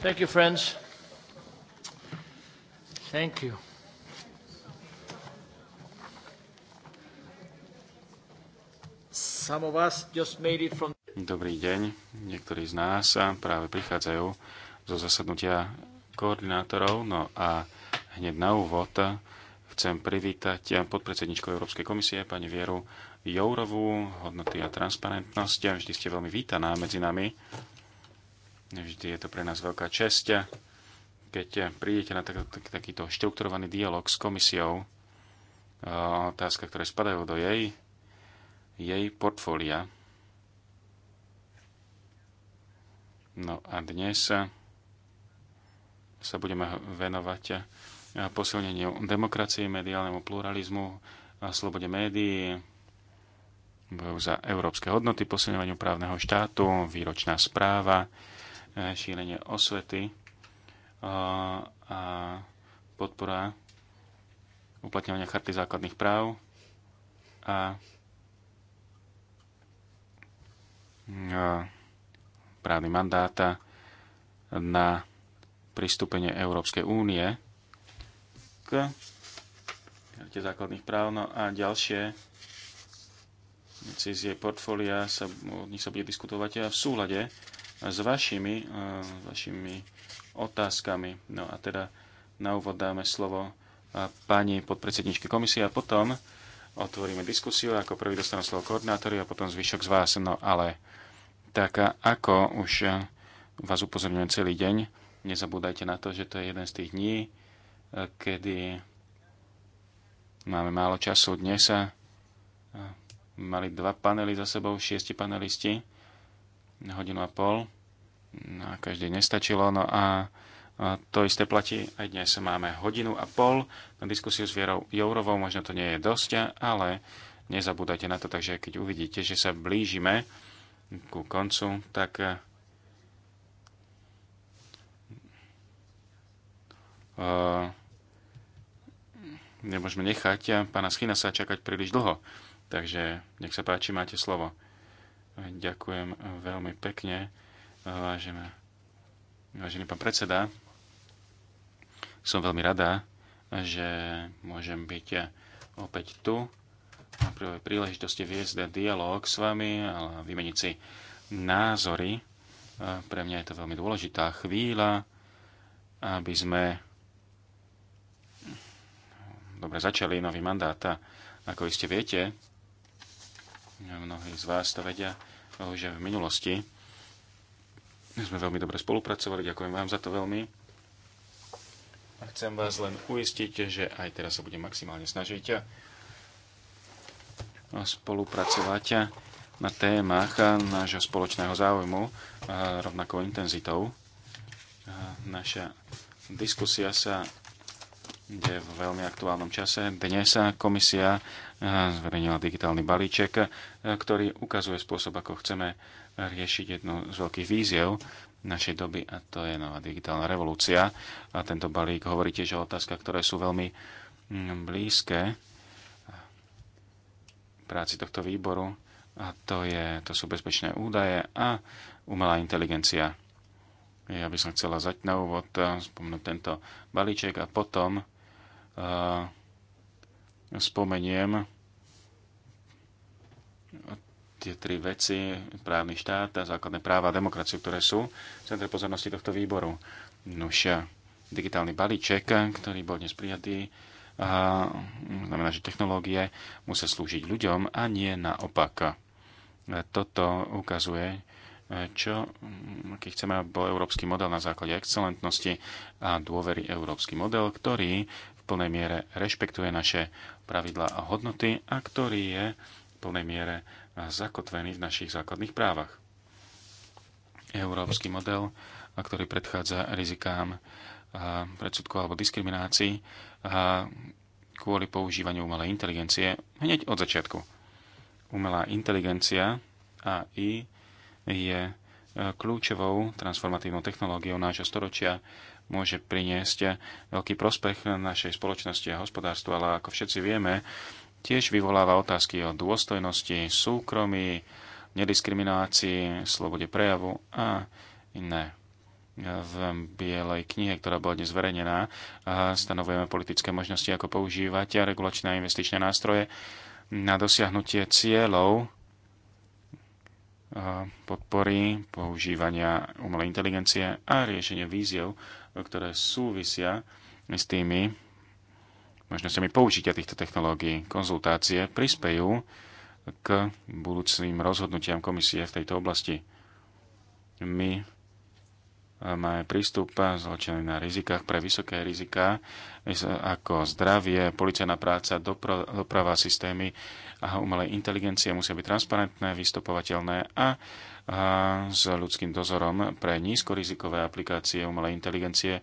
Thank you, friends. Thank you. Some of us just made it from... Dobrý deň. Niektorí z nás práve prichádzajú zo zasadnutia koordinátorov. No a hneď na úvod chcem privítať podpredsedničku Európskej komisie, pani Vieru Jourovú, hodnoty a transparentnosť. Vždy ste veľmi vítaná medzi nami. Vždy je to pre nás veľká česť, keď prídete na tak, tak, takýto štrukturovaný dialog s komisiou o otázkach, ktoré spadajú do jej, jej portfólia. No a dnes sa budeme venovať posilneniu demokracie, mediálnemu pluralizmu, a slobode médií, boju za európske hodnoty, posilňovaniu právneho štátu, výročná správa, E, šírenie osvety e, a podpora uplatňovania charty základných práv a e, právny mandáta na pristúpenie Európskej únie k charte základných práv. No a ďalšie z jej portfólia sa o nich sa bude diskutovať v súlade s vašimi, eh, s vašimi otázkami. No a teda na úvod dáme slovo eh, pani podpredsedničke komisie a potom otvoríme diskusiu, ako prvý dostanú slovo koordinátori a potom zvyšok z vás. No ale tak eh, ako už vás upozorňujem celý deň, nezabúdajte na to, že to je jeden z tých dní, kedy máme málo času dnes. Mali dva panely za sebou, šiesti panelisti hodinu a pol. Na každý nestačilo. No a to isté platí aj dnes. Máme hodinu a pol na diskusiu s Vierou Jourovou. Možno to nie je dosť, ale nezabúdajte na to. Takže keď uvidíte, že sa blížime ku koncu, tak eh, nemôžeme nechať eh, pána sa čakať príliš dlho. Takže nech sa páči, máte slovo. Ďakujem veľmi pekne, vážená. Vážený pán predseda, som veľmi rada, že môžem byť opäť tu na pri príležitosti viesť dialog s vami a vymeniť si názory. Pre mňa je to veľmi dôležitá chvíľa, aby sme dobre začali nový mandát. Ako iste viete, mnohí z vás to vedia, že v minulosti sme veľmi dobre spolupracovali. Ďakujem vám za to veľmi. A chcem vás len uistiť, že aj teraz sa budem maximálne snažiť spolupracovať na témach nášho spoločného záujmu rovnakou intenzitou. Naša diskusia sa kde v veľmi aktuálnom čase. Dnes komisia eh, zverejnila digitálny balíček, eh, ktorý ukazuje spôsob, ako chceme riešiť jednu z veľkých víziev našej doby a to je nová digitálna revolúcia. A tento balík hovorí tiež o otázkach, ktoré sú veľmi mm, blízke práci tohto výboru a to, je, to sú bezpečné údaje a umelá inteligencia. Ja by som chcela zať na úvod eh, spomenúť tento balíček a potom spomeniem tie tri veci, právny štát a základné práva a demokracie, ktoré sú v centre pozornosti tohto výboru. Nuž, digitálny balíček, ktorý bol dnes prijatý, a, znamená, že technológie musia slúžiť ľuďom a nie naopak. Toto ukazuje, e, čo, keď chceme, bol európsky model na základe excelentnosti a dôvery európsky model, ktorý plnej miere rešpektuje naše pravidlá a hodnoty a ktorý je v plnej miere zakotvený v našich základných právach. Európsky model, ktorý predchádza rizikám predsudkov alebo diskriminácii kvôli používaniu umelej inteligencie hneď od začiatku. Umelá inteligencia AI je e, kľúčovou transformatívnou technológiou nášho storočia môže priniesť veľký prospech našej spoločnosti a hospodárstvu, ale ako všetci vieme, tiež vyvoláva otázky o dôstojnosti, súkromí, nediskriminácii, slobode prejavu a iné. V Bielej knihe, ktorá bola dnes zverejnená, stanovujeme politické možnosti, ako používať a regulačné a investičné nástroje na dosiahnutie cieľov eh, podpory používania umelej inteligencie a riešenie víziev ktoré súvisia s tými možnosťami použitia týchto technológií. Konzultácie prispejú k budúcim rozhodnutiam komisie v tejto oblasti. My e, máme prístup zločený na rizikách pre vysoké riziká, e, ako zdravie, policajná práca, doprava, systémy a umelej inteligencie musia byť transparentné, vystupovateľné a s ľudským dozorom pre nízkorizikové aplikácie umelej inteligencie.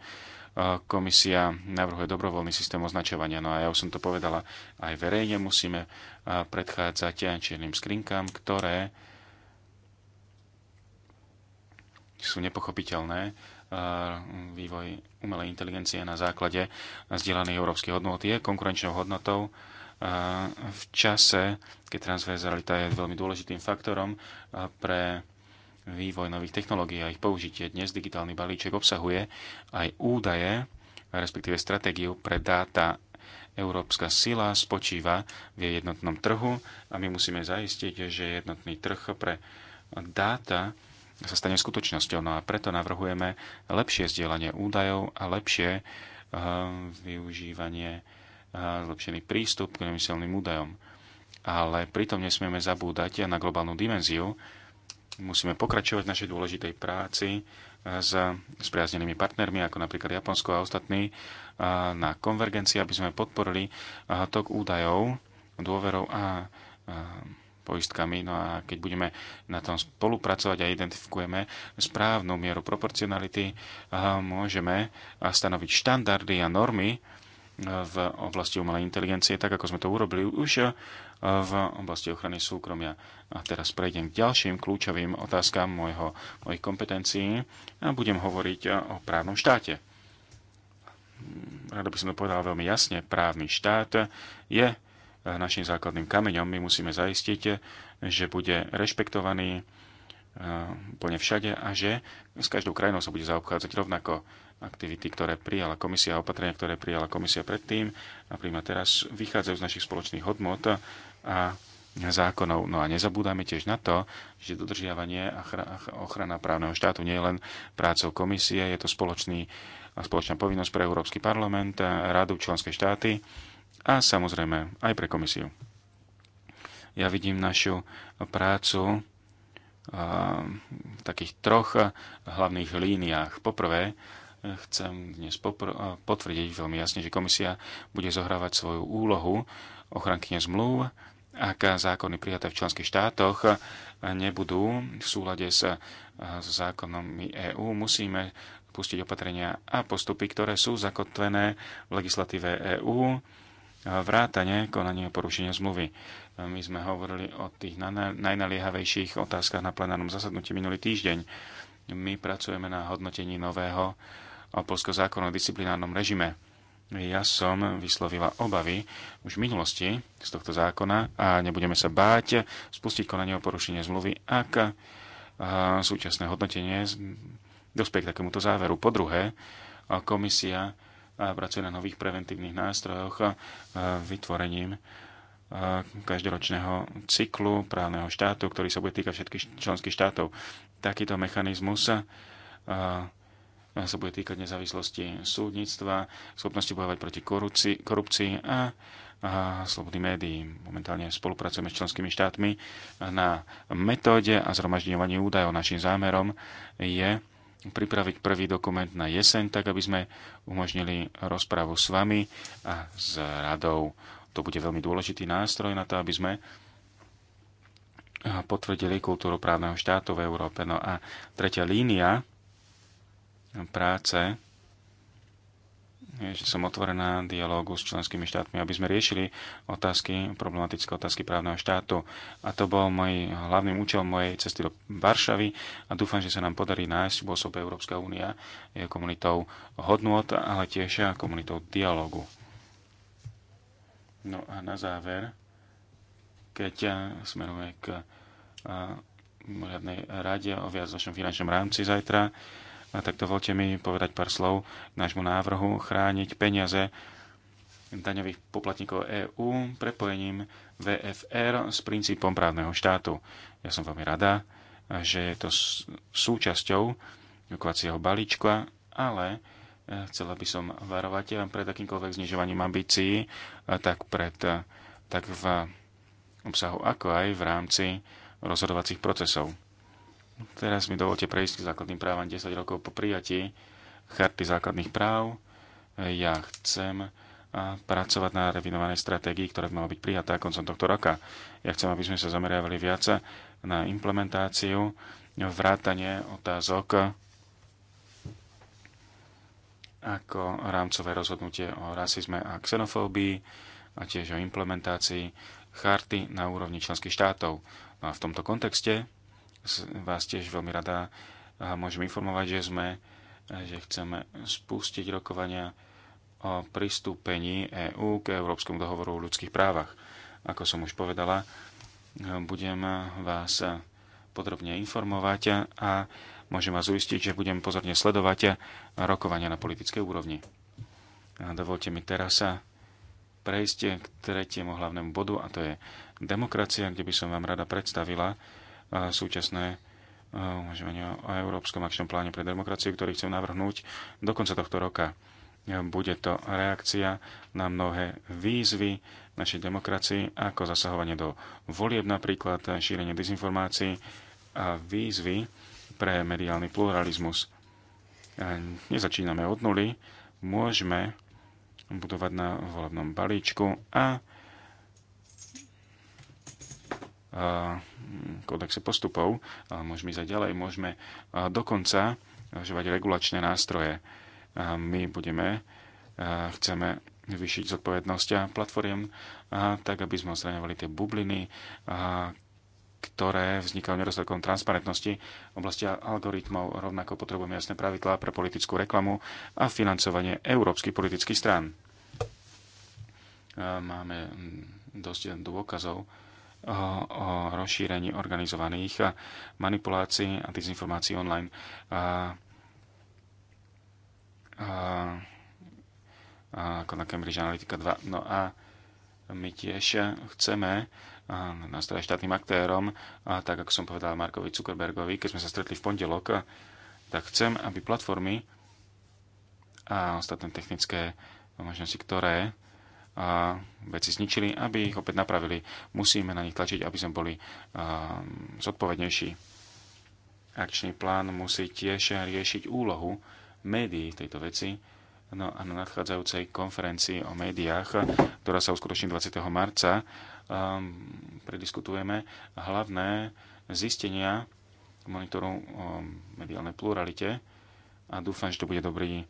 Komisia navrhuje dobrovoľný systém označovania. No a ja už som to povedala aj verejne, musíme predchádzať čiernym skrinkám, ktoré sú nepochopiteľné vývoj umelej inteligencie na základe zdieľaných európskych hodnot je konkurenčnou hodnotou v čase, keď transverzalita je veľmi dôležitým faktorom pre vývoj nových technológií a ich použitie. Dnes digitálny balíček obsahuje aj údaje, respektíve stratégiu pre dáta. Európska sila spočíva v jej jednotnom trhu a my musíme zaistiť, že jednotný trh pre dáta sa stane skutočnosťou. No a preto navrhujeme lepšie zdieľanie údajov a lepšie eh, využívanie eh, zlepšený prístup k nemyselným údajom. Ale pritom nesmieme zabúdať na globálnu dimenziu, musíme pokračovať v našej dôležitej práci e, s spriaznenými partnermi, ako napríklad Japonsko a ostatní, e, na konvergencii, aby sme podporili e, tok údajov, dôverov a poistkami. No a keď budeme na tom spolupracovať a identifikujeme správnu mieru proporcionality, môžeme stanoviť štandardy a normy v oblasti umelej inteligencie, tak ako sme to urobili už v oblasti ochrany súkromia. A teraz prejdem k ďalším kľúčovým otázkám mojho, mojich kompetencií a budem hovoriť o právnom štáte. Rado by som to povedal veľmi jasne, právny štát je našim základným kameňom. My musíme zaistiť, že bude rešpektovaný e, úplne všade a že s každou krajinou sa bude zaobchádzať rovnako aktivity, ktoré prijala komisia, opatrenia, ktoré prijala komisia predtým a príjma teraz, vychádzajú z našich spoločných hodnot a zákonov. No a nezabúdame tiež na to, že dodržiavanie a ochrana právneho štátu nie je len prácou komisie, je to spoločný, spoločná povinnosť pre Európsky parlament, rádu členské štáty a samozrejme aj pre komisiu. Ja vidím našu prácu v takých troch hlavných líniách. Poprvé, chcem dnes potvrdiť veľmi jasne, že komisia bude zohrávať svoju úlohu ochrankyne zmluv, ak zákony prijaté v členských štátoch nebudú v súlade s, s zákonom EÚ, musíme pustiť opatrenia a postupy, ktoré sú zakotvené v legislatíve EÚ, vrátane konanie o porušenia zmluvy. My sme hovorili o tých najnaliehavejších otázkach na plenárnom zasadnutí minulý týždeň. My pracujeme na hodnotení nového polského zákona o disciplinárnom režime ja som vyslovila obavy už v minulosti z tohto zákona a nebudeme sa báť spustiť konanie o porušenie zmluvy, ak súčasné hodnotenie dospie k takémuto záveru. Po druhé, komisia pracuje na nových preventívnych nástrojoch vytvorením každoročného cyklu právneho štátu, ktorý sa bude týkať všetkých členských štátov. Takýto mechanizmus sa bude týkať nezávislosti súdnictva, schopnosti bojovať proti korupcii, korupcii a, a slobody médií. Momentálne spolupracujeme s členskými štátmi na metóde a zhromažďovaní údajov. Našim zámerom je pripraviť prvý dokument na jeseň, tak aby sme umožnili rozprávu s vami a s radou. To bude veľmi dôležitý nástroj na to, aby sme potvrdili kultúru právneho štátu v Európe. No a tretia línia práce že som otvorená dialógu s členskými štátmi, aby sme riešili otázky, problematické otázky právneho štátu. A to bol môj hlavný účel mojej cesty do Varšavy a dúfam, že sa nám podarí nájsť spôsob Európska únia je komunitou hodnot ale tiež komunitou dialógu. No a na záver, keď smerujeme k a, rade o viac našom finančnom rámci zajtra, a no tak dovolte mi povedať pár slov k nášmu návrhu chrániť peniaze daňových poplatníkov EÚ prepojením VFR s princípom právneho štátu. Ja som veľmi rada, že je to súčasťou rokovacieho balíčka, ale e, chcela by som varovať e, pred akýmkoľvek znižovaním ambícií, e, tak, pred, tak v obsahu ako aj v rámci rozhodovacích procesov. Teraz mi dovolte prejsť k základným právam 10 rokov po prijatí Charty základných práv. Eh, ja chcem pracovať na revinovanej stratégii, ktorá by mala byť prijatá koncom tohto roka. Ja chcem, aby sme sa zameriavali viac na implementáciu, vrátanie otázok ako rámcové rozhodnutie o rasizme a xenofóbii a tiež o implementácii charty na úrovni členských štátov. No a v tomto kontexte vás tiež veľmi rada eh, môžem informovať, že sme, eh, že chceme spustiť rokovania o pristúpení EÚ k Európskom dohovoru o ľudských právach. Ako som už povedala, eh, budem vás podrobne informovať a môžem vás uistiť, že budem pozorne sledovať rokovania na politickej úrovni. A dovolte mi teraz sa prejsť k tretiemu hlavnému bodu, a to je demokracia, kde by som vám rada predstavila súčasné uvažovanie o Európskom akčnom pláne pre demokraciu, ktorý chcem navrhnúť do konca tohto roka. Bude to reakcia na mnohé výzvy našej demokracii, ako zasahovanie do volieb napríklad, šírenie dezinformácií a výzvy pre mediálny pluralizmus. Nezačíname od nuly, môžeme budovať na volebnom balíčku a, a kódexe postupov, ale môžeme ísť aj ďalej, môžeme dokonca žovať regulačné nástroje. A my budeme, a chceme vyšiť zodpovednosť a platformiem, a tak aby sme odstraňovali tie bubliny, a ktoré vznikajú nedostatkom transparentnosti v oblasti algoritmov. Rovnako potrebujeme jasné pravidlá pre politickú reklamu a financovanie európskych politických strán. Máme dosť dôkazov, o rozšírení organizovaných manipulácií a dezinformácií online. A, a, a, ako na Cambridge Analytica 2. No a my tiež chceme nastaviť štátnym aktérom, a tak ako som povedal Markovi Zuckerbergovi, keď sme sa stretli v pondelok, tak chcem, aby platformy a ostatné technické možnosti, ktoré a veci zničili, aby ich opäť napravili. Musíme na nich tlačiť, aby sme boli uh, zodpovednejší. Akčný plán musí tiež riešiť úlohu médií v tejto veci. No a na nadchádzajúcej konferencii o médiách, ktorá sa uskutoční 20. marca, um, prediskutujeme hlavné zistenia monitoru o ehm, mediálnej pluralite a dúfam, že to bude dobrý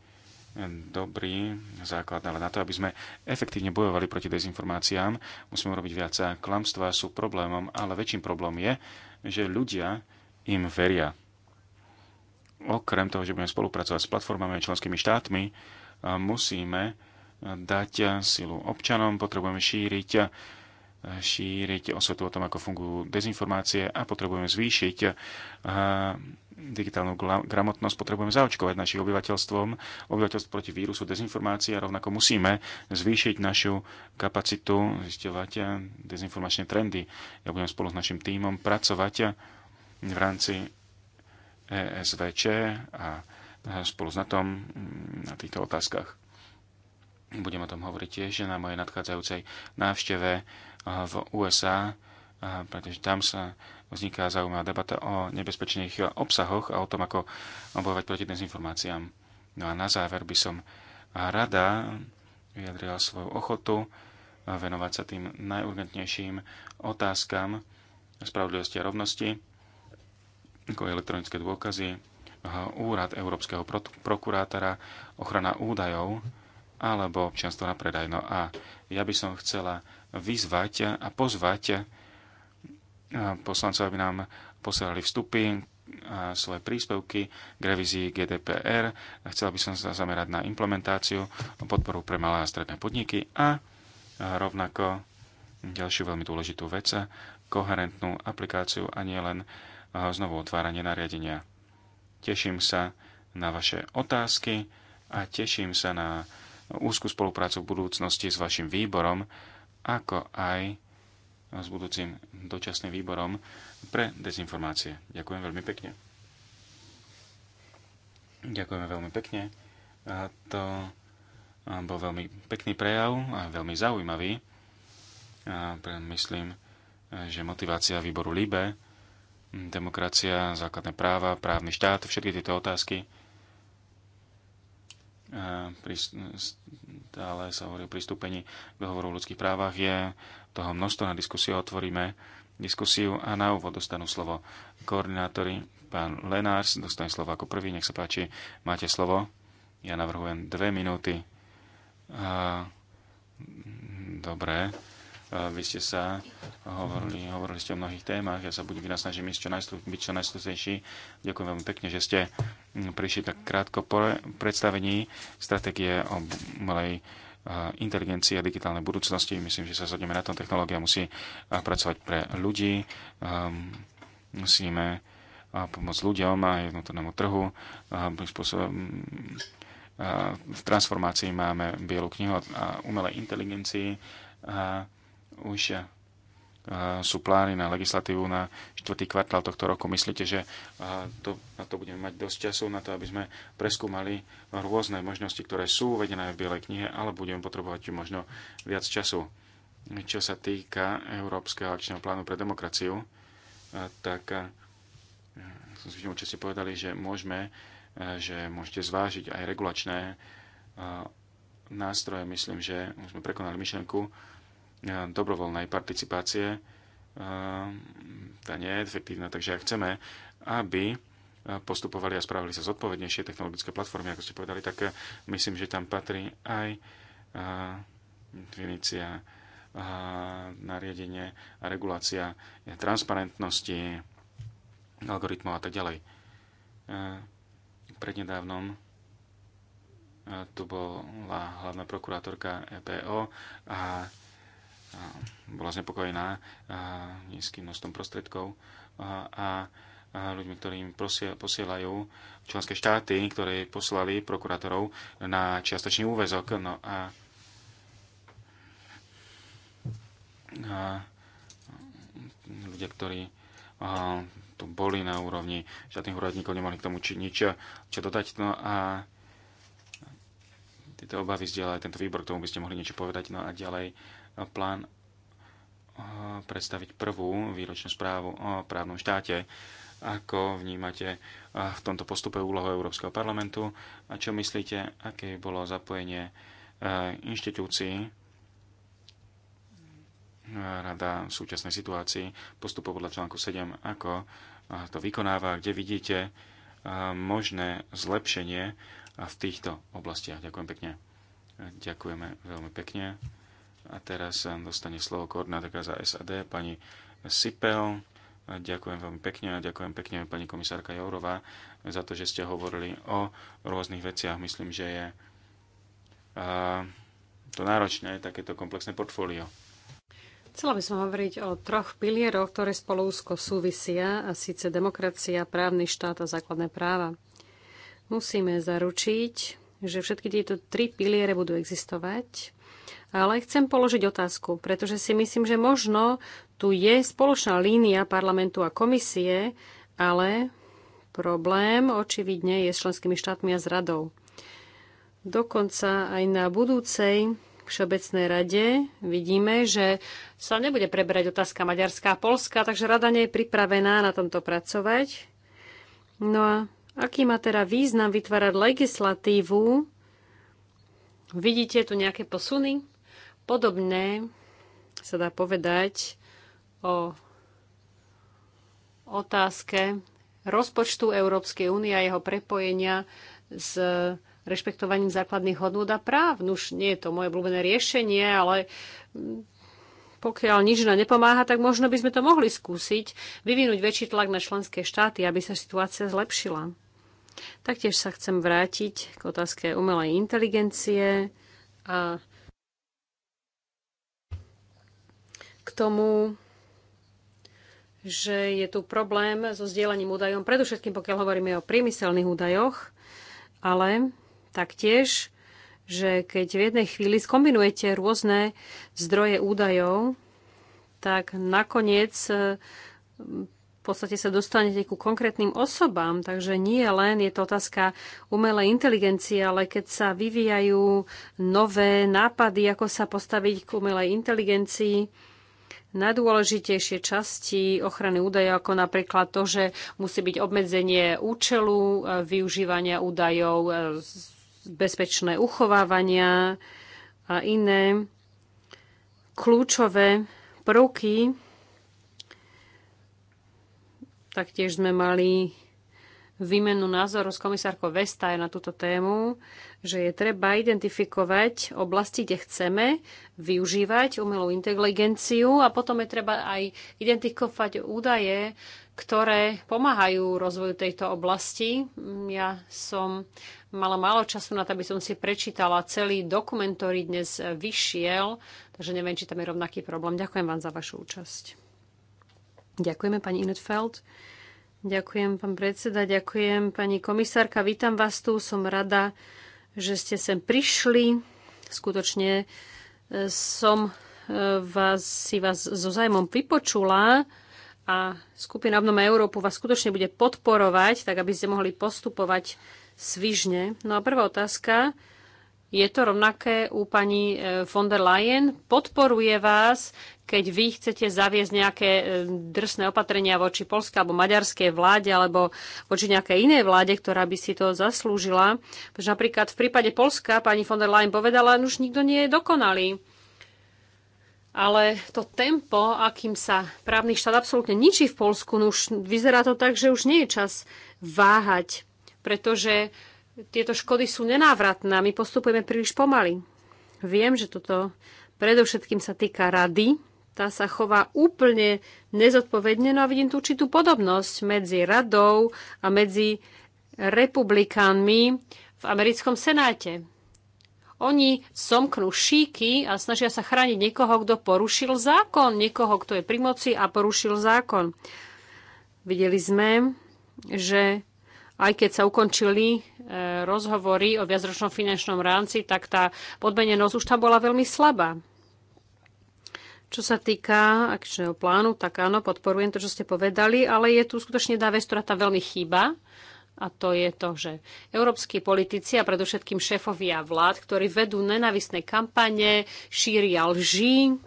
dobrý základ, ale na to, aby sme efektívne bojovali proti dezinformáciám, musíme robiť viac. Klamstvá sú problémom, ale väčším problém je, že ľudia im veria. Okrem toho, že budeme spolupracovať s platformami a členskými štátmi, musíme dať silu občanom, potrebujeme šíriť šíriť osvetu o tom, ako fungujú dezinformácie a potrebujeme zvýšiť digitálnu gramotnosť, potrebujeme zaočkovať našich obyvateľstvom, obyvateľstvo proti vírusu dezinformácie a rovnako musíme zvýšiť našu kapacitu zisťovať dezinformačné trendy. Ja budem spolu s našim tímom pracovať v rámci ESVČ a spolu s NATO na týchto otázkach budem o tom hovoriť tiež na mojej nadchádzajúcej návšteve eh, v USA, eh, pretože tam sa vzniká zaujímavá debata o nebezpečných obsahoch a o tom, ako bojovať proti dezinformáciám. No a na záver by som rada vyjadrila svoju ochotu eh, venovať sa tým najurgentnejším otázkam spravodlivosti a rovnosti, ako elektronické dôkazy, úrad Európskeho prokurátora, ochrana údajov, alebo občianstvo na predaj. No a ja by som chcela vyzvať a pozvať eh, poslancov, aby nám poslali vstupy, a svoje príspevky k revízii GDPR. Chcela by som sa zamerať na implementáciu, podporu pre malé a stredné podniky a rovnako ďalšiu veľmi dôležitú vec, koherentnú aplikáciu a nie len eh, znovu otváranie nariadenia. Teším sa na vaše otázky a teším sa na úzkú spoluprácu v budúcnosti s vašim výborom, ako aj s budúcim dočasným výborom pre dezinformácie. Ďakujem veľmi pekne. Ďakujeme veľmi pekne. A to bol veľmi pekný prejav a veľmi zaujímavý. A myslím, že motivácia výboru LIBE, demokracia, základné práva, právny štát, všetky tieto otázky E, stále sa hovorí o pristúpení k dohovoru o ľudských právach, je toho množstvo na diskusiu, otvoríme diskusiu a na úvod dostanú slovo koordinátori. Pán Lenárs dostane slovo ako prvý, nech sa páči, máte slovo. Ja navrhujem dve minúty. A... E, dobre, vy ste sa hovorili, hovorili ste o mnohých témach. Ja sa budem vynasnažím ísť čo najslu, byť čo najslušnejší. Ďakujem veľmi pekne, že ste mm, prišli tak krátko po predstavení stratégie o malej inteligencie a digitálnej budúcnosti. Myslím, že sa zhodneme na tom. Technológia musí pracovať pre ľudí. Musíme pomôcť ľuďom a jednotnému trhu. V transformácii máme bielu knihu a umelej inteligencii. A už eh, sú plány na legislatívu na štvrtý kvartál tohto roku. Myslíte, že eh, to, na to budeme mať dosť času na to, aby sme preskúmali rôzne možnosti, ktoré sú uvedené v Bielej knihe, ale budeme potrebovať možno viac času. Čo sa týka Európskeho akčného plánu pre demokraciu, eh, tak som si čo ste povedali, že môžeme, že môžete zvážiť aj regulačné nástroje. Myslím, že už sme prekonali myšlenku, dobrovoľnej participácie tá nie je efektívna, takže ak chceme, aby postupovali a správali sa zodpovednejšie technologické platformy, ako ste povedali, tak myslím, že tam patrí aj definícia nariadenie a regulácia transparentnosti, algoritmov a tak ďalej. Prednedávnom tu bola hlavná prokurátorka EPO a bola znepokojená nízkym množstvom prostriedkov a ľuďmi, ktorí im posielajú členské štáty, ktoré poslali prokurátorov na čiastočný úvezok. No a, a ľudia, ktorí a, tu boli na úrovni štátnych úradníkov, nemohli k tomu či, nič čo dodať. No a tieto obavy zdieľa aj tento výbor, k tomu by ste mohli niečo povedať. No a ďalej plán predstaviť prvú výročnú správu o právnom štáte. Ako vnímate v tomto postupe úlohu Európskeho parlamentu a čo myslíte, aké bolo zapojenie inštitúcií rada v súčasnej situácii postupov podľa článku 7, ako to vykonáva, kde vidíte možné zlepšenie v týchto oblastiach. Ďakujem pekne. Ďakujeme veľmi pekne. A teraz dostane slovo koordinátorka za SAD, pani Sipel. Ďakujem veľmi pekne a ďakujem pekne pani komisárka Jourová za to, že ste hovorili o rôznych veciach. Myslím, že je to náročné, takéto komplexné portfólio. Chcela by som hovoriť o troch pilieroch, ktoré spolu úzko súvisia, a síce demokracia, právny štát a základné práva. Musíme zaručiť, že všetky tieto tri piliere budú existovať ale chcem položiť otázku, pretože si myslím, že možno tu je spoločná línia parlamentu a komisie, ale problém očividne je s členskými štátmi a s radou. Dokonca aj na budúcej Všeobecnej rade vidíme, že sa nebude preberať otázka Maďarská a Polska, takže rada nie je pripravená na tomto pracovať. No a aký má teda význam vytvárať legislatívu? Vidíte tu nejaké posuny? Podobné sa dá povedať o otázke rozpočtu Európskej únie a jeho prepojenia s rešpektovaním základných hodnôt a práv. Už nie je to moje obľúbené riešenie, ale pokiaľ nič na nepomáha, tak možno by sme to mohli skúsiť vyvinúť väčší tlak na členské štáty, aby sa situácia zlepšila. Taktiež sa chcem vrátiť k otázke umelej inteligencie a tomu, že je tu problém so zdieľaním údajom, predovšetkým pokiaľ hovoríme o priemyselných údajoch, ale taktiež, že keď v jednej chvíli skombinujete rôzne zdroje údajov, tak nakoniec e, v podstate sa dostanete ku konkrétnym osobám. Takže nie len je to otázka umelej inteligencie, ale keď sa vyvíjajú nové nápady, ako sa postaviť k umelej inteligencii, najdôležitejšie časti ochrany údajov, ako napríklad to, že musí byť obmedzenie účelu e, využívania údajov, e, bezpečné uchovávania a iné kľúčové prvky. Taktiež sme mali výmenu názoru s komisárkou Vestager na túto tému že je treba identifikovať oblasti, kde chceme využívať umelú inteligenciu a potom je treba aj identifikovať údaje, ktoré pomáhajú rozvoju tejto oblasti. Ja som mala málo času na to, aby som si prečítala celý dokument, ktorý dnes vyšiel, takže neviem, či tam je rovnaký problém. Ďakujem vám za vašu účasť. Ďakujeme, pani Inetfeld. Ďakujem, pán predseda, ďakujem, pani komisárka. Vítam vás tu, som rada, že ste sem prišli. Skutočne e, som e, vás, si vás so zájmom vypočula a skupina Obnoma Európu vás skutočne bude podporovať, tak aby ste mohli postupovať svižne. No a prvá otázka, je to rovnaké u pani e, von der Leyen. Podporuje vás, keď vy chcete zaviesť nejaké e, drsné opatrenia voči polskej alebo maďarskej vláde alebo voči nejakej inej vláde, ktorá by si to zaslúžila. Pretože napríklad v prípade Polska pani von der Leyen povedala, že už nikto nie je dokonalý. Ale to tempo, akým sa právny štát absolútne ničí v Polsku, no už vyzerá to tak, že už nie je čas váhať, pretože tieto škody sú nenávratné a my postupujeme príliš pomaly. Viem, že toto predovšetkým sa týka rady. Tá sa chová úplne nezodpovedne, no a vidím tú určitú podobnosť medzi radou a medzi republikánmi v americkom senáte. Oni somknú šíky a snažia sa chrániť niekoho, kto porušil zákon, niekoho, kto je pri moci a porušil zákon. Videli sme, že aj keď sa ukončili e, rozhovory o viacročnom finančnom rámci, tak tá podmenenosť už tam bola veľmi slabá. Čo sa týka akčného plánu, tak áno, podporujem to, čo ste povedali, ale je tu skutočne tá vec, ktorá tam veľmi chýba. A to je to, že európsky politici a predovšetkým šéfovia vlád, ktorí vedú nenavisné kampane, šíria lži,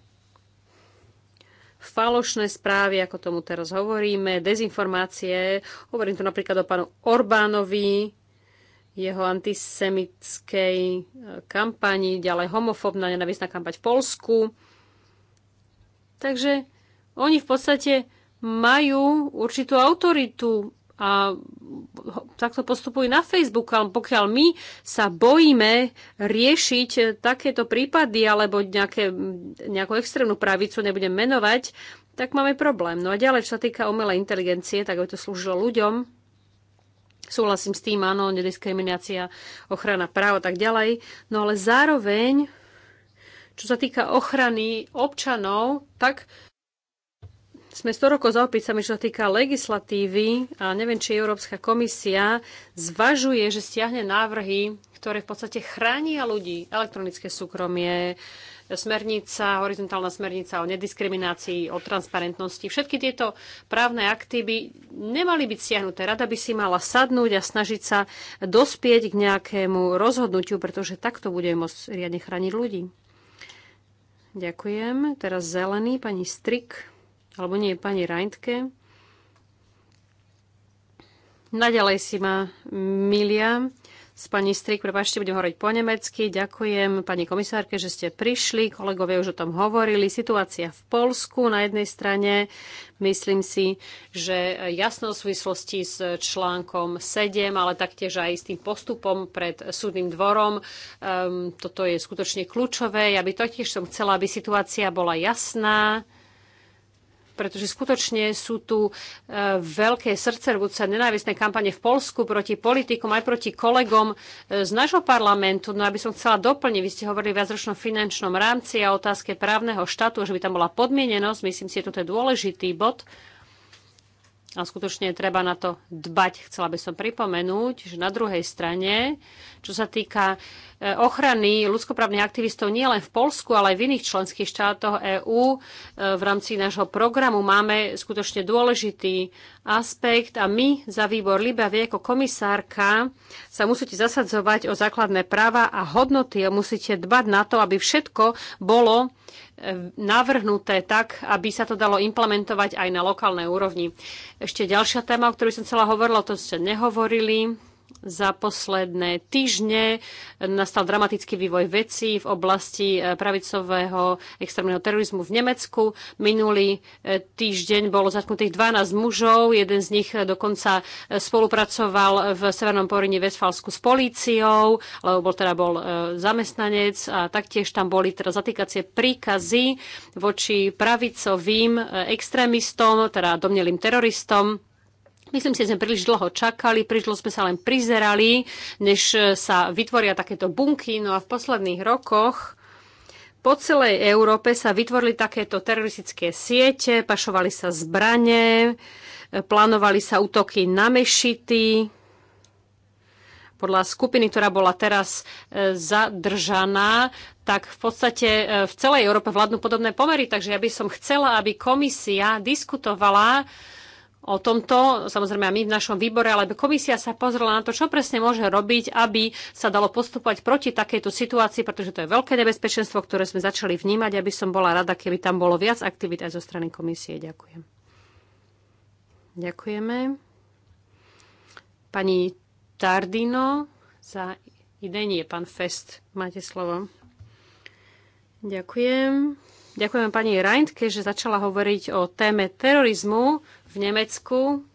falošné správy, ako tomu teraz hovoríme, dezinformácie. Hovorím tu napríklad o pánu Orbánovi, jeho antisemickej e, kampani, ďalej homofobná nenavisná kampaň v Polsku. Takže oni v podstate majú určitú autoritu a takto postupujú na Facebooku, ale pokiaľ my sa bojíme riešiť takéto prípady alebo nejaké, nejakú extrémnu pravicu, nebudem menovať, tak máme problém. No a ďalej, čo sa týka umelej inteligencie, tak aby to slúžilo ľuďom, súhlasím s tým, áno, nediskriminácia, ochrana práv a tak ďalej, no ale zároveň, čo sa týka ochrany občanov, tak sme 100 rokov za opicami, čo týka legislatívy a neviem, či Európska komisia zvažuje, že stiahne návrhy, ktoré v podstate chránia ľudí, elektronické súkromie, smernica, horizontálna smernica o nediskriminácii, o transparentnosti. Všetky tieto právne akty by nemali byť stiahnuté. Rada by si mala sadnúť a snažiť sa dospieť k nejakému rozhodnutiu, pretože takto bude môcť riadne chrániť ľudí. Ďakujem. Teraz zelený, pani Strik alebo nie, pani Reintke. Naďalej si ma milia s pani Strik, prepáčte, budem hovoriť po nemecky. Ďakujem pani komisárke, že ste prišli. Kolegovia už o tom hovorili. Situácia v Polsku na jednej strane. Myslím si, že jasno v súvislosti s článkom 7, ale taktiež aj s tým postupom pred súdnym dvorom. Um, toto je skutočne kľúčové. Ja by totiž som chcela, aby situácia bola jasná pretože skutočne sú tu e, veľké srdcervúce nenávisné kampane v Polsku proti politikom, aj proti kolegom e, z nášho parlamentu. No aby som chcela doplniť, vy ste hovorili o viacročnom finančnom rámci a otázke právneho štátu, že by tam bola podmienenosť. Myslím si, že toto je dôležitý bod. A skutočne treba na to dbať. Chcela by som pripomenúť, že na druhej strane, čo sa týka e, ochrany ľudskoprávnych aktivistov nie len v Polsku, ale aj v iných členských štátoch EÚ, e, v rámci nášho programu máme skutočne dôležitý aspekt a my za výbor Liba vy ako komisárka sa musíte zasadzovať o základné práva a hodnoty a musíte dbať na to, aby všetko bolo e, navrhnuté tak, aby sa to dalo implementovať aj na lokálnej úrovni. Ešte ďalšia téma, o ktorej som chcela hovorila, o tom ste nehovorili, za posledné týždne nastal dramatický vývoj vecí v oblasti e, pravicového extrémneho terorizmu v Nemecku. Minulý e, týždeň bolo zatknutých 12 mužov, jeden z nich e, dokonca spolupracoval v Severnom Poríne Vesfalsku s políciou, lebo bol teda bol zamestnanec a taktiež tam boli teda zatýkacie príkazy voči pravicovým extrémistom, teda domnelým teroristom Myslím si, že sme príliš dlho čakali, príliš dlho sme sa len prizerali, než eh, sa vytvoria takéto bunky. No a v posledných rokoch po celej Európe sa vytvorili takéto teroristické siete, pašovali sa zbranie, eh, plánovali sa útoky na mešity. Podľa skupiny, ktorá bola teraz eh, zadržaná, tak v podstate v celej Európe vládnu podobné pomery. Takže ja by som chcela, aby komisia diskutovala o tomto, samozrejme aj my v našom výbore, ale komisia sa pozrela na to, čo presne môže robiť, aby sa dalo postupovať proti takejto situácii, pretože to je veľké nebezpečenstvo, ktoré sme začali vnímať. Aby som bola rada, keby tam bolo viac aktivít aj zo strany komisie. Ďakujem. Ďakujeme. Pani Tardino za idenie, pán Fest. Máte slovo. Ďakujem. Ďakujem pani Reintke, že začala hovoriť o téme terorizmu v Nemecku.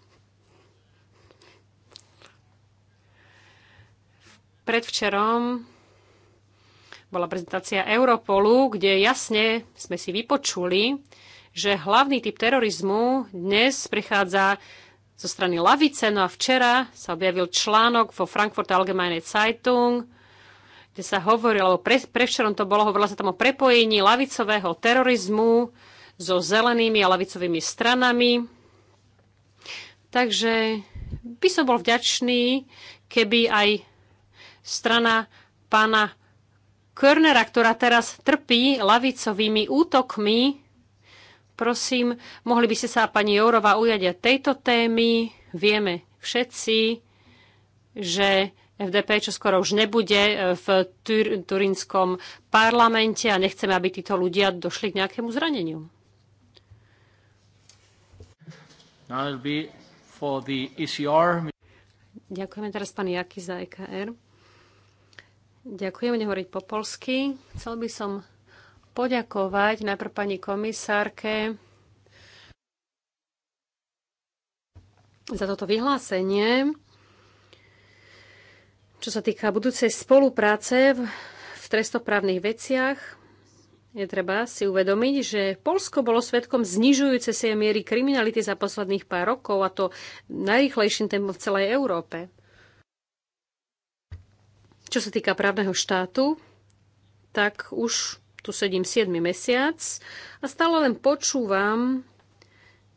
Predvčerom bola prezentácia Europolu, kde jasne sme si vypočuli, že hlavný typ terorizmu dnes prichádza zo strany lavice. No a včera sa objavil článok vo Frankfurt Allgemeine Zeitung, kde sa hovorilo, alebo pre, prevčerom to bolo, hovorilo sa tam o prepojení lavicového terorizmu so zelenými a lavicovými stranami. Takže by som bol vďačný, keby aj strana pána Körnera, ktorá teraz trpí lavicovými útokmi, prosím, mohli by ste sa pani Jourová ujať tejto témy. Vieme všetci, že FDP, čo skoro už nebude e, v Tur- parlamente a nechceme, aby títo ľudia došli k nejakému zraneniu. E Ďakujeme teraz pani Jaky za EKR. Ďakujem, nehovoriť po polsky. Chcel by som poďakovať najprv pani komisárke za toto vyhlásenie čo sa týka budúcej spolupráce v trestoprávnych veciach, je treba si uvedomiť, že Polsko bolo svetkom znižujúce sa miery kriminality za posledných pár rokov a to najrychlejším tempom v celej Európe. Čo sa týka právneho štátu, tak už tu sedím 7 mesiac a stále len počúvam,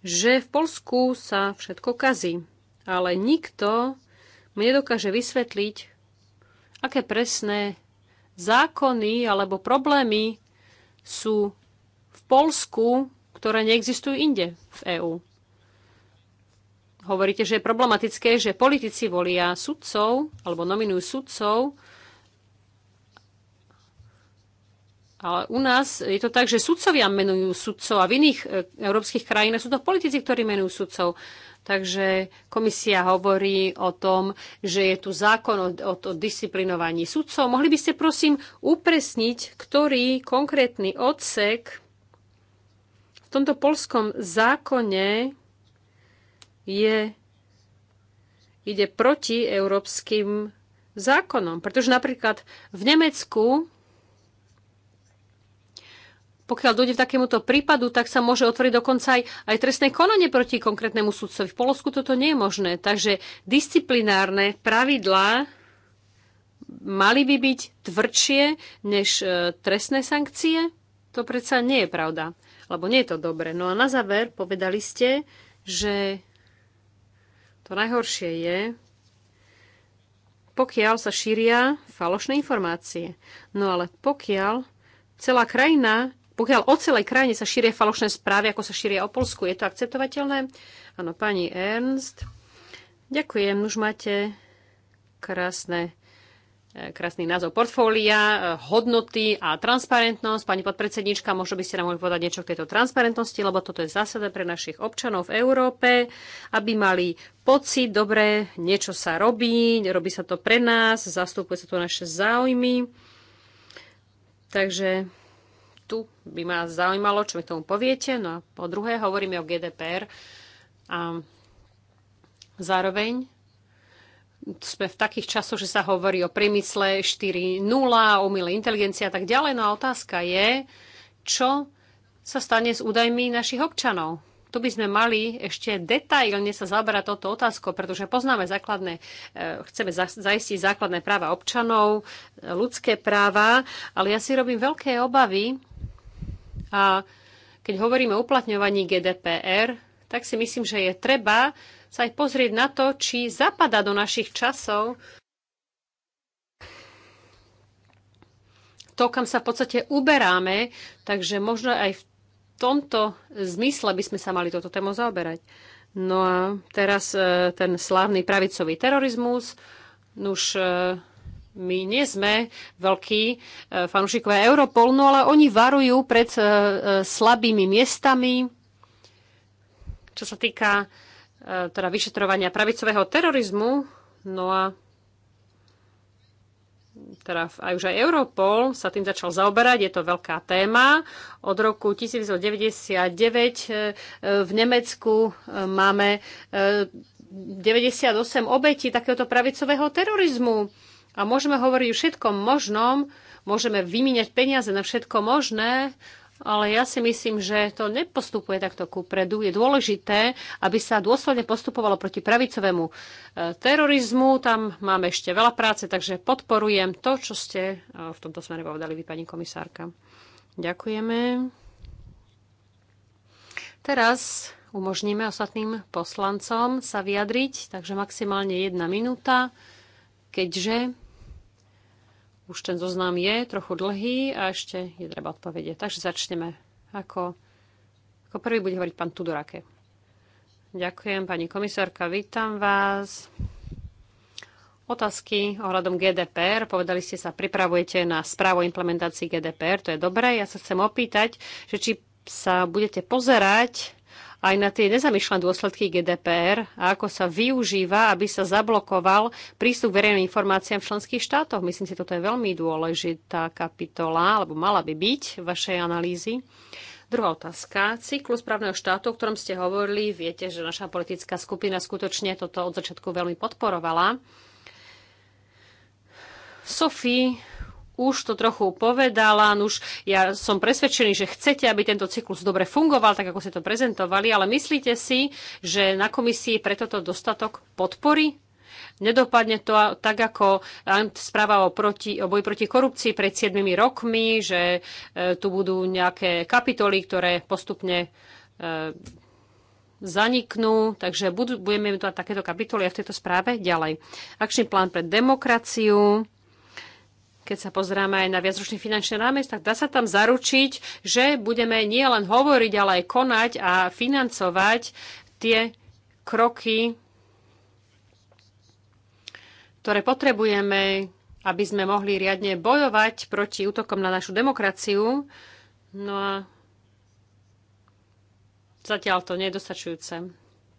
že v Polsku sa všetko kazí. Ale nikto mi nedokáže vysvetliť, aké presné zákony alebo problémy sú v Polsku, ktoré neexistujú inde v EÚ. Hovoríte, že je problematické, že politici volia sudcov alebo nominujú sudcov, Ale u nás je to tak, že sudcovia menujú sudcov a v iných e, európskych krajinách sú to politici, ktorí menujú sudcov. Takže komisia hovorí o tom, že je tu zákon o, o, o disciplinovaní sudcov. Mohli by ste prosím upresniť, ktorý konkrétny odsek v tomto polskom zákone je, ide proti európskym zákonom. Pretože napríklad v Nemecku pokiaľ dojde v takémuto prípadu, tak sa môže otvoriť dokonca aj, aj trestné konanie proti konkrétnemu sudcovi. V Polsku toto nie je možné. Takže disciplinárne pravidlá mali by byť tvrdšie než e, trestné sankcie? To predsa nie je pravda, lebo nie je to dobre. No a na záver povedali ste, že to najhoršie je, pokiaľ sa šíria falošné informácie. No ale pokiaľ celá krajina pokiaľ o celej krajine sa šíria falošné správy, ako sa šíria o Polsku, je to akceptovateľné? Áno, pani Ernst. Ďakujem, už máte krásne e, krásny názov portfólia, e, hodnoty a transparentnosť. Pani podpredsednička, možno by ste nám mohli povedať niečo k tejto transparentnosti, lebo toto je zásada pre našich občanov v Európe, aby mali pocit, dobre, niečo sa robí, robí sa to pre nás, zastupuje sa tu naše záujmy. Takže tu by ma zaujímalo, čo mi tomu poviete. No a po druhé, hovoríme o GDPR a zároveň sme v takých časoch, že sa hovorí o priemysle 4.0, umelej inteligencia a tak ďalej. No a otázka je, čo sa stane s údajmi našich občanov. Tu by sme mali ešte detailne sa zaberať toto otázkou, pretože poznáme základné, e, chceme zaistiť základné práva občanov, ľudské práva, ale ja si robím veľké obavy, a keď hovoríme o uplatňovaní GDPR, tak si myslím, že je treba sa aj pozrieť na to, či zapadá do našich časov to, kam sa v podstate uberáme, takže možno aj v tomto zmysle by sme sa mali toto tému zaoberať. No a teraz eh, ten slávny pravicový terorizmus. Nuž eh, my nie sme veľkí e, fanúšikové Europol, no ale oni varujú pred e, e, slabými miestami, čo sa týka teda vyšetrovania pravicového terorizmu. No a teda aj už aj Europol sa tým začal zaoberať, je to veľká téma. Od roku 1999 v Nemecku máme 98 obetí takéhoto pravicového terorizmu. A môžeme hovoriť o všetkom možnom, môžeme vymieňať peniaze na všetko možné, ale ja si myslím, že to nepostupuje takto kupredu. Je dôležité, aby sa dôsledne postupovalo proti pravicovému e, terorizmu. Tam máme ešte veľa práce, takže podporujem to, čo ste e, v tomto smere povedali vy, pani komisárka. Ďakujeme. Teraz umožníme ostatným poslancom sa vyjadriť, takže maximálne jedna minúta, keďže už ten zoznam je trochu dlhý a ešte je treba odpovedieť. Takže začneme. Ako, ako prvý bude hovoriť pán Tudorake. Ďakujem, pani komisárka, vítam vás. Otázky ohľadom GDPR. Povedali ste sa, pripravujete na správu o implementácii GDPR, to je dobré. Ja sa chcem opýtať, že či sa budete pozerať aj na tie nezamýšľané dôsledky GDPR a ako sa využíva, aby sa zablokoval prístup k verejným informáciám v členských štátoch. Myslím si, toto je veľmi dôležitá kapitola, alebo mala by byť v vašej analýzy. Druhá otázka. Cyklus právneho štátu, o ktorom ste hovorili, viete, že naša politická skupina skutočne toto od začiatku veľmi podporovala. Sophie už to trochu povedala, no už ja som presvedčený, že chcete, aby tento cyklus dobre fungoval, tak ako ste to prezentovali, ale myslíte si, že na komisii pre toto dostatok podpory? Nedopadne to tak, ako e, správa o, proti, o boji proti korupcii pred 7 rokmi, že e, tu budú nejaké kapitoly, ktoré postupne e, zaniknú, takže budeme mať takéto kapitoly aj v tejto správe ďalej. Akčný plán pre demokraciu, keď sa pozrieme aj na viacročný finančný rámec, tak dá sa tam zaručiť, že budeme nielen hovoriť, ale aj konať a financovať tie kroky, ktoré potrebujeme, aby sme mohli riadne bojovať proti útokom na našu demokraciu. No a zatiaľ to nie je dostačujúce.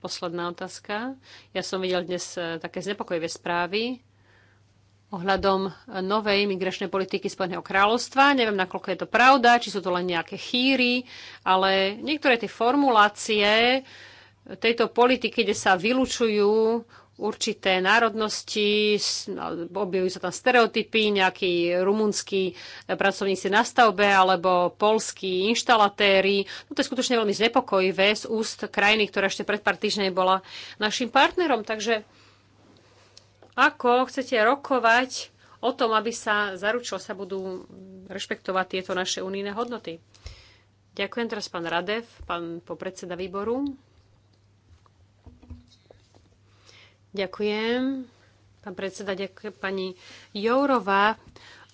Posledná otázka. Ja som videl dnes eh, také znepokojivé správy ohľadom e, novej migračnej politiky Spojeného kráľovstva. Neviem, nakoľko je to pravda, či sú to len nejaké chýry, ale niektoré tie formulácie tejto politiky, kde sa vylučujú určité národnosti, no, objavujú sa tam stereotypy, nejakí rumunskí e, pracovníci na stavbe alebo polskí inštalatéri. No to je skutočne veľmi znepokojivé z úst krajiny, ktorá ešte pred pár týždňami bola našim partnerom. Takže ako chcete rokovať o tom, aby sa zaručilo, sa budú rešpektovať tieto naše unijné hodnoty? Ďakujem teraz pán Radev, pán popredseda výboru. Ďakujem. Pán predseda, ďakujem pani Jourová.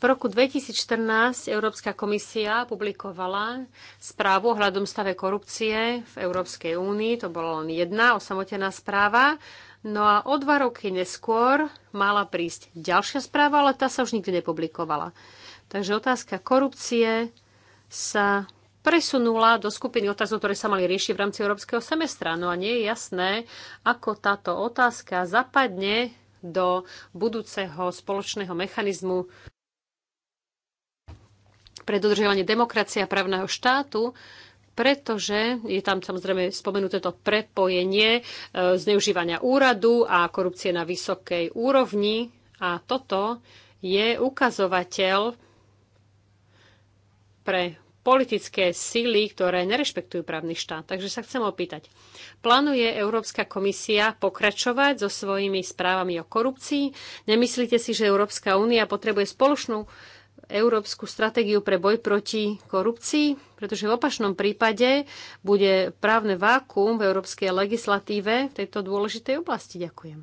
V roku 2014 Európska komisia publikovala správu ohľadom stave korupcie v Európskej únii. To bola len jedna osamotená správa. No a o dva roky neskôr mala prísť ďalšia správa, ale tá sa už nikdy nepublikovala. Takže otázka korupcie sa presunula do skupiny otázok, ktoré sa mali riešiť v rámci európskeho semestra. No a nie je jasné, ako táto otázka zapadne do budúceho spoločného mechanizmu pre dodržiavanie demokracie a právneho štátu, pretože je tam samozrejme spomenuté to prepojenie e, zneužívania úradu a korupcie na vysokej úrovni. A toto je ukazovateľ pre politické síly, ktoré nerešpektujú právny štát. Takže sa chcem opýtať. Plánuje Európska komisia pokračovať so svojimi správami o korupcii? Nemyslíte si, že Európska únia potrebuje spoločnú európsku stratégiu pre boj proti korupcii, pretože v opačnom prípade bude právne vákum v európskej legislatíve v tejto dôležitej oblasti. Ďakujem.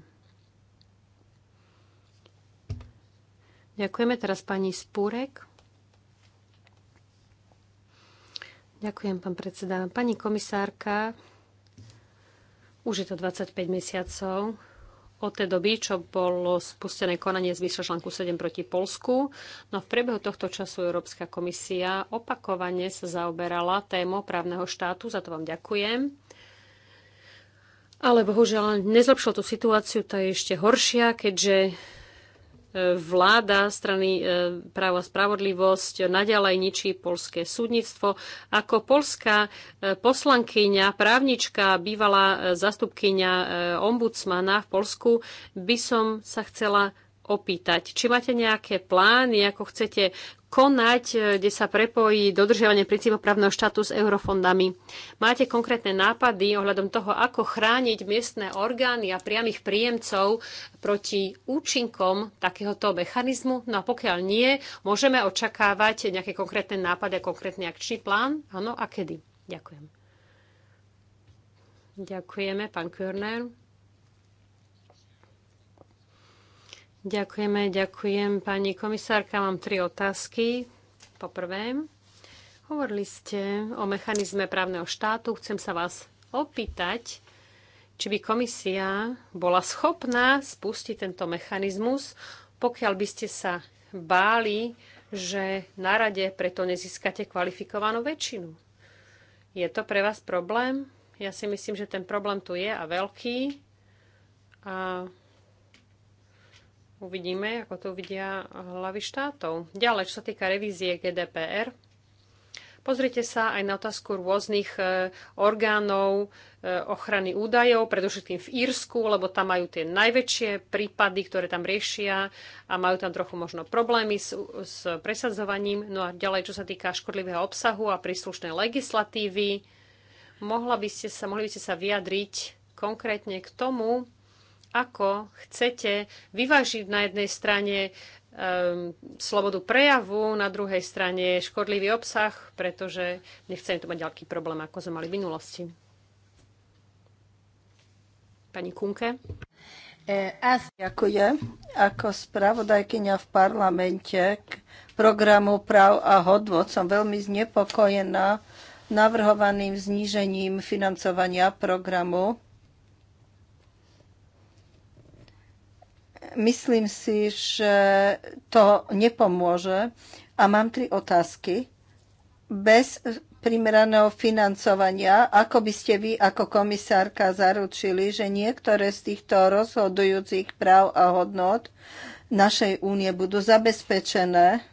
Ďakujeme teraz pani Spúrek. Ďakujem, pán predseda. Pani komisárka, už je to 25 mesiacov, od tej doby, čo bolo spustené konanie z článku 7 proti Polsku. No v priebehu tohto času Európska komisia opakovane sa zaoberala tému právneho štátu, za to vám ďakujem. Ale bohužiaľ nezlepšilo tú situáciu, tá je ešte horšia, keďže vláda strany e, práva spravodlivosť naďalej ničí polské súdnictvo. Ako polská e, poslankyňa, právnička, bývalá e, zastupkyňa ombudsmana v Polsku by som sa chcela opýtať, či máte nejaké plány, ako chcete konať, e, kde sa prepojí dodržiavanie princípov právneho štátu s eurofondami. Máte konkrétne nápady ohľadom toho, ako chrániť miestne orgány a priamých príjemcov proti účinkom takéhoto mechanizmu? No a pokiaľ nie, môžeme očakávať nejaké konkrétne nápady a konkrétny akčný plán? Áno, a kedy? Ďakujem. Ďakujeme, pán Körner. Ďakujeme, ďakujem. Pani komisárka, mám tri otázky. Poprvé, hovorili ste o mechanizme právneho štátu. Chcem sa vás opýtať, či by komisia bola schopná spustiť tento mechanizmus, pokiaľ by ste sa báli, že na rade preto nezískate kvalifikovanú väčšinu. Je to pre vás problém? Ja si myslím, že ten problém tu je a veľký. A Uvidíme, ako to uvidia hlavy štátov. Ďalej, čo sa týka revízie GDPR, Pozrite sa aj na otázku rôznych e, orgánov e, ochrany údajov, predovšetkým v Írsku, lebo tam majú tie najväčšie prípady, ktoré tam riešia a majú tam trochu možno problémy s, s presadzovaním. No a ďalej, čo sa týka škodlivého obsahu a príslušnej legislatívy, mohla by ste sa, mohli by ste sa vyjadriť konkrétne k tomu, ako chcete vyvážiť na jednej strane ehm, slobodu prejavu, na druhej strane škodlivý obsah, pretože nechcem tu mať ďalký problém, ako sme mali v minulosti. Pani Kunke. E, Ďakujem. Ako spravodajkyňa v parlamente k programu práv a hodvod som veľmi znepokojená navrhovaným znížením financovania programu Myslím si, že to nepomôže. A mám tri otázky. Bez primeraného financovania, ako by ste vy ako komisárka zaručili, že niektoré z týchto rozhodujúcich práv a hodnot našej únie budú zabezpečené?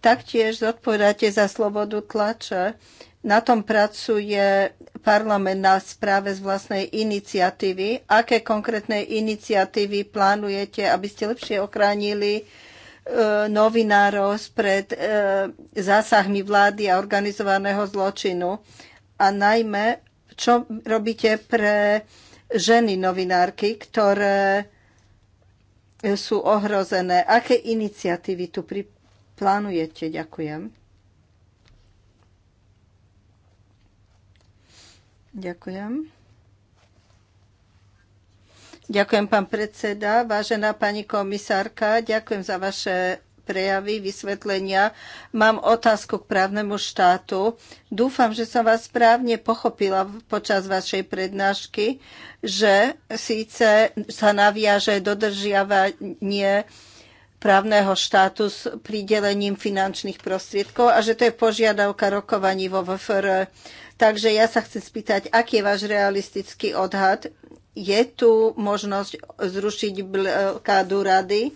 Taktiež zodpovedáte za slobodu tlače. Na tom pracuje parlament na správe z vlastnej iniciatívy. Aké konkrétne iniciatívy plánujete, aby ste lepšie ochránili e, novinárov pred e, zásahmi vlády a organizovaného zločinu? A najmä, čo robíte pre ženy novinárky, ktoré sú ohrozené? Aké iniciatívy tu pri... plánujete? Ďakujem. Ďakujem. Ďakujem, pán predseda. Vážená pani komisárka, ďakujem za vaše prejavy, vysvetlenia. Mám otázku k právnemu štátu. Dúfam, že som vás správne pochopila počas vašej prednášky, že síce sa naviaže dodržiavanie právneho štátu s pridelením finančných prostriedkov a že to je požiadavka rokovaní vo VFR. Takže ja sa chcem spýtať, aký je váš realistický odhad? Je tu možnosť zrušiť blokádu rady?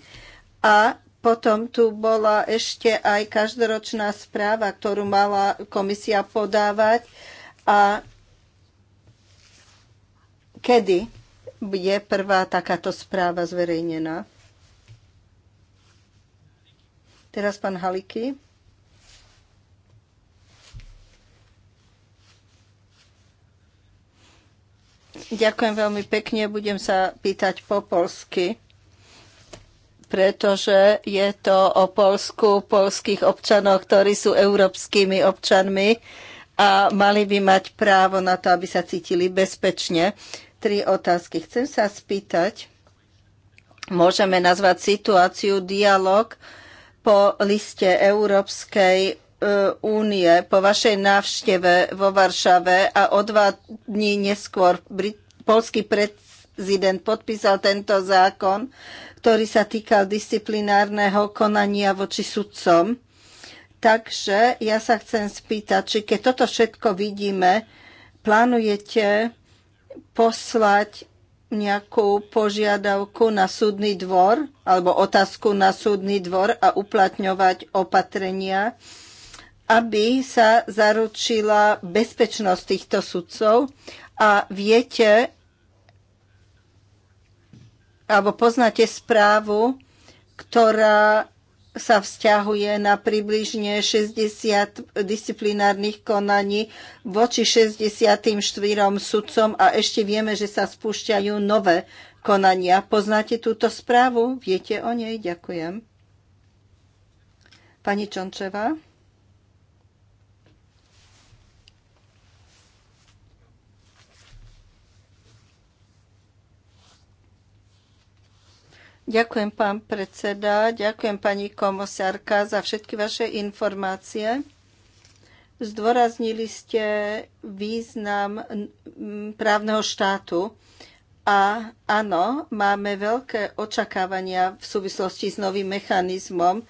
A potom tu bola ešte aj každoročná správa, ktorú mala komisia podávať. A kedy bude prvá takáto správa zverejnená? Teraz pán Haliky. Ďakujem veľmi pekne, budem sa pýtať po polsky, pretože je to o Polsku, polských občanoch, ktorí sú európskymi občanmi a mali by mať právo na to, aby sa cítili bezpečne. Tri otázky. Chcem sa spýtať, môžeme nazvať situáciu dialog po liste Európskej E, únie po vašej návšteve vo Varšave a o dva dní neskôr Brit- polský prezident podpísal tento zákon, ktorý sa týkal disciplinárneho konania voči sudcom. Takže ja sa chcem spýtať, či keď toto všetko vidíme, plánujete poslať nejakú požiadavku na súdny dvor alebo otázku na súdny dvor a uplatňovať opatrenia, aby sa zaručila bezpečnosť týchto sudcov. A viete, alebo poznáte správu, ktorá sa vzťahuje na približne 60 disciplinárnych konaní voči 64 sudcom a ešte vieme, že sa spúšťajú nové konania. Poznáte túto správu? Viete o nej? Ďakujem. Pani Čončeva? Ďakujem, pán predseda, ďakujem pani komosárka za všetky vaše informácie. Zdôraznili ste význam právneho štátu a áno, máme veľké očakávania v súvislosti s novým mechanizmom.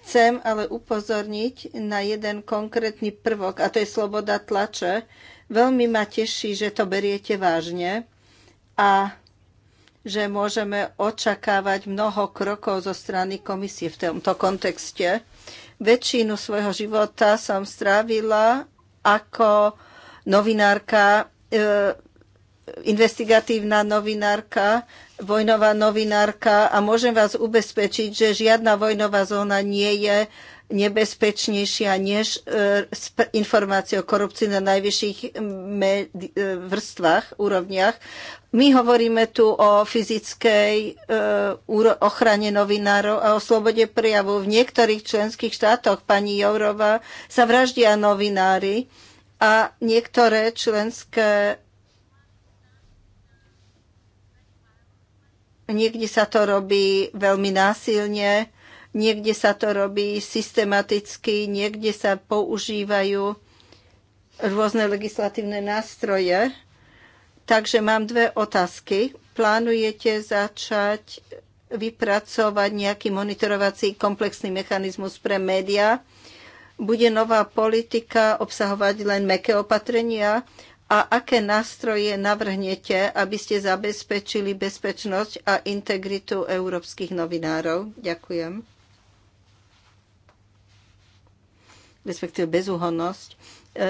Chcem ale upozorniť na jeden konkrétny prvok, a to je sloboda tlače. Veľmi ma teší, že to beriete vážne a že môžeme očakávať mnoho krokov zo strany komisie v tomto kontexte. Väčšinu svojho života som strávila ako novinárka, e, investigatívna novinárka, vojnová novinárka a môžem vás ubezpečiť, že žiadna vojnová zóna nie je nebezpečnejšia než e, informácie o korupcii na najvyšších e, vrstvách, úrovniach. My hovoríme tu o fyzickej e, ochrane novinárov a o slobode prejavu. V niektorých členských štátoch, pani Jourova, sa vraždia novinári a niektoré členské niekde sa to robí veľmi násilne Niekde sa to robí systematicky, niekde sa používajú rôzne legislatívne nástroje. Takže mám dve otázky. Plánujete začať vypracovať nejaký monitorovací komplexný mechanizmus pre médiá? Bude nová politika obsahovať len meké opatrenia? A aké nástroje navrhnete, aby ste zabezpečili bezpečnosť a integritu európskych novinárov? Ďakujem. respektíve bezúhonnosť e,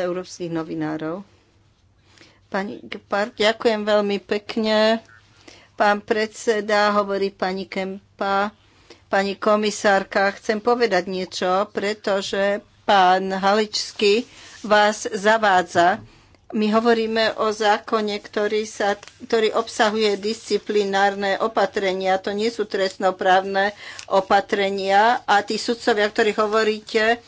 európskych novinárov. Pani Gepard, ďakujem veľmi pekne. Pán predseda, hovorí pani Kempa, pani komisárka, chcem povedať niečo, pretože pán Haličský vás zavádza. My hovoríme o zákone, ktorý, sa, ktorý obsahuje disciplinárne opatrenia. To nie sú trestnoprávne opatrenia. A tí sudcovia, ktorí hovoríte,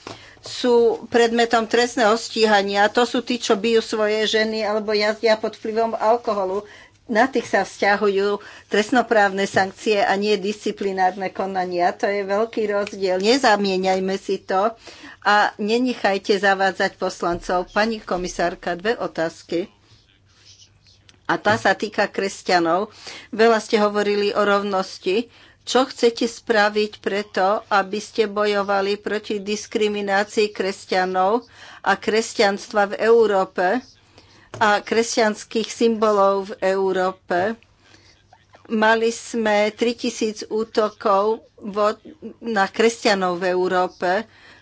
sú predmetom trestného stíhania. To sú tí, čo bijú svoje ženy alebo jazdia pod vplyvom alkoholu. Na tých sa vzťahujú trestnoprávne sankcie a nie disciplinárne konania. To je veľký rozdiel. Nezamieňajme si to a nenechajte zavádzať poslancov. Pani komisárka, dve otázky a tá sa týka kresťanov. Veľa ste hovorili o rovnosti. Čo chcete spraviť preto, aby ste bojovali proti diskriminácii kresťanov a kresťanstva v Európe a kresťanských symbolov v Európe? Mali sme 3000 útokov na kresťanov v Európe.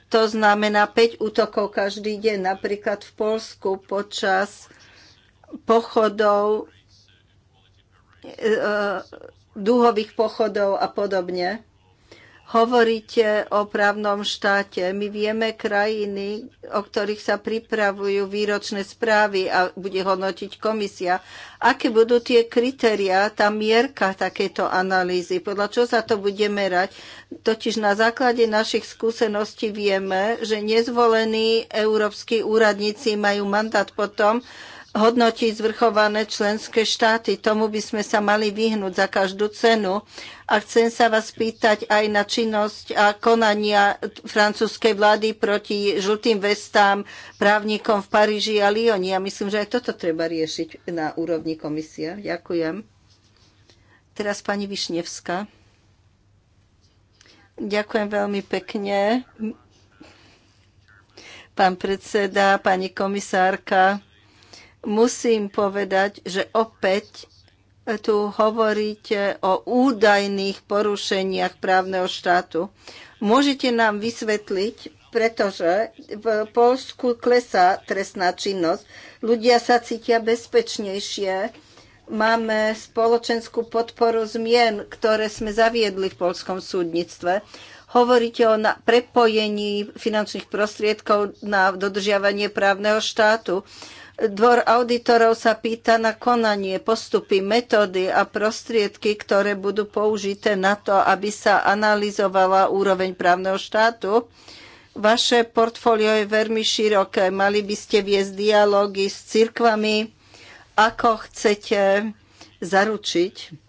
To znamená 5 útokov každý deň, napríklad v Polsku počas pochodov e, e, dúhových pochodov a podobne. Hovoríte o právnom štáte. My vieme krajiny, o ktorých sa pripravujú výročné správy a bude hodnotiť komisia. Aké budú tie kritéria, tá mierka takéto analýzy? Podľa čo sa to bude merať? Totiž na základe našich skúseností vieme, že nezvolení európsky úradníci majú mandát potom, hodnotí zvrchované členské štáty. Tomu by sme sa mali vyhnúť za každú cenu. A chcem sa vás pýtať aj na činnosť a konania francúzskej vlády proti žltým vestám, právnikom v Paríži a Lyoni. Ja myslím, že aj toto treba riešiť na úrovni komisia. Ďakujem. Teraz pani Višnevská. Ďakujem veľmi pekne. Pán predseda, pani komisárka musím povedať, že opäť tu hovoríte o údajných porušeniach právneho štátu. Môžete nám vysvetliť, pretože v Polsku klesá trestná činnosť. Ľudia sa cítia bezpečnejšie. Máme spoločenskú podporu zmien, ktoré sme zaviedli v polskom súdnictve. Hovoríte o prepojení finančných prostriedkov na dodržiavanie právneho štátu. Dvor auditorov sa pýta na konanie, postupy, metódy a prostriedky, ktoré budú použité na to, aby sa analyzovala úroveň právneho štátu. Vaše portfólio je veľmi široké. Mali by ste viesť dialógy s cirkvami, ako chcete zaručiť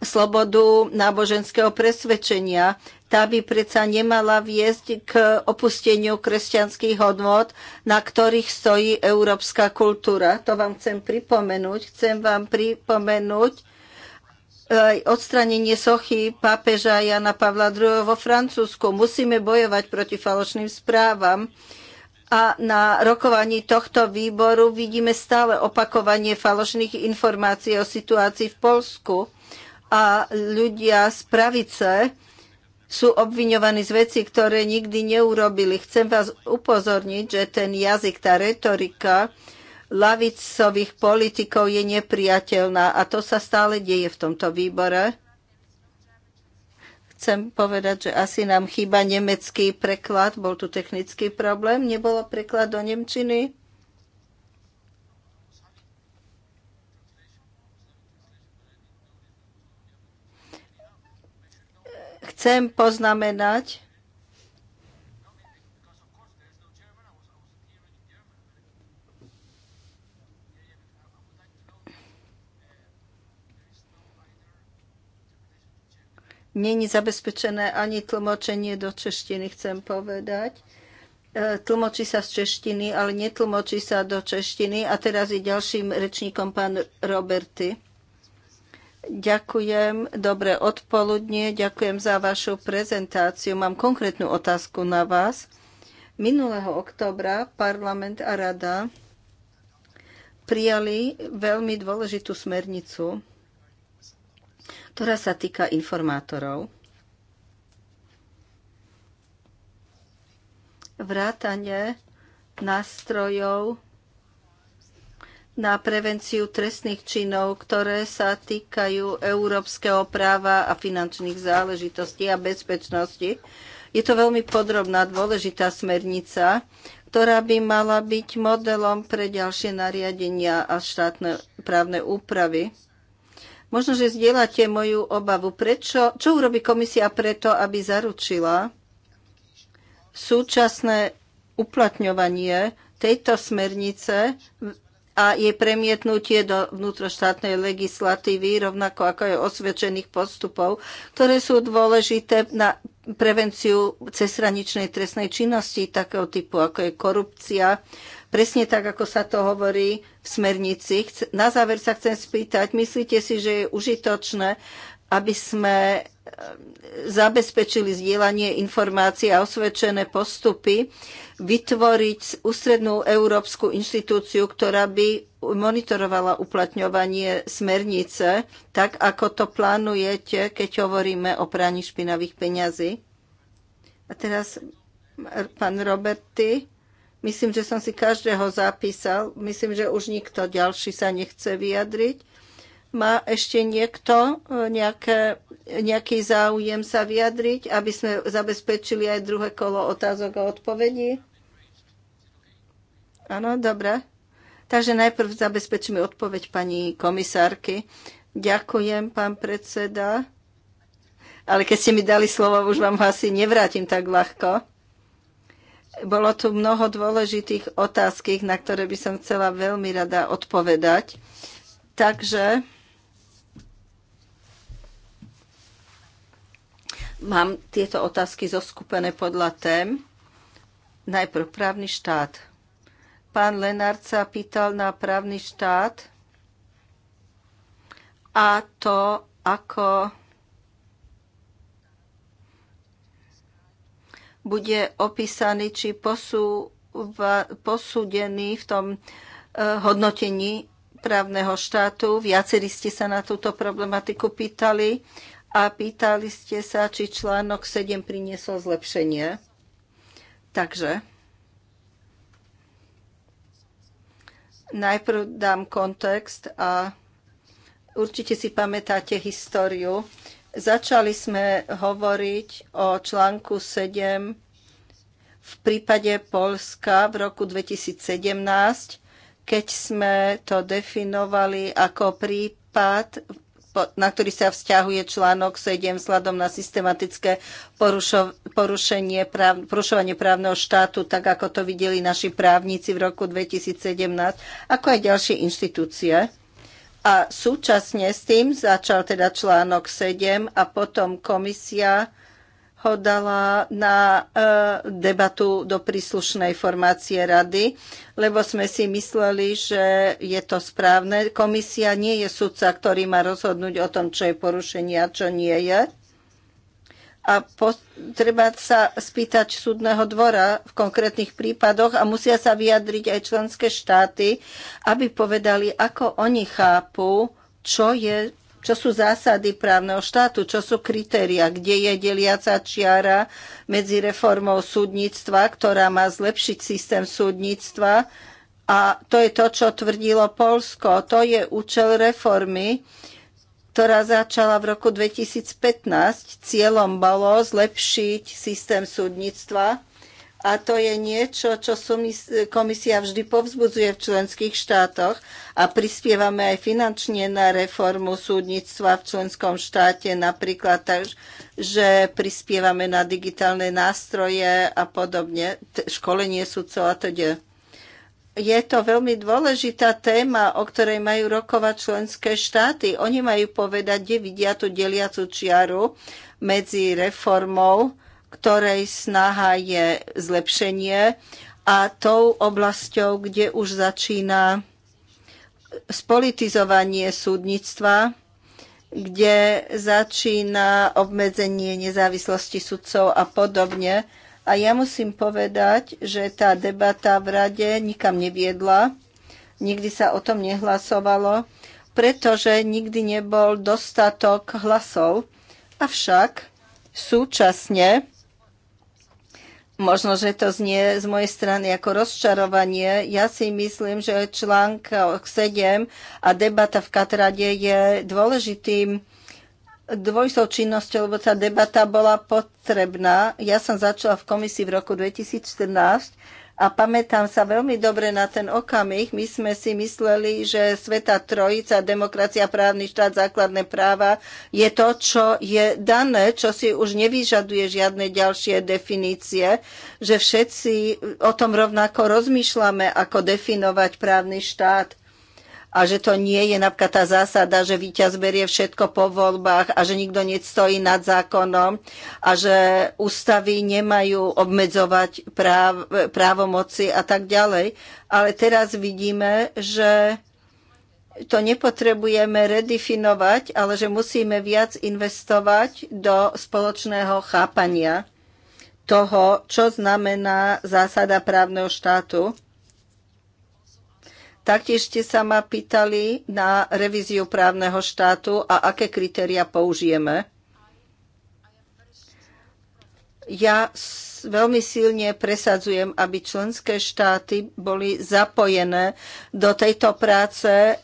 slobodu náboženského presvedčenia tá by predsa nemala viesť k opusteniu kresťanských hodnot, na ktorých stojí európska kultúra. To vám chcem pripomenúť. Chcem vám pripomenúť e, odstranenie sochy pápeža Jana Pavla II. vo Francúzsku. Musíme bojovať proti falošným správam. A na rokovaní tohto výboru vidíme stále opakovanie falošných informácií o situácii v Polsku. A ľudia z pravice, sú obviňovaní z veci, ktoré nikdy neurobili. Chcem vás upozorniť, že ten jazyk, tá retorika lavicových politikov je nepriateľná a to sa stále deje v tomto výbore. Chcem povedať, že asi nám chýba nemecký preklad, bol tu technický problém, nebolo preklad do Nemčiny. Chcem poznamenať, Není zabezpečené ani tlmočenie do češtiny, chcem povedať e, tlmočí sa z češtiny, ale netlmočí sa do češtiny. A teraz je ďalším rečníkom pán Roberty. Ďakujem, dobré odpoludnie, ďakujem za vašu prezentáciu. Mám konkrétnu otázku na vás. Minulého oktobra parlament a rada prijali veľmi dôležitú smernicu, ktorá sa týka informátorov. Vrátanie nástrojov na prevenciu trestných činov, ktoré sa týkajú európskeho práva a finančných záležitostí a bezpečnosti. Je to veľmi podrobná, dôležitá smernica, ktorá by mala byť modelom pre ďalšie nariadenia a štátne právne úpravy. Možno, že zdieľate moju obavu. Prečo, čo urobí komisia preto, aby zaručila súčasné uplatňovanie tejto smernice a jej premietnutie do vnútroštátnej legislatívy, rovnako ako aj osvedčených postupov, ktoré sú dôležité na prevenciu cezhraničnej trestnej činnosti takého typu, ako je korupcia, presne tak, ako sa to hovorí v smernici. Na záver sa chcem spýtať, myslíte si, že je užitočné, aby sme zabezpečili zdieľanie informácií a osvedčené postupy, vytvoriť ústrednú európsku inštitúciu, ktorá by monitorovala uplatňovanie smernice, tak ako to plánujete, keď hovoríme o praní špinavých peňazí. A teraz pán Roberty. Myslím, že som si každého zapísal. Myslím, že už nikto ďalší sa nechce vyjadriť. Má ešte niekto e, nejaké, nejaký záujem sa vyjadriť, aby sme zabezpečili aj druhé kolo otázok a odpovedí? Áno, dobre. Takže najprv zabezpečíme odpoveď pani komisárky. Ďakujem, pán predseda. Ale keď ste mi dali slovo, už vám ho asi nevrátim tak ľahko. Bolo tu mnoho dôležitých otázky, na ktoré by som chcela veľmi rada odpovedať. Takže Mám tieto otázky zoskupené podľa tém. Najprv právny štát. Pán Lenard sa pýtal na právny štát a to, ako bude opísaný či posúva, posúdený v tom eh, hodnotení právneho štátu. Viacerí ste sa na túto problematiku pýtali a pýtali ste sa, či článok 7 priniesol zlepšenie. Takže najprv dám kontext a určite si pamätáte históriu. Začali sme hovoriť o článku 7 v prípade Polska v roku 2017, keď sme to definovali ako prípad na ktorý sa vzťahuje článok 7 vzhľadom na systematické porušo, porušenie práv, porušovanie právneho štátu, tak ako to videli naši právnici v roku 2017, ako aj ďalšie inštitúcie. A súčasne s tým začal teda článok 7 a potom komisia ho dala na e, debatu do príslušnej formácie rady, lebo sme si mysleli, že je to správne. Komisia nie je sudca, ktorý má rozhodnúť o tom, čo je porušenie a čo nie je. A po, treba sa spýtať súdneho dvora v konkrétnych prípadoch a musia sa vyjadriť aj členské štáty, aby povedali, ako oni chápu, čo je čo sú zásady právneho štátu, čo sú kritéria, kde je deliaca čiara medzi reformou súdnictva, ktorá má zlepšiť systém súdnictva. A to je to, čo tvrdilo Polsko. To je účel reformy, ktorá začala v roku 2015. Cieľom bolo zlepšiť systém súdnictva a to je niečo, čo komisia vždy povzbudzuje v členských štátoch a prispievame aj finančne na reformu súdnictva v členskom štáte, napríklad tak, že prispievame na digitálne nástroje a podobne, školenie súdcov a to. Teda. Je to veľmi dôležitá téma, o ktorej majú rokovať členské štáty. Oni majú povedať, kde vidia tú deliacu čiaru medzi reformou ktorej snaha je zlepšenie a tou oblasťou, kde už začína spolitizovanie súdnictva, kde začína obmedzenie nezávislosti sudcov a podobne. A ja musím povedať, že tá debata v rade nikam neviedla, nikdy sa o tom nehlasovalo, pretože nikdy nebol dostatok hlasov. Avšak súčasne Možno, že to znie z mojej strany ako rozčarovanie. Ja si myslím, že článk 7 a debata v Katrade je dôležitým dvojsou činnosťou, lebo tá debata bola potrebná. Ja som začala v komisii v roku 2014 a pamätám sa veľmi dobre na ten okamih. My sme si mysleli, že Sveta Trojica, demokracia, právny štát, základné práva je to, čo je dané, čo si už nevyžaduje žiadne ďalšie definície, že všetci o tom rovnako rozmýšľame, ako definovať právny štát a že to nie je napríklad tá zásada, že víťaz berie všetko po voľbách a že nikto nestojí nad zákonom a že ústavy nemajú obmedzovať práv, právomoci a tak ďalej. Ale teraz vidíme, že to nepotrebujeme redefinovať, ale že musíme viac investovať do spoločného chápania toho, čo znamená zásada právneho štátu Taktiež ste sa ma pýtali na revíziu právneho štátu a aké kritéria použijeme. Ja veľmi silne presadzujem, aby členské štáty boli zapojené do tejto práce e,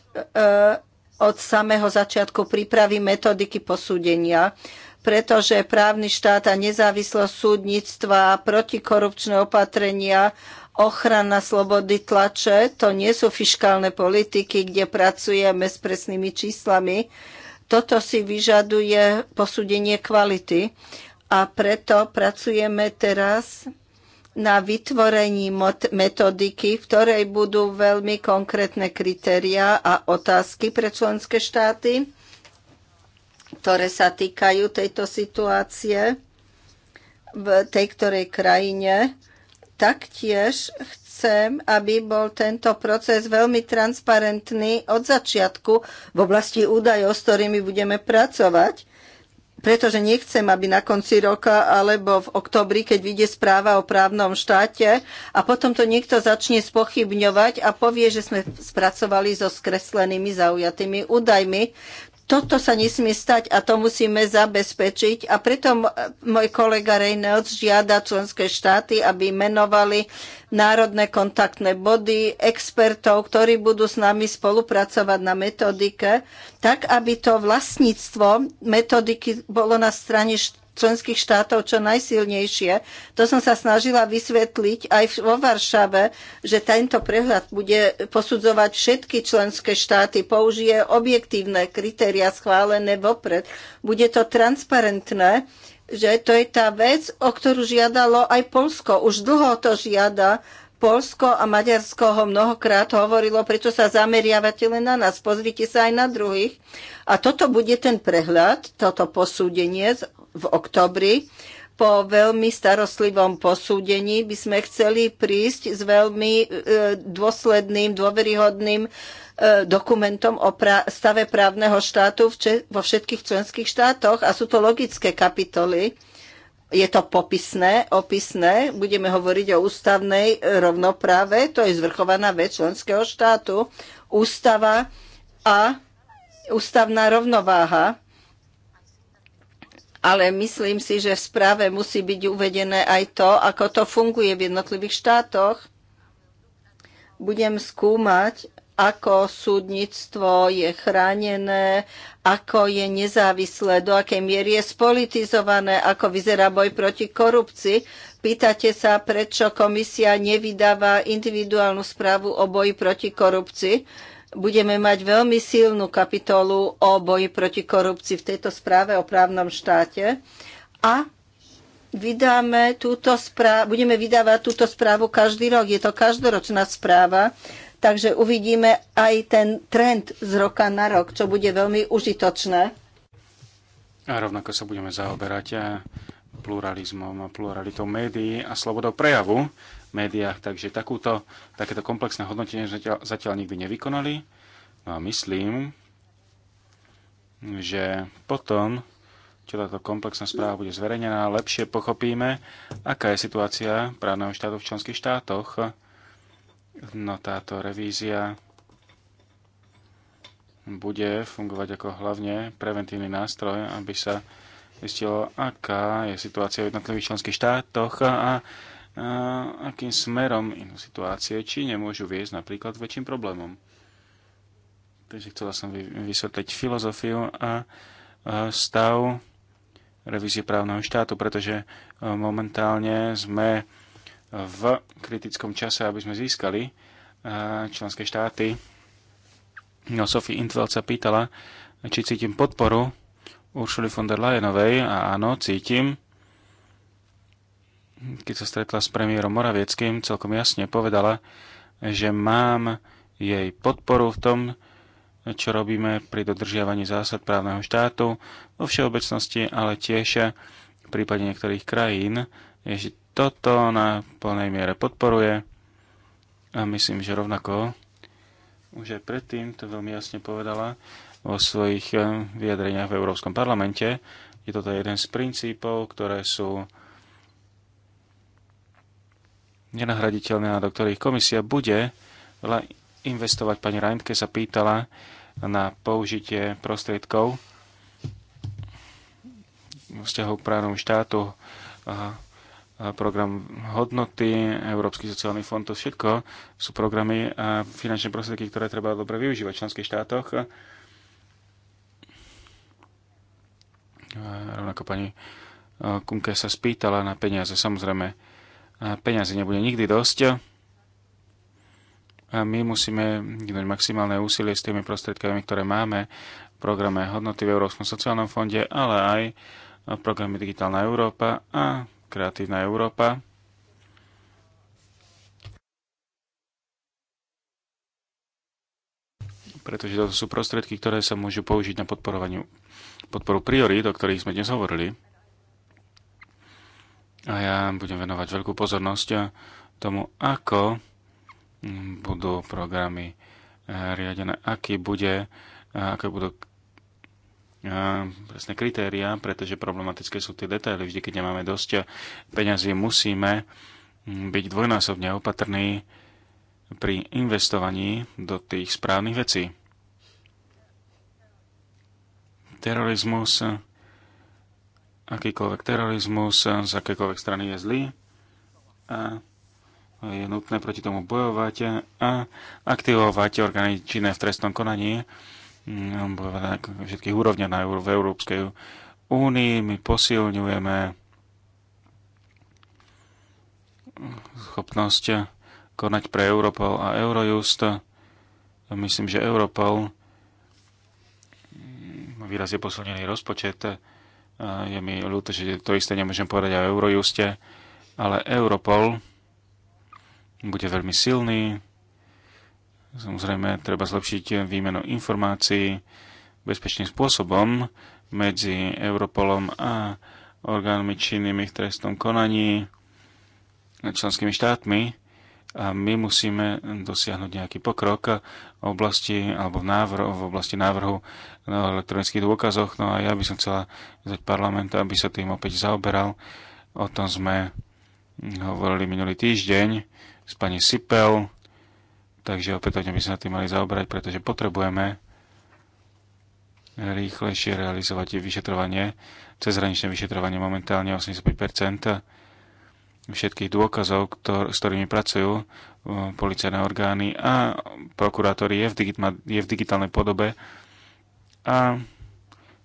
od samého začiatku prípravy metodiky posúdenia pretože právny štát a nezávislosť súdnictva, protikorupčné opatrenia ochrana slobody tlače, to nie sú fiškálne politiky, kde pracujeme s presnými číslami. Toto si vyžaduje posúdenie kvality a preto pracujeme teraz na vytvorení metodiky, v ktorej budú veľmi konkrétne kritériá a otázky pre členské štáty, ktoré sa týkajú tejto situácie v tej ktorej krajine Taktiež chcem, aby bol tento proces veľmi transparentný od začiatku v oblasti údajov, s ktorými budeme pracovať, pretože nechcem, aby na konci roka alebo v oktobri, keď vyjde správa o právnom štáte a potom to niekto začne spochybňovať a povie, že sme spracovali so skreslenými zaujatými údajmi toto sa nesmie stať a to musíme zabezpečiť. A preto môj kolega Reynolds žiada členské štáty, aby menovali národné kontaktné body, expertov, ktorí budú s nami spolupracovať na metodike, tak aby to vlastníctvo metodiky bolo na strane št- členských štátov čo najsilnejšie. To som sa snažila vysvetliť aj vo Varšave, že tento prehľad bude posudzovať všetky členské štáty, použije objektívne kritéria schválené vopred. Bude to transparentné, že to je tá vec, o ktorú žiadalo aj Polsko. Už dlho to žiada, Polsko a Maďarsko ho mnohokrát hovorilo, preto sa zameriavate len na nás, pozrite sa aj na druhých. A toto bude ten prehľad, toto posúdenie v oktobri. Po veľmi starostlivom posúdení by sme chceli prísť s veľmi e, dôsledným, dôveryhodným e, dokumentom o stave právneho štátu vo všetkých členských štátoch a sú to logické kapitoly. Je to popisné, opisné, budeme hovoriť o ústavnej rovnopráve, to je zvrchovaná vec členského štátu, ústava a ústavná rovnováha ale myslím si, že v správe musí byť uvedené aj to, ako to funguje v jednotlivých štátoch. Budem skúmať, ako súdnictvo je chránené, ako je nezávislé, do akej miery je spolitizované, ako vyzerá boj proti korupcii. Pýtate sa, prečo komisia nevydáva individuálnu správu o boji proti korupcii budeme mať veľmi silnú kapitolu o boji proti korupcii v tejto správe o právnom štáte a vydáme túto správu, budeme vydávať túto správu každý rok. Je to každoročná správa, takže uvidíme aj ten trend z roka na rok, čo bude veľmi užitočné. A rovnako sa budeme zaoberať eh, pluralizmom a pluralitou médií a slobodou prejavu médiách. Takže takúto, takéto komplexné hodnotenie zatiaľ, zatiaľ nikdy nevykonali. No a myslím, že potom, čo táto komplexná správa bude zverejnená, lepšie pochopíme, aká je situácia právneho štátu v členských štátoch. No táto revízia bude fungovať ako hlavne preventívny nástroj, aby sa zistilo, aká je situácia v jednotlivých členských štátoch a, a akým smerom inú situácie, či nemôžu viesť napríklad väčším problémom. Takže chcela som vysvetliť filozofiu a stav revízie právneho štátu, pretože e, momentálne sme v kritickom čase, aby sme získali e, členské štáty. No, Sophie Intveld sa pýtala, či cítim podporu Uršuli von der Leyenovej a áno, cítim keď sa stretla s premiérom Moravieckým, celkom jasne povedala, že mám jej podporu v tom, čo robíme pri dodržiavaní zásad právneho štátu vo všeobecnosti, ale tiež v prípade niektorých krajín, je, že toto na plnej miere podporuje a myslím, že rovnako už aj predtým to veľmi jasne povedala vo svojich eh, vyjadreniach v Európskom parlamente. Je toto jeden z princípov, ktoré sú nenahraditeľné a do ktorých komisia bude veľa investovať. Pani Reintke sa pýtala na použitie prostriedkov vzťahov k právnom štátu, a program hodnoty, Európsky sociálny fond, to všetko sú programy a finančné prostriedky, ktoré treba dobre využívať v členských štátoch. A rovnako pani Kunke sa spýtala na peniaze. Samozrejme, peňazí nebude nikdy dosť. A my musíme vynúť maximálne úsilie s tými prostriedkami, ktoré máme v programe hodnoty v Európskom sociálnom fonde, ale aj v programe Digitálna Európa a Kreatívna Európa. pretože toto sú prostriedky, ktoré sa môžu použiť na podporu priorít, o ktorých sme dnes hovorili. A ja budem venovať veľkú pozornosť tomu, ako budú programy eh, riadené, aký bude, eh, aké budú eh, presné kritéria, pretože problematické sú tie detaily. Vždy, keď nemáme dosť peňazí, musíme hm, byť dvojnásobne opatrní pri investovaní do tých správnych vecí. Terorizmus akýkoľvek terorizmus z akékoľvek strany je zlý a je nutné proti tomu bojovať a aktivovať orgány činné v trestnom konaní mm, bojovať na všetkých úrovniach na v Európskej únii. My posilňujeme schopnosť konať pre Europol a Eurojust. Myslím, že Europol mm, výrazne posilnený rozpočet je mi ľúto, že to isté nemôžem povedať o Eurojuste, ale Europol bude veľmi silný. Samozrejme, treba zlepšiť výmenu informácií bezpečným spôsobom medzi Europolom a orgánmi činnými v trestnom konaní členskými štátmi a my musíme dosiahnuť nejaký pokrok v oblasti, alebo návrhu, v oblasti návrhu na elektronických dôkazoch. No a ja by som chcela vzať parlament, aby sa tým opäť zaoberal. O tom sme hovorili minulý týždeň s pani Sipel, takže opätovne by sme sa tým mali zaoberať, pretože potrebujeme rýchlejšie realizovať vyšetrovanie, cezhraničné vyšetrovanie momentálne 85% všetkých dôkazov, ktor- s ktorými pracujú policajné orgány a prokurátori je v, digit- je v digitálnej podobe a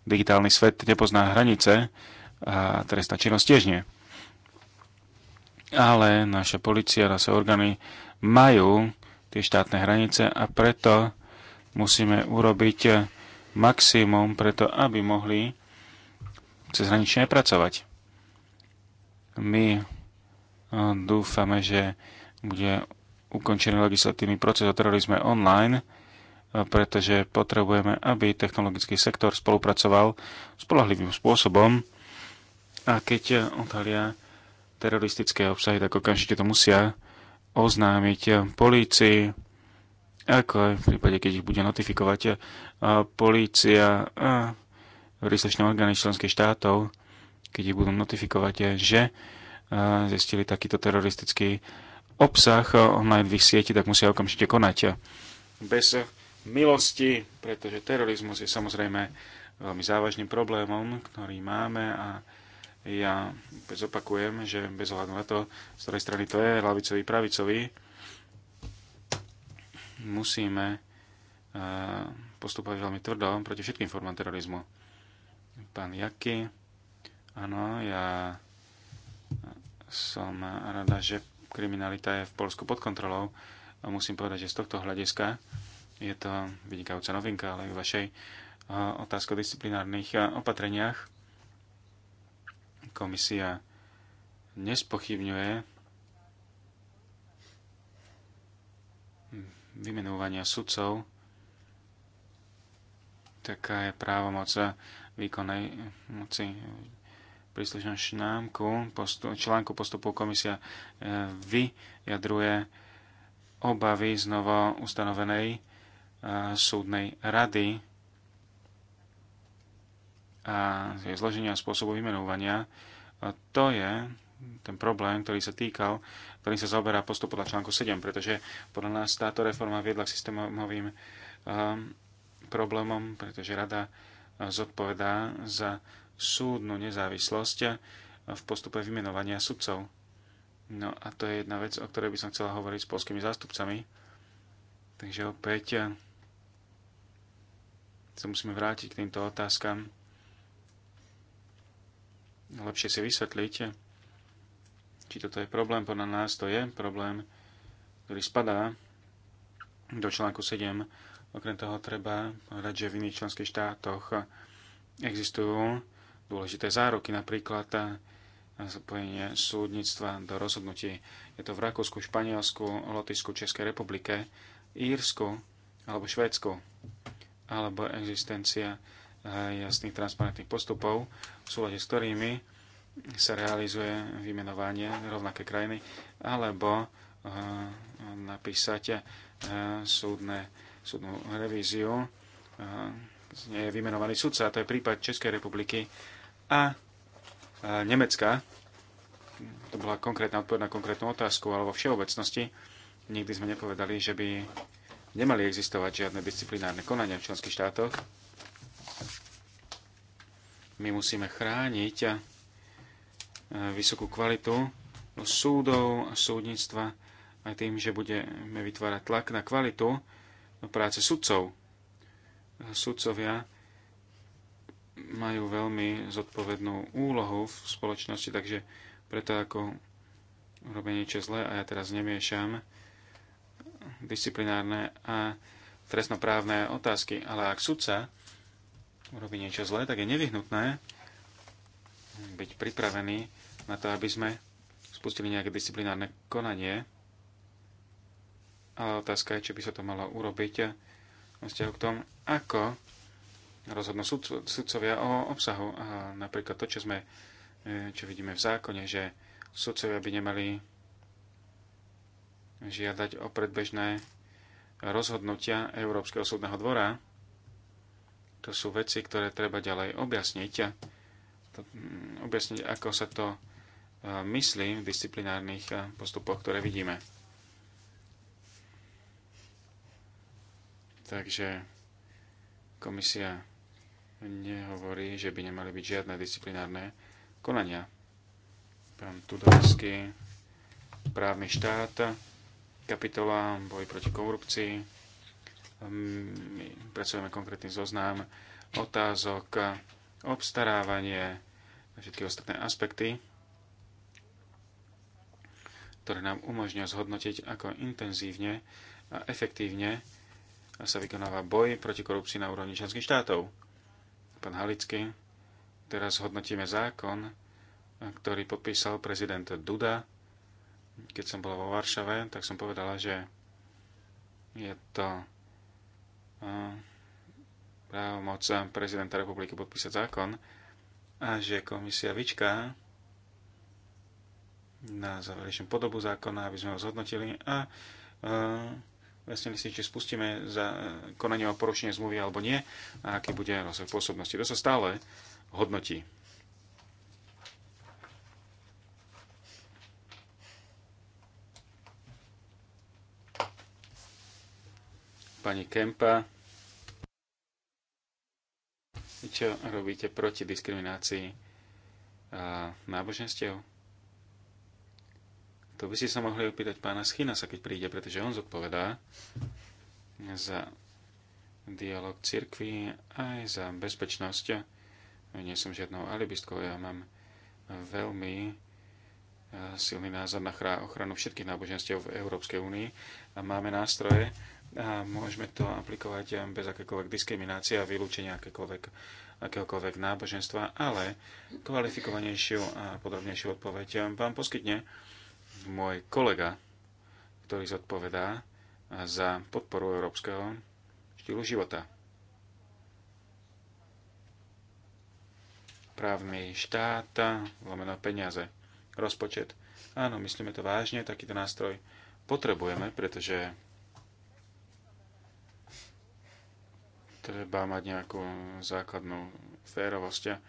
digitálny svet nepozná hranice a trestná činnosť tiež nie. Ale naša policia, naše orgány majú tie štátne hranice a preto musíme urobiť maximum preto, aby mohli cezhranične pracovať. My Dúfame, že bude ukončený legislatívny proces o terorizme online, pretože potrebujeme, aby technologický sektor spolupracoval spolahlivým spôsobom a keď odhalia teroristické obsahy, tak okamžite to musia oznámiť polícii, ako aj v prípade, keď ich bude notifikovať polícia a príslušné orgány členských štátov, keď ich budú notifikovať, že zistili takýto teroristický obsah online v ich sieti, tak musia okamžite konať. Bez milosti, pretože terorizmus je samozrejme veľmi závažným problémom, ktorý máme a ja zopakujem, že bez ohľadu na to, z ktorej strany to je, lavicový, pravicový, musíme e, postupovať veľmi tvrdo proti všetkým formám terorizmu. Pán Jaky, áno, ja som rada, že kriminalita je v Polsku pod kontrolou. A musím povedať, že z tohto hľadiska je to vynikajúca novinka, ale aj vašej otázko o disciplinárnych opatreniach komisia nespochybňuje vymenúvania sudcov. Taká je právomoc výkonnej moci príslušnom šnámku postu, článku postupu komisia e, vyjadruje obavy znovu ustanovenej e, súdnej rady a je zloženia spôsobu vymenovania. A e, to je ten problém, ktorý sa týkal, ktorý sa zaoberá postup podľa článku 7, pretože podľa nás táto reforma viedla k systémovým um, problémom, pretože rada zodpovedá za súdnu nezávislosť v postupe vymenovania sudcov. No a to je jedna vec, o ktorej by som chcela hovoriť s polskými zástupcami. Takže opäť eh, sa musíme vrátiť k týmto otázkam. Lepšie si vysvetliť, či toto je problém. Podľa nás to je problém, ktorý spadá do článku 7. Okrem toho treba povedať, že v iných členských štátoch existujú dôležité zároky, napríklad eh, zapojenie súdnictva do rozhodnutí. Je to v Rakúsku, Španielsku, Lotyšsku, Českej republike, Írsku alebo Švédsku. Alebo existencia eh, jasných transparentných postupov, v súlade s ktorými sa realizuje vymenovanie rovnaké krajiny, alebo eh, napísať súdne, súdnu revíziu, nie je vymenovaný sudca, a to je prípad Českej republiky, a Nemecka. To bola konkrétna odpoveď na konkrétnu otázku, ale vo všeobecnosti nikdy sme nepovedali, že by nemali existovať žiadne disciplinárne konania v členských štátoch. My musíme chrániť vysokú kvalitu súdov a súdnictva aj tým, že budeme vytvárať tlak na kvalitu práce sudcov. Sudcovia majú veľmi zodpovednú úlohu v spoločnosti, takže preto ako robia niečo zlé a ja teraz nemiešam disciplinárne a trestnoprávne otázky, ale ak sudca robí niečo zlé, tak je nevyhnutné byť pripravený na to, aby sme spustili nejaké disciplinárne konanie. Ale otázka je, či by sa to malo urobiť vzťahu k tomu, ako rozhodnú sud, sudcovia o obsahu. A napríklad to, čo, sme, e, čo vidíme v zákone, že sudcovia by nemali žiadať o predbežné rozhodnutia Európskeho súdneho dvora. To sú veci, ktoré treba ďalej objasniť. A to, mm, objasniť, ako sa to e, myslí v disciplinárnych e, postupoch, ktoré vidíme. Takže komisia nehovorí, že by nemali byť žiadne disciplinárne konania. Pán Tudorský, právny štát, kapitola boj proti korupcii. Ehm, my pracujeme konkrétny zoznam otázok, obstarávanie a všetky ostatné aspekty, ktoré nám umožňujú zhodnotiť, ako intenzívne a efektívne sa vykonáva boj proti korupcii na úrovni členských štátov pán Halický. Teraz hodnotíme zákon, ktorý podpísal prezident Duda. Keď som bola vo Varšave, tak som povedala, že je to právomoc prezidenta republiky podpísať zákon a že komisia vyčká na záverečnú podobu zákona, aby sme ho zhodnotili a Vesnili si, či spustíme za e, konanie o porušenie zmluvy alebo nie a aký bude rozsah pôsobnosti. To sa stále hodnotí. Pani Kempa, čo robíte proti diskriminácii e, náboženstiev? To by ste sa mohli opýtať pána Schinasa, keď príde, pretože on zodpovedá za dialog cirkvi aj za bezpečnosť. Nie som žiadnou alibistkou, ja mám veľmi eh, silný názor na ochranu všetkých náboženstiev v Európskej únii a máme nástroje a môžeme to aplikovať eh, bez akékoľvek diskriminácie a vylúčenia akékoľvek, akéhokoľvek náboženstva, ale kvalifikovanejšiu a podrobnejšiu odpoveď eh, vám poskytne môj kolega, ktorý zodpovedá za podporu európskeho štýlu života. Právny štáta, lomeno peniaze, rozpočet. Áno, myslíme to vážne, takýto nástroj potrebujeme, pretože treba mať nejakú základnú férovosť.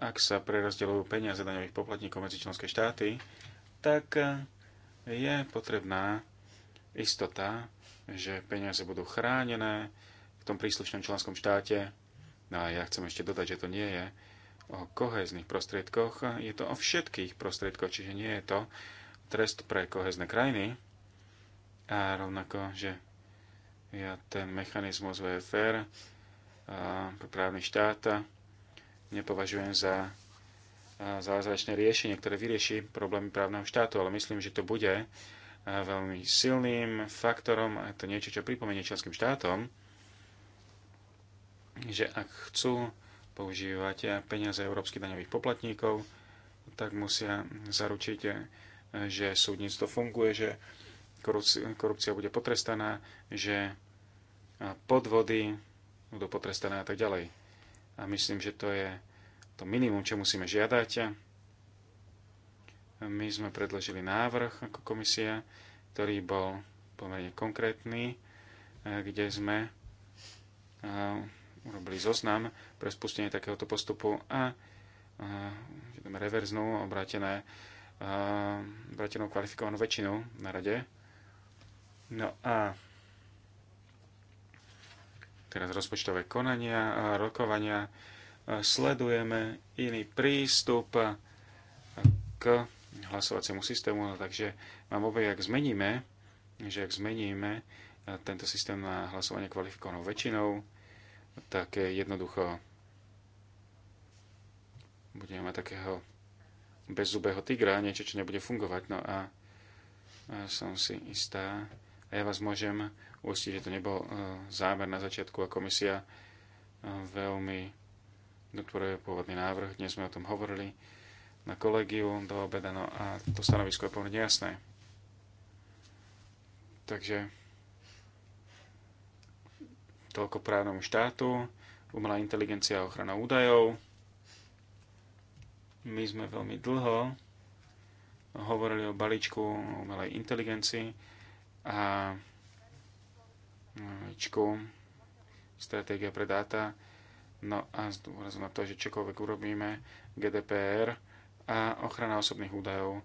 Ak sa prerozdeľujú peniaze daňových poplatníkov medzi členské štáty, tak je potrebná istota, že peniaze budú chránené v tom príslušnom členskom štáte. No a ja chcem ešte dodať, že to nie je o kohezných prostriedkoch, je to o všetkých prostriedkoch, čiže nie je to trest pre kohezné krajiny. A rovnako, že ja ten mechanizmus VFR pre právny štát nepovažujem za zázračné riešenie, ktoré vyrieši problémy právneho štátu, ale myslím, že to bude veľmi silným faktorom a to niečo, čo pripomenie členským štátom, že ak chcú používať peniaze európskych daňových poplatníkov, tak musia zaručiť, že súdnictvo funguje, že korupcia bude potrestaná, že podvody budú potrestané a tak ďalej. A myslím, že to je to minimum, čo musíme žiadať. My sme predložili návrh ako komisia, ktorý bol pomerne konkrétny, eh, kde sme eh, urobili zoznam pre spustenie takéhoto postupu a eh, reverznú obrátené, obrátenú kvalifikovanú väčšinu na rade. No a teraz rozpočtové konania, rokovania, sledujeme iný prístup k hlasovaciemu systému, no, takže mám obavy, ak zmeníme, že ak zmeníme tento systém na hlasovanie kvalifikovanou väčšinou, tak jednoducho budeme mať takého bezzubého tigra, niečo, čo nebude fungovať. No a, som si istá, a ja vás môžem uistiť, že to nebol e, zámer na začiatku a komisia e, veľmi ktoré je pôvodný návrh. Dnes sme o tom hovorili na kolegiu do obeda, no a to stanovisko je pomerne jasné. Takže toľko právnomu štátu, umelá inteligencia a ochrana údajov. My sme veľmi dlho hovorili o balíčku umelej inteligencii a balíčku stratégia pre dáta No a zdôrazom na to, že čokoľvek urobíme, GDPR a ochrana osobných údajov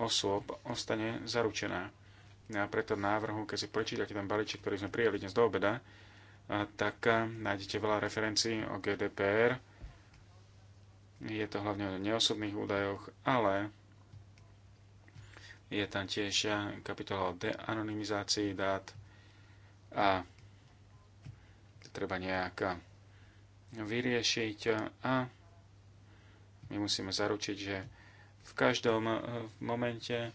osôb ostane zaručená. No a preto návrhu, keď si prečítate ten balíček, ktorý sme prijali dnes do obeda, tak nájdete veľa referencií o GDPR. Je to hlavne o neosobných údajoch, ale je tam tiež kapitola o deanonymizácii dát a treba nejaká vyriešiť a my musíme zaručiť, že v každom eh, momente eh,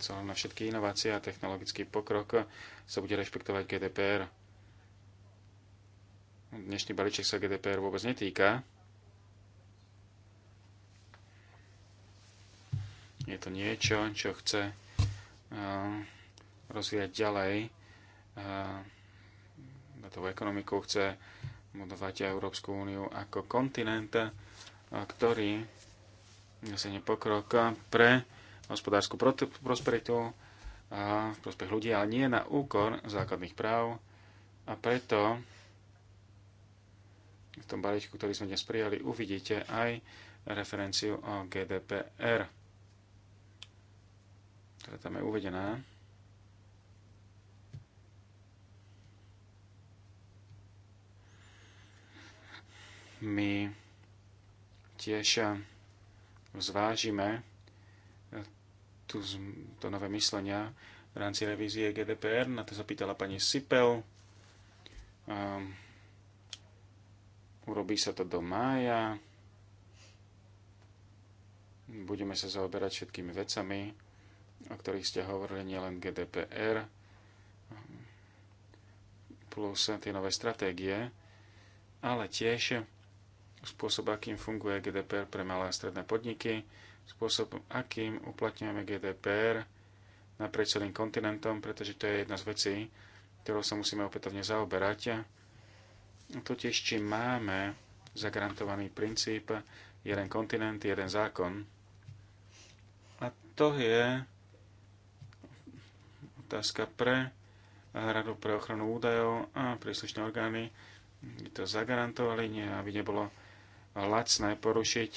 celé na všetky inovácie a technologický pokrok sa bude rešpektovať GDPR. Dnešný balíček sa GDPR vôbec netýka. Je to niečo, čo chce eh, rozvíjať ďalej datovú ekonomiku, chce budovať Európsku úniu ako kontinent, ktorý nesenie pokrok pre hospodárskú prosperitu a prospech ľudí, ale nie na úkor základných práv. A preto v tom balíčku, ktorý sme dnes prijali, uvidíte aj referenciu o GDPR, ktorá tam je uvedená. my tiež zvážime eh, tu, to nové myslenia v rámci revízie GDPR. Na to sa pýtala pani Sipel. Um, urobí sa to do mája. Budeme sa zaoberať všetkými vecami, o ktorých ste hovorili, nielen GDPR, ehm, plus tie nové stratégie, ale tiež spôsob, akým funguje GDPR pre malé a stredné podniky, spôsob, akým uplatňujeme GDPR naprieč celým kontinentom, pretože to je jedna z vecí, ktorou sa musíme opätovne zaoberať. Totiž, či máme zagarantovaný princíp jeden kontinent, jeden zákon. A to je otázka pre Radu pre ochranu údajov a príslušné orgány, by to zagarantovali, nie, aby nebolo lacné porušiť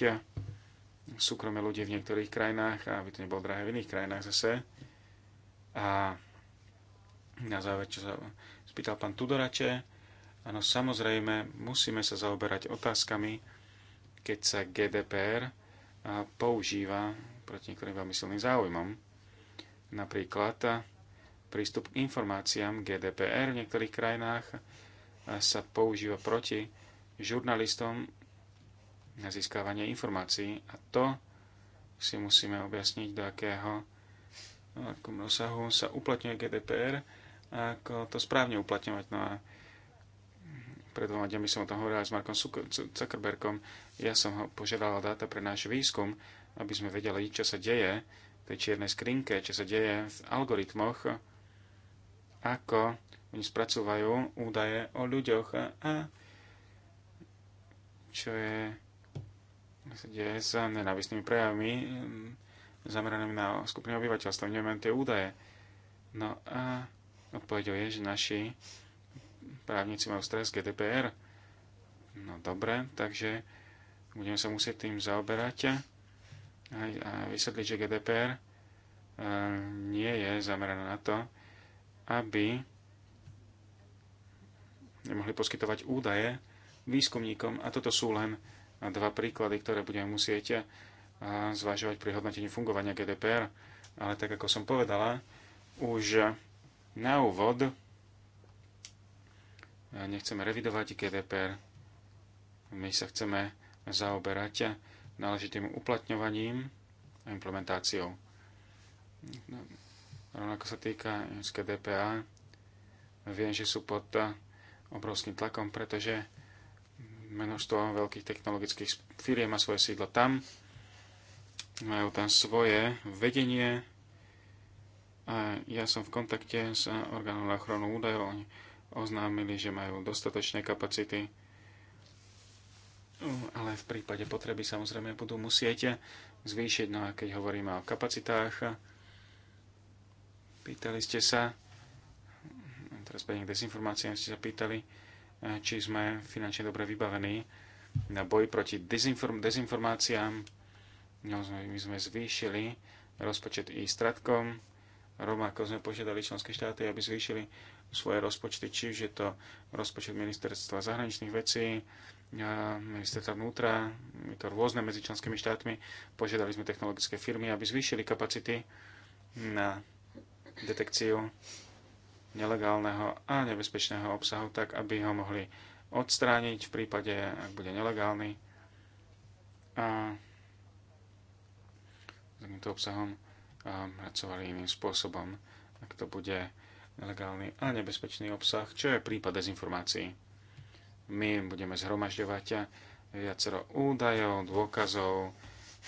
súkromie ľudí v niektorých krajinách, aby to nebolo drahé v iných krajinách zase. A na záver, čo sa spýtal pán Tudorače, áno, samozrejme, musíme sa zaoberať otázkami, keď sa GDPR používa proti niektorým veľmi silným záujmom. Napríklad prístup k informáciám GDPR v niektorých krajinách sa používa proti žurnalistom na získávanie informácií. A to si musíme objasniť, do akého akom rozsahu sa uplatňuje GDPR a ako to správne uplatňovať. No a pred dvoma dňami som o tom hovoril s Markom Zuckerbergom. Ja som ho požiadal dáta pre náš výskum, aby sme vedeli, čo sa deje v tej čiernej skrinke, čo sa deje v algoritmoch, ako oni spracúvajú údaje o ľuďoch a čo je kde s nenávistnými prejavmi mm, zameranými na skupiny obyvateľstva. Nevieme tie údaje. No a odpovedou je, že naši právnici majú stres GDPR. No dobre, takže budeme sa musieť tým zaoberať a vysvetliť, že GDPR e, nie je zamerané na to, aby nemohli poskytovať údaje výskumníkom a toto sú len dva príklady, ktoré budeme musieť eh, zvažovať pri hodnotení fungovania GDPR. Ale tak ako som povedala, už na úvod eh, nechceme revidovať GDPR. My sa chceme zaoberať náležitým uplatňovaním a implementáciou. No, rovnako sa týka GDPR, viem, že sú pod eh, obrovským tlakom, pretože množstvo veľkých technologických firiem má svoje sídlo tam. Majú tam svoje vedenie. A ja som v kontakte s orgánom na ochranu údajov. Oni oznámili, že majú dostatočné kapacity. Ale v prípade potreby samozrejme budú musieť zvýšiť. No a keď hovoríme o kapacitách, pýtali ste sa, teraz pre k dezinformáciám, ste sa pýtali, či sme finančne dobre vybavení na boj proti dezinform- dezinformáciám. No, my sme zvýšili rozpočet i stratkom. Rovnako sme požiadali členské štáty, aby zvýšili svoje rozpočty, či už je to rozpočet ministerstva zahraničných vecí, ministerstva vnútra, je to rôzne medzi členskými štátmi. Požiadali sme technologické firmy, aby zvýšili kapacity na detekciu nelegálneho a nebezpečného obsahu, tak aby ho mohli odstrániť v prípade, ak bude nelegálny. A s takýmto obsahom pracovali iným spôsobom, ak to bude nelegálny a nebezpečný obsah, čo je prípad dezinformácií. My budeme zhromažďovať viacero údajov, dôkazov,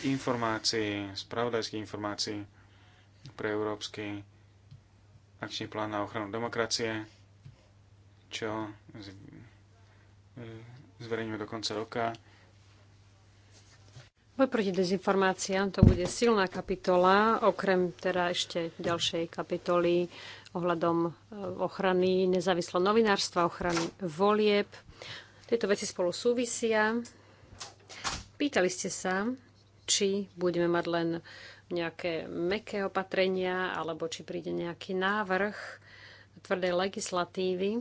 informácií, spravodajských informácií pre európsky akčný plán na ochranu demokracie, čo zverejňujeme do konca roka. Boj proti dezinformáciám to bude silná kapitola, okrem teda ešte ďalšej kapitoly ohľadom e, ochrany nezávislého novinárstva, ochrany volieb. Tieto veci spolu súvisia. Pýtali ste sa, či budeme mať len nejaké meké opatrenia, alebo či príde nejaký návrh tvrdej legislatívy.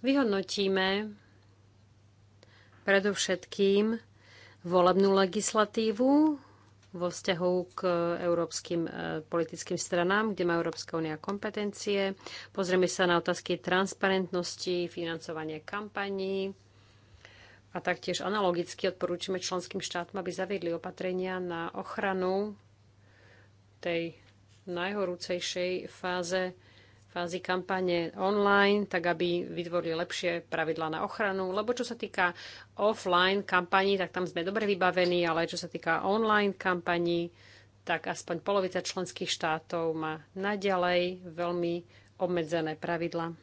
Vyhodnotíme predovšetkým volebnú legislatívu vo vzťahu k európskym e, politickým stranám, kde má Európska únia kompetencie. Pozrieme sa na otázky transparentnosti, financovanie kampaní, a taktiež analogicky odporúčame členským štátom, aby zaviedli opatrenia na ochranu tej najhorúcejšej fáze fázy kampane online, tak aby vytvorili lepšie pravidlá na ochranu. Lebo čo sa týka offline kampaní, tak tam sme dobre vybavení, ale čo sa týka online kampaní, tak aspoň polovica členských štátov má naďalej veľmi obmedzené pravidla.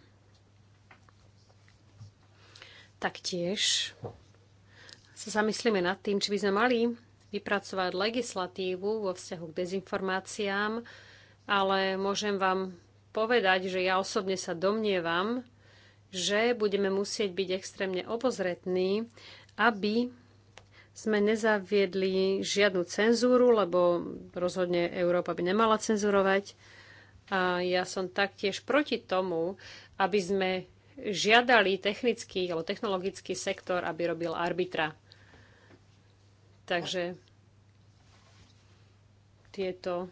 Taktiež sa zamyslíme nad tým, či by sme mali vypracovať legislatívu vo vzťahu k dezinformáciám, ale môžem vám povedať, že ja osobne sa domnievam, že budeme musieť byť extrémne obozretní, aby sme nezaviedli žiadnu cenzúru, lebo rozhodne Európa by nemala cenzurovať. A ja som taktiež proti tomu, aby sme žiadali technický alebo technologický sektor, aby robil arbitra. Takže tieto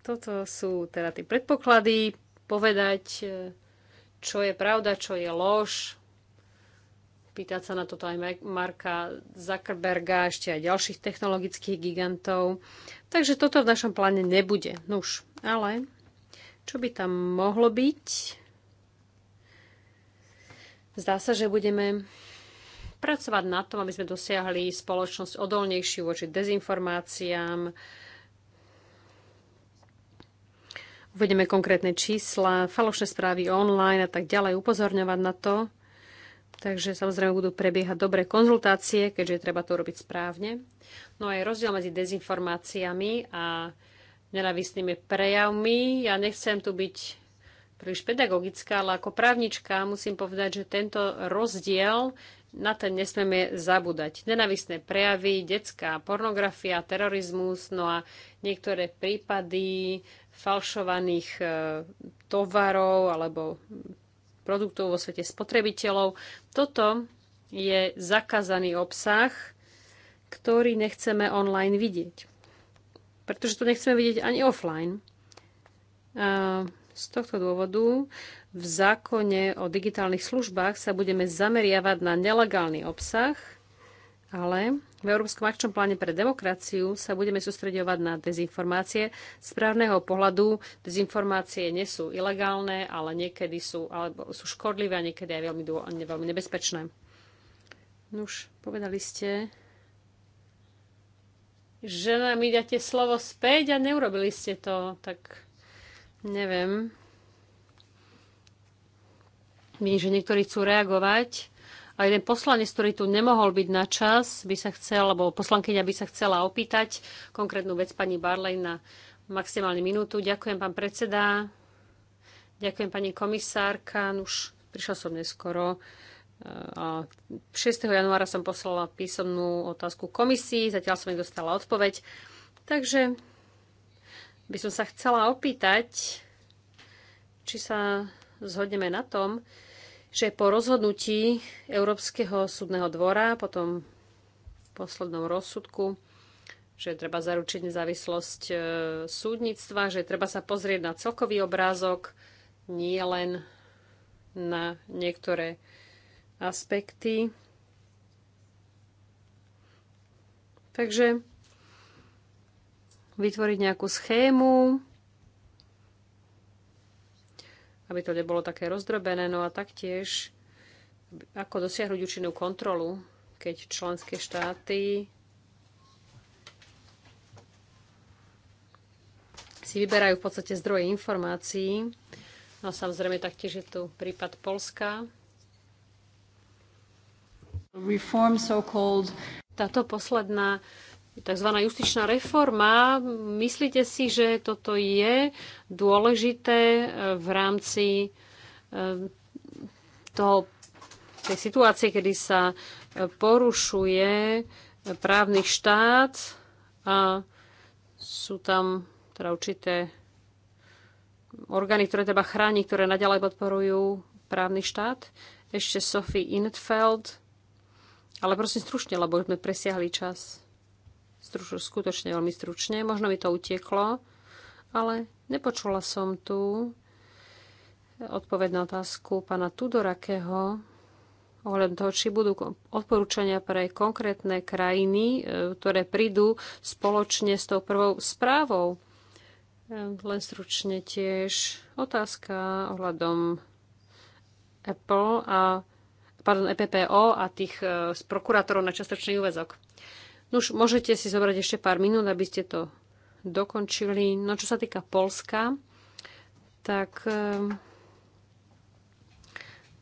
toto sú teda tie predpoklady, povedať, čo je pravda, čo je lož, pýtať sa na toto aj Marka Zuckerberga, ešte aj ďalších technologických gigantov. Takže toto v našom pláne nebude. Nuž, no ale čo by tam mohlo byť? Zdá sa, že budeme pracovať na tom, aby sme dosiahli spoločnosť odolnejšiu voči dezinformáciám. uvedeme konkrétne čísla, falošné správy online a tak ďalej, upozorňovať na to. Takže samozrejme budú prebiehať dobré konzultácie, keďže treba to robiť správne. No a je rozdiel medzi dezinformáciami a nenavistnými prejavmi. Ja nechcem tu byť príliš pedagogická, ale ako právnička musím povedať, že tento rozdiel na ten nesmieme zabúdať. Nenavistné prejavy, detská pornografia, terorizmus, no a niektoré prípady falšovaných e, tovarov alebo produktov vo svete spotrebiteľov. Toto je zakázaný obsah, ktorý nechceme online vidieť pretože to nechceme vidieť ani offline. A z tohto dôvodu v zákone o digitálnych službách sa budeme zameriavať na nelegálny obsah, ale v Európskom akčnom pláne pre demokraciu sa budeme sústredovať na dezinformácie. Z právneho pohľadu dezinformácie nie sú ilegálne, ale niekedy sú, alebo sú škodlivé a niekedy aj veľmi, veľmi nebezpečné. Nuž, povedali ste, že nám dáte slovo späť a neurobili ste to, tak neviem. Vím, že niektorí chcú reagovať. A jeden poslanec, ktorý tu nemohol byť na čas, by sa chcel, alebo poslankyňa by sa chcela opýtať konkrétnu vec pani Barley na maximálne minútu. Ďakujem, pán predseda. Ďakujem, pani komisárka. No už prišla som neskoro. 6. januára som poslala písomnú otázku komisii, zatiaľ som nedostala odpoveď. Takže by som sa chcela opýtať, či sa zhodneme na tom, že po rozhodnutí Európskeho súdneho dvora, potom poslednom rozsudku, že treba zaručiť nezávislosť e, súdnictva, že treba sa pozrieť na celkový obrázok, nie len na niektoré aspekty. Takže vytvoriť nejakú schému, aby to nebolo také rozdrobené, no a taktiež ako dosiahnuť účinnú kontrolu, keď členské štáty si vyberajú v podstate zdroje informácií. No a samozrejme taktiež je tu prípad Polska, táto posledná tzv. justičná reforma, myslíte si, že toto je dôležité e, v rámci e, toho, tej situácie, kedy sa e, porušuje právny štát a sú tam teda určité orgány, ktoré treba chrániť, ktoré naďalej podporujú právny štát. Ešte Sophie Intfeld ale prosím stručne, lebo sme presiahli čas. Struč, skutočne veľmi stručne. Možno mi to utieklo, ale nepočula som tu odpoveď na otázku pána Tudorakého ohľadom toho, či budú odporúčania pre konkrétne krajiny, e, ktoré prídu spoločne s tou prvou správou. E, len stručne tiež otázka ohľadom Apple a pardon, EPPO a tých z e, prokurátorov na častočný úvezok. Nuž, môžete si zobrať ešte pár minút, aby ste to dokončili. No čo sa týka Polska, tak e,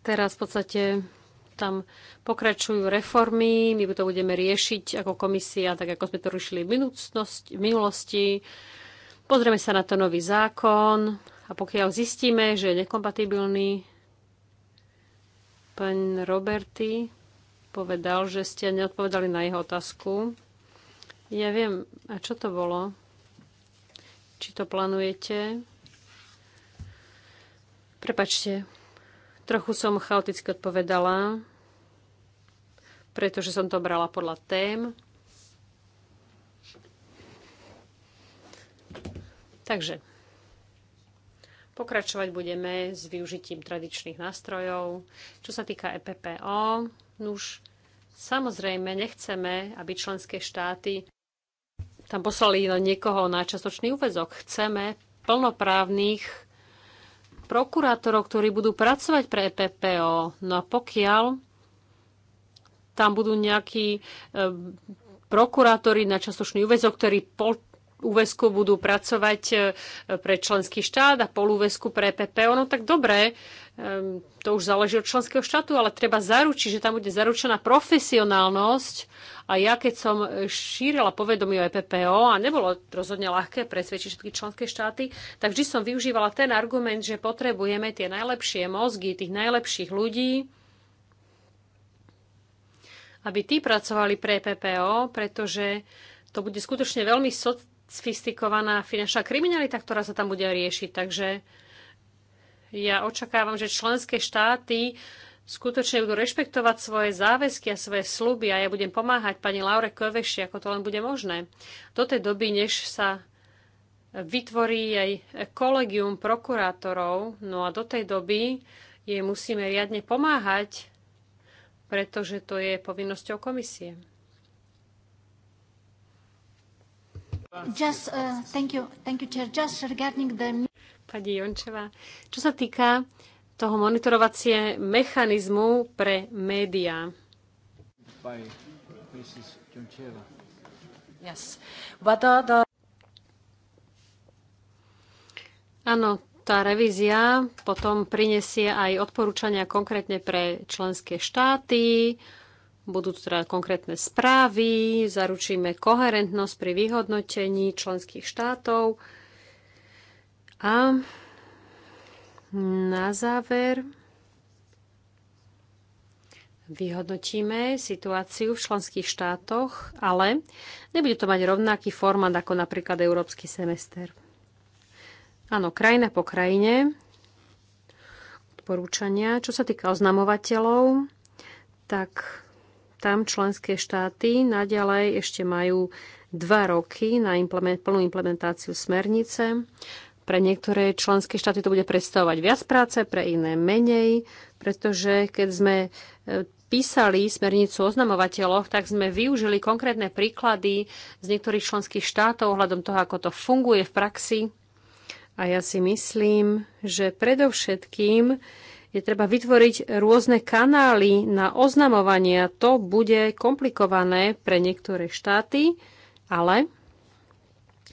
teraz v podstate tam pokračujú reformy, my to budeme riešiť ako komisia, tak ako sme to riešili v minulosti. Pozrieme sa na to nový zákon a pokiaľ zistíme, že je nekompatibilný Pán Roberty povedal, že ste neodpovedali na jeho otázku. Ja viem, a čo to bolo? Či to plánujete? Prepačte, trochu som chaoticky odpovedala, pretože som to brala podľa tém. Takže, Pokračovať budeme s využitím tradičných nástrojov. Čo sa týka EPPO, už samozrejme nechceme, aby členské štáty tam poslali len niekoho na častočný úvezok. Chceme plnoprávnych prokurátorov, ktorí budú pracovať pre EPPO. No a pokiaľ tam budú nejakí e, prokurátori na častočný úvezok, ktorí úvesku budú pracovať e, pre členský štát a polúvesku pre PPO, no tak dobre, e, to už záleží od členského štátu, ale treba zaručiť, že tam bude zaručená profesionálnosť. A ja, keď som šírila povedomie o EPPO, a nebolo rozhodne ľahké presvedčiť všetky členské štáty, tak vždy som využívala ten argument, že potrebujeme tie najlepšie mozgy, tých najlepších ľudí, aby tí pracovali pre PPO, pretože to bude skutočne veľmi so, sofistikovaná finančná kriminalita, ktorá sa tam bude riešiť. Takže ja očakávam, že členské štáty skutočne budú rešpektovať svoje záväzky a svoje sluby a ja budem pomáhať pani Laure Kovešie, ako to len bude možné. Do tej doby, než sa vytvorí aj kolegium prokurátorov, no a do tej doby jej musíme riadne pomáhať, pretože to je povinnosťou komisie. Just, uh, thank you, thank you, chair. Just regarding the... Pani Jončeva, čo sa týka toho monitorovacie mechanizmu pre médiá. By Mrs. Jončeva. Yes. But the... Áno, tá revízia potom prinesie aj odporúčania konkrétne pre členské štáty, budú tu teda konkrétne správy, zaručíme koherentnosť pri vyhodnotení členských štátov. A na záver vyhodnotíme situáciu v členských štátoch, ale nebude to mať rovnaký formát ako napríklad európsky semester. Áno, krajina po krajine, odporúčania. Čo sa týka oznamovateľov, tak tam členské štáty naďalej ešte majú dva roky na implement, plnú implementáciu smernice. Pre niektoré členské štáty to bude predstavovať viac práce, pre iné menej, pretože keď sme e, písali smernicu o oznamovateľoch, tak sme využili konkrétne príklady z niektorých členských štátov ohľadom toho, ako to funguje v praxi. A ja si myslím, že predovšetkým je treba vytvoriť rôzne kanály na a To bude komplikované pre niektoré štáty, ale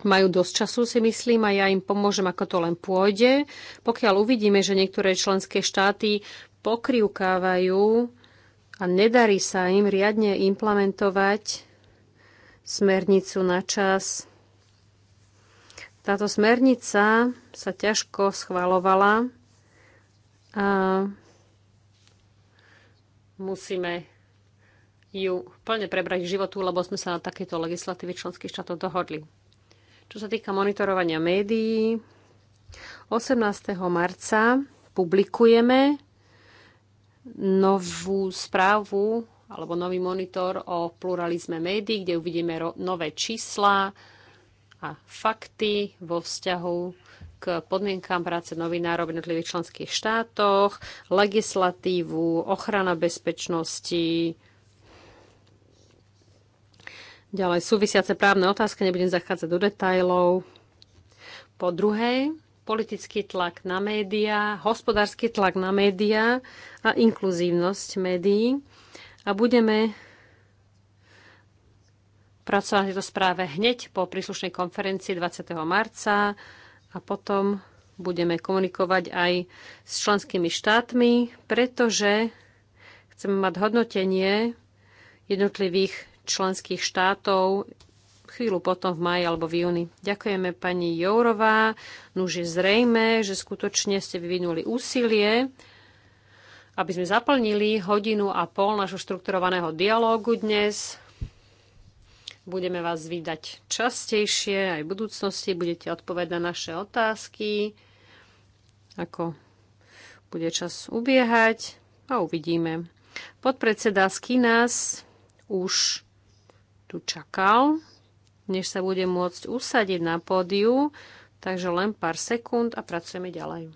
majú dosť času, si myslím, a ja im pomôžem, ako to len pôjde. Pokiaľ uvidíme, že niektoré členské štáty pokrivkávajú a nedarí sa im riadne implementovať smernicu na čas. Táto smernica sa ťažko schvalovala a musíme ju plne prebrať k životu, lebo sme sa na takéto legislatívy členských štátov dohodli. Čo sa týka monitorovania médií, 18. marca publikujeme novú správu alebo nový monitor o pluralizme médií, kde uvidíme nové čísla a fakty vo vzťahu k podmienkám práce novinárov v jednotlivých členských štátoch, legislatívu, ochrana bezpečnosti, ďalej súvisiace právne otázky, nebudem zachádzať do detajlov. Po druhej, politický tlak na médiá, hospodársky tlak na médiá a inkluzívnosť médií. A budeme pracovať na tejto správe hneď po príslušnej konferencii 20. marca a potom budeme komunikovať aj s členskými štátmi, pretože chceme mať hodnotenie jednotlivých členských štátov chvíľu potom v maji alebo v júni. Ďakujeme pani Jourová. Nuž no je zrejme, že skutočne ste vyvinuli úsilie, aby sme zaplnili hodinu a pol našho štrukturovaného dialógu dnes. Budeme vás vydať častejšie aj v budúcnosti. Budete odpovedať na naše otázky, ako bude čas ubiehať a uvidíme. Podpredseda Skinas už tu čakal, než sa bude môcť usadiť na pódiu, takže len pár sekúnd a pracujeme ďalej.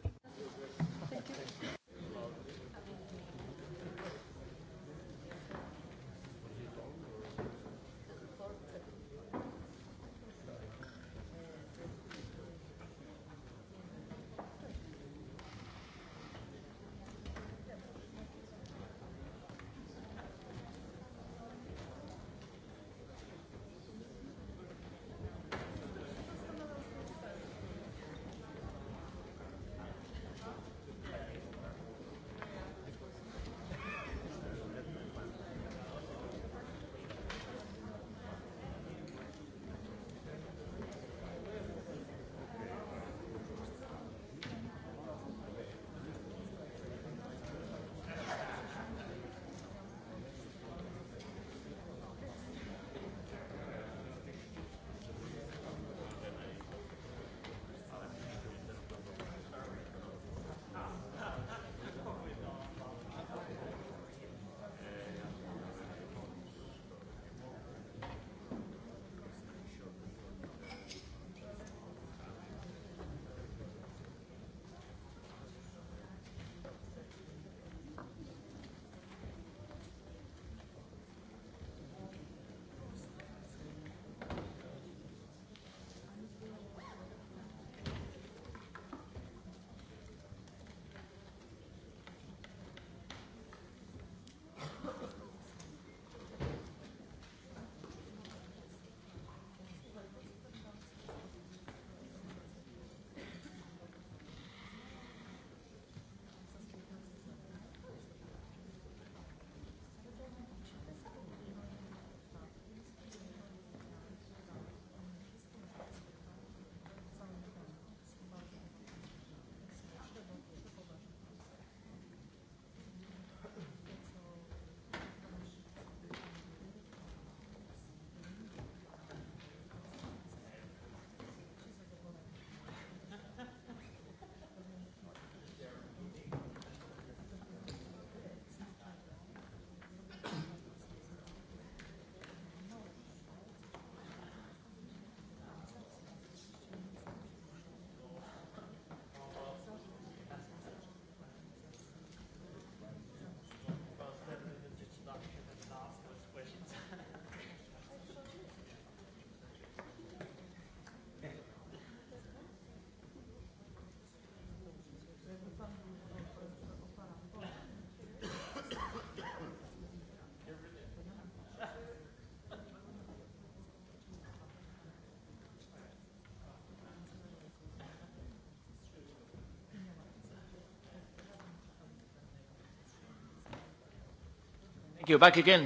You're back again.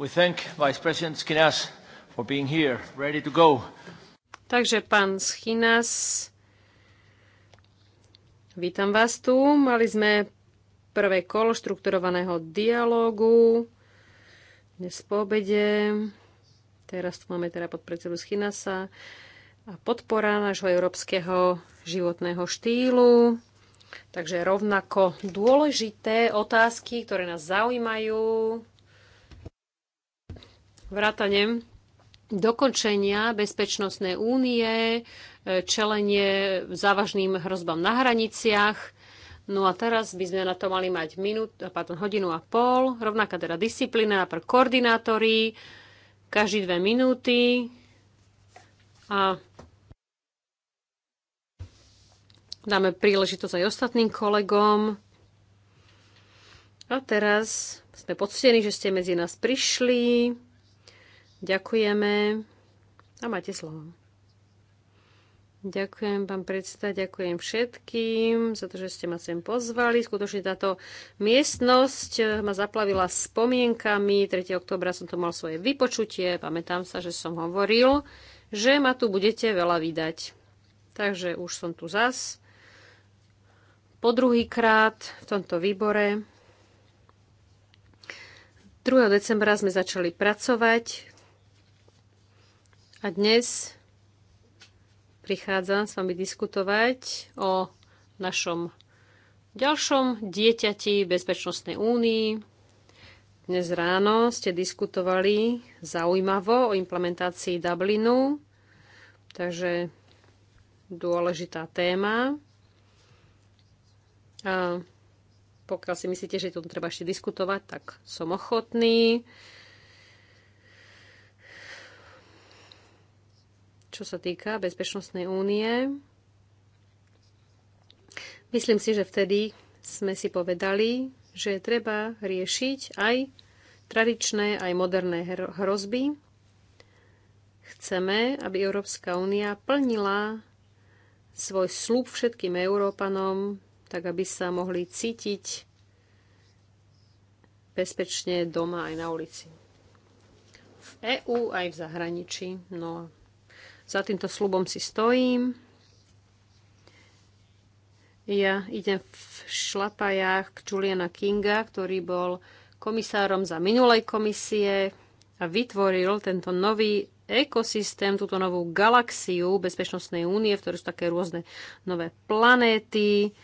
We thank Vice President Skinas for being here, ready to go. Takže pán Schinas, vítam vás tu. Mali sme prvé kolo štrukturovaného dialógu dnes po obede. Teraz tu máme teda podpredsedu Schinasa a podpora nášho európskeho životného štýlu. Takže rovnako dôležité otázky, ktoré nás zaujímajú, vrátane dokončenia bezpečnostnej únie, e, čelenie závažným hrozbám na hraniciach. No a teraz by sme na to mali mať minút, pardon, hodinu a pol, rovnaká teda disciplína pre koordinátory, každý dve minúty. A Dáme príležitosť aj ostatným kolegom. A teraz sme poctení, že ste medzi nás prišli. Ďakujeme a máte slovo. Ďakujem, pán predseda, ďakujem všetkým za to, že ste ma sem pozvali. Skutočne táto miestnosť ma zaplavila spomienkami. 3. oktobra som to mal svoje vypočutie. Pamätám sa, že som hovoril, že ma tu budete veľa vydať. Takže už som tu zas po druhýkrát v tomto výbore. 2. decembra sme začali pracovať a dnes prichádzam s vami diskutovať o našom ďalšom dieťati Bezpečnostnej únii. Dnes ráno ste diskutovali zaujímavo o implementácii Dublinu, takže dôležitá téma. A pokiaľ si myslíte, že to treba ešte diskutovať, tak som ochotný. Čo sa týka Bezpečnostnej únie, myslím si, že vtedy sme si povedali, že treba riešiť aj tradičné, aj moderné hrozby. Chceme, aby Európska únia plnila svoj slúb všetkým Európanom, tak aby sa mohli cítiť bezpečne doma aj na ulici. V EÚ aj v zahraničí. No a za týmto slubom si stojím. Ja idem v šlapajách k Juliana Kinga, ktorý bol komisárom za minulej komisie a vytvoril tento nový ekosystém, túto novú galaxiu Bezpečnostnej únie, v ktorej sú také rôzne nové planéty,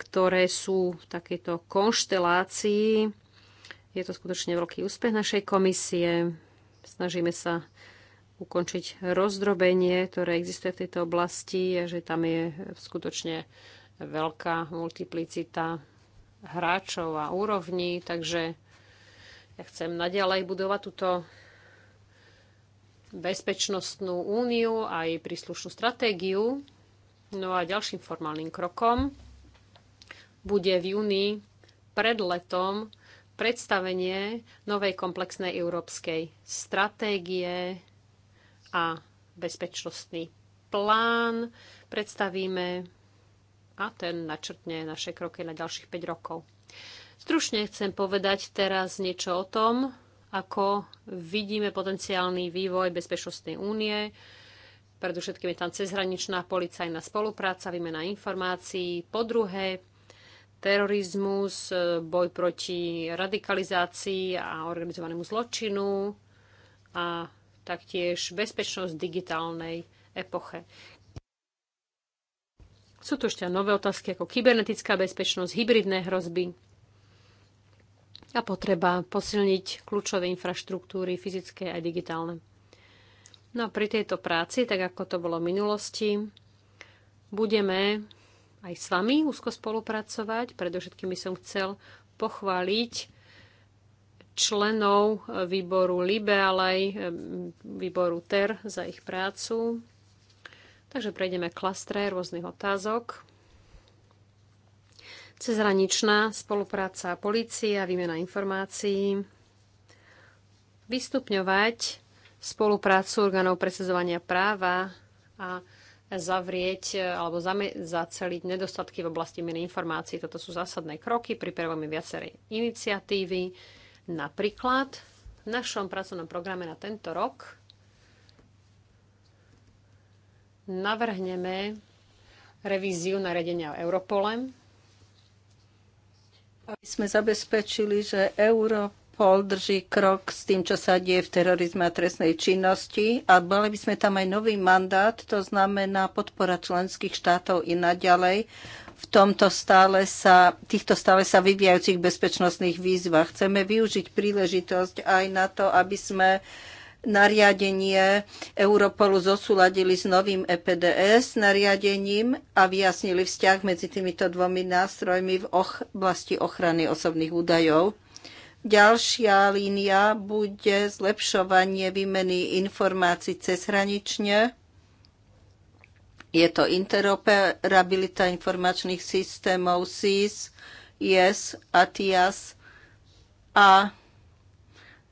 ktoré sú v takejto konštelácii. Je to skutočne veľký úspech našej komisie. Snažíme sa ukončiť rozdrobenie, ktoré existuje v tejto oblasti a že tam je skutočne veľká multiplicita hráčov a úrovní, takže ja chcem naďalej budovať túto bezpečnostnú úniu a jej príslušnú stratégiu. No a ďalším formálnym krokom bude v júni pred letom predstavenie novej komplexnej európskej stratégie a bezpečnostný plán. Predstavíme a ten načrtne naše kroky na ďalších 5 rokov. Stručne chcem povedať teraz niečo o tom, ako vidíme potenciálny vývoj Bezpečnostnej únie. Predovšetkým je tam cezhraničná policajná spolupráca, výmena informácií. Po druhé, terorizmus, e, boj proti radikalizácii a organizovanému zločinu a taktiež bezpečnosť digitálnej epoche. Sú tu ešte nové otázky ako kybernetická bezpečnosť, hybridné hrozby a potreba posilniť kľúčové infraštruktúry, fyzické aj digitálne. No a pri tejto práci, tak ako to bolo v minulosti, budeme aj s vami úzko spolupracovať. Predovšetkým by som chcel pochváliť členov výboru LIBE, ale aj eh, výboru TER za ich prácu. Takže prejdeme k klastre rôznych otázok. Cezhraničná spolupráca policie a výmena informácií. Vystupňovať spoluprácu orgánov presadzovania práva a zavrieť e, alebo zame, zaceliť nedostatky v oblasti miny informácií. Toto sú zásadné kroky, pripravujeme viaceré iniciatívy. Napríklad v našom pracovnom programe na tento rok navrhneme revíziu nariadenia o Europolem. aby sme zabezpečili, že Europol Europol drží krok s tým, čo sa deje v terorizme a trestnej činnosti a mali by sme tam aj nový mandát, to znamená podpora členských štátov i naďalej v tomto stále sa, týchto stále sa vyvíjajúcich bezpečnostných výzvach. Chceme využiť príležitosť aj na to, aby sme nariadenie Europolu zosúladili s novým EPDS nariadením a vyjasnili vzťah medzi týmito dvomi nástrojmi v oblasti ochrany osobných údajov. Ďalšia línia bude zlepšovanie výmeny informácií cezhranične. Je to interoperabilita informačných systémov SIS, IS, ATIAS a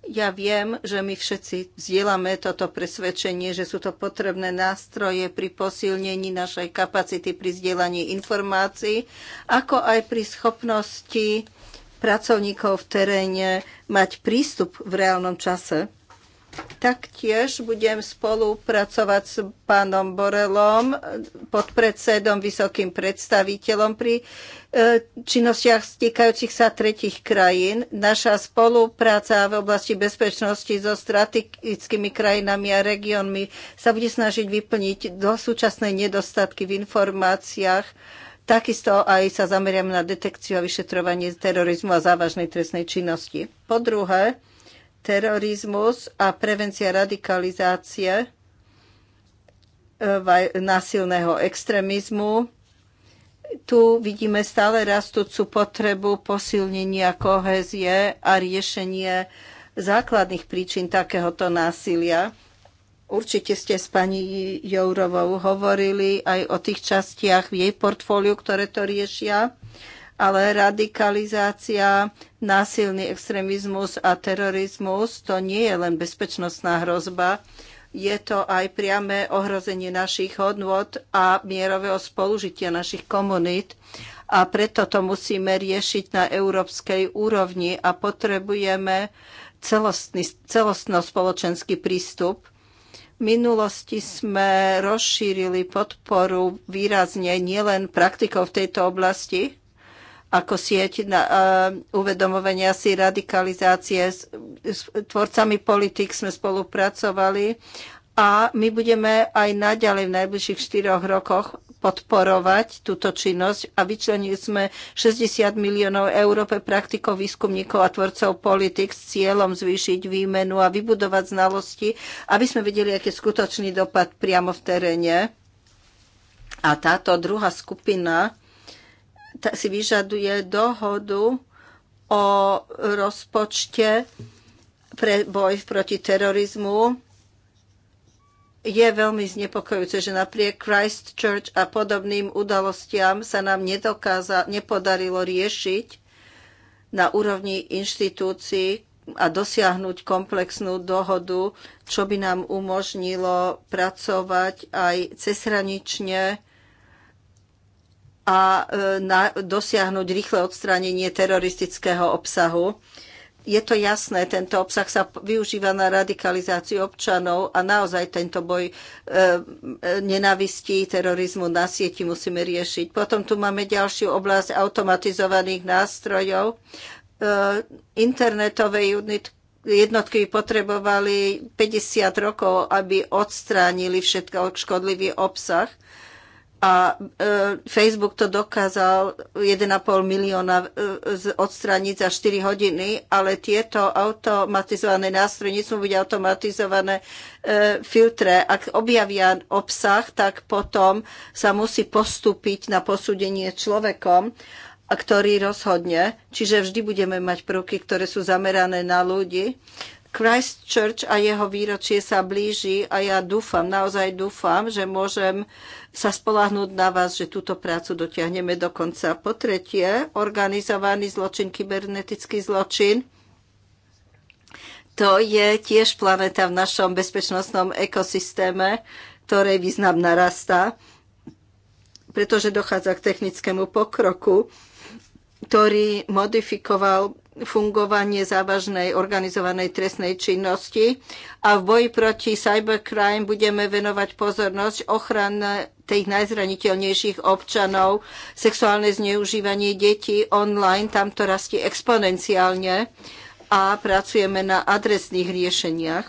ja viem, že my všetci vzdielame toto presvedčenie, že sú to potrebné nástroje pri posilnení našej kapacity pri vzdielaní informácií, ako aj pri schopnosti pracovníkov v teréne mať prístup v reálnom čase. Taktiež budem spolupracovať s pánom Borelom, podpredsedom, vysokým predstaviteľom pri e, činnostiach stýkajúcich sa tretich krajín. Naša spolupráca v oblasti bezpečnosti so strategickými krajinami a regiónmi sa bude snažiť vyplniť do súčasnej nedostatky v informáciách Takisto aj sa zameriam na detekciu a vyšetrovanie terorizmu a závažnej trestnej činnosti. Po druhé, terorizmus a prevencia radikalizácie e, násilného extrémizmu. Tu vidíme stále rastúcu potrebu posilnenia kohézie a riešenie základných príčin takéhoto násilia Určite ste s pani Jourovou hovorili aj o tých častiach v jej portfóliu, ktoré to riešia, ale radikalizácia, násilný extrémizmus a terorizmus to nie je len bezpečnostná hrozba, je to aj priame ohrozenie našich hodnot a mierového spolužitia našich komunít. A preto to musíme riešiť na európskej úrovni a potrebujeme celostný, celostný spoločenský prístup minulosti sme rozšírili podporu výrazne nielen praktikov v tejto oblasti, ako sieť na, uh, uvedomovania si radikalizácie. S, s tvorcami politik sme spolupracovali a my budeme aj naďalej v najbližších štyroch rokoch podporovať túto činnosť a vyčlenili sme 60 miliónov eur pre praktikov, výskumníkov a tvorcov politik s cieľom zvýšiť výmenu a vybudovať znalosti, aby sme vedeli, aký je skutočný dopad priamo v teréne. A táto druhá skupina si vyžaduje dohodu o rozpočte pre boj proti terorizmu je veľmi znepokojúce, že napriek Christchurch a podobným udalostiam sa nám nedokáza, nepodarilo riešiť na úrovni inštitúcií a dosiahnuť komplexnú dohodu, čo by nám umožnilo pracovať aj cezhranične a e, na, dosiahnuť rýchle odstránenie teroristického obsahu je to jasné, tento obsah sa využíva na radikalizáciu občanov a naozaj tento boj e, nenavistí, terorizmu na sieti musíme riešiť. Potom tu máme ďalšiu oblasť automatizovaných nástrojov. E, internetové jednotky potrebovali 50 rokov, aby odstránili všetko škodlivý obsah a e, Facebook to dokázal 1,5 milióna e, odstraniť za 4 hodiny, ale tieto automatizované nástroje nesmú byť automatizované e, filtre. Ak objavia obsah, tak potom sa musí postúpiť na posúdenie človekom, ktorý rozhodne. Čiže vždy budeme mať prvky, ktoré sú zamerané na ľudí. Christchurch a jeho výročie sa blíži a ja dúfam, naozaj dúfam, že môžem sa spolahnúť na vás, že túto prácu dotiahneme do konca. Po tretie, organizovaný zločin, kybernetický zločin. To je tiež planeta v našom bezpečnostnom ekosystéme, ktorej význam narastá, pretože dochádza k technickému pokroku, ktorý modifikoval fungovanie závažnej organizovanej trestnej činnosti a v boji proti cybercrime budeme venovať pozornosť ochrane tých najzraniteľnejších občanov, sexuálne zneužívanie detí online, tam to rastie exponenciálne a pracujeme na adresných riešeniach.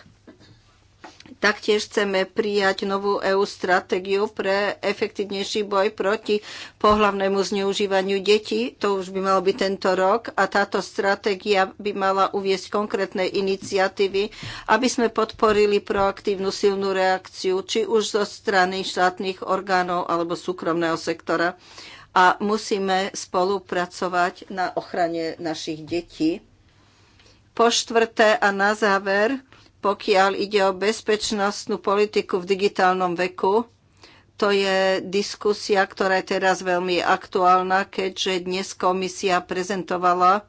Taktiež chceme prijať novú EU stratégiu pre efektívnejší boj proti pohlavnému zneužívaniu detí. To už by malo byť tento rok a táto stratégia by mala uviesť konkrétne iniciatívy, aby sme podporili proaktívnu silnú reakciu, či už zo strany štátnych orgánov alebo súkromného sektora. A musíme spolupracovať na ochrane našich detí. Po štvrté a na záver, pokiaľ ide o bezpečnostnú politiku v digitálnom veku. To je diskusia, ktorá je teraz veľmi aktuálna, keďže dnes komisia prezentovala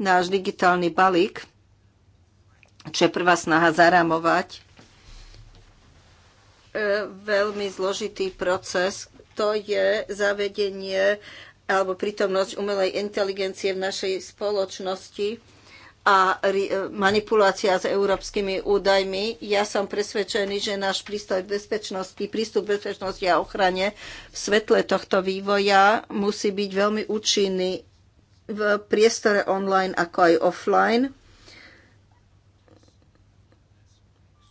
náš digitálny balík, čo je prvá snaha zaramovať e, veľmi zložitý proces. To je zavedenie alebo prítomnosť umelej inteligencie v našej spoločnosti a e, manipulácia s európskymi údajmi. Ja som presvedčený, že náš prístup bezpečnosti, prístup bezpečnosti a ochrane v svetle tohto vývoja musí byť veľmi účinný v priestore online ako aj offline.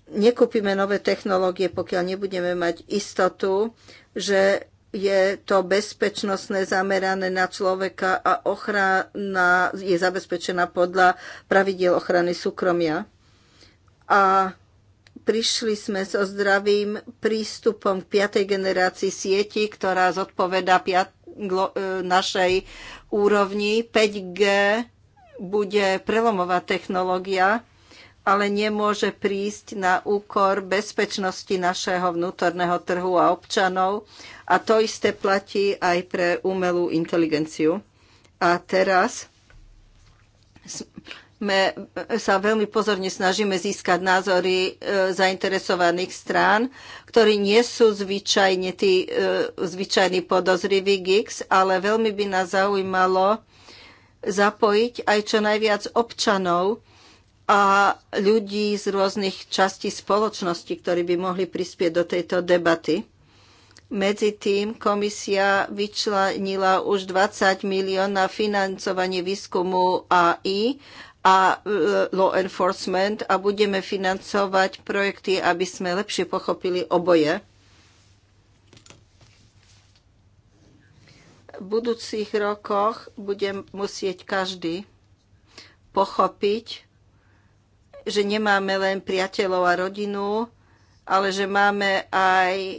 Nekúpime nové technológie, pokiaľ nebudeme mať istotu, že je to bezpečnostné zamerané na človeka a ochrana je zabezpečená podľa pravidiel ochrany súkromia. A prišli sme so zdravým prístupom k piatej generácii sieti, ktorá zodpoveda e, našej úrovni. 5G bude prelomová technológia ale nemôže prísť na úkor bezpečnosti našeho vnútorného trhu a občanov. A to isté platí aj pre umelú inteligenciu. A teraz sme, sa veľmi pozorne snažíme získať názory e, zainteresovaných strán, ktorí nie sú zvyčajne tí e, zvyčajní podozriví GIX, ale veľmi by nás zaujímalo zapojiť aj čo najviac občanov a ľudí z rôznych častí spoločnosti, ktorí by mohli prispieť do tejto debaty. Medzi tým komisia vyčlenila už 20 milión na financovanie výskumu AI a e, law enforcement a budeme financovať projekty, aby sme lepšie pochopili oboje. V budúcich rokoch budem musieť každý pochopiť, že nemáme len priateľov a rodinu, ale že máme aj e,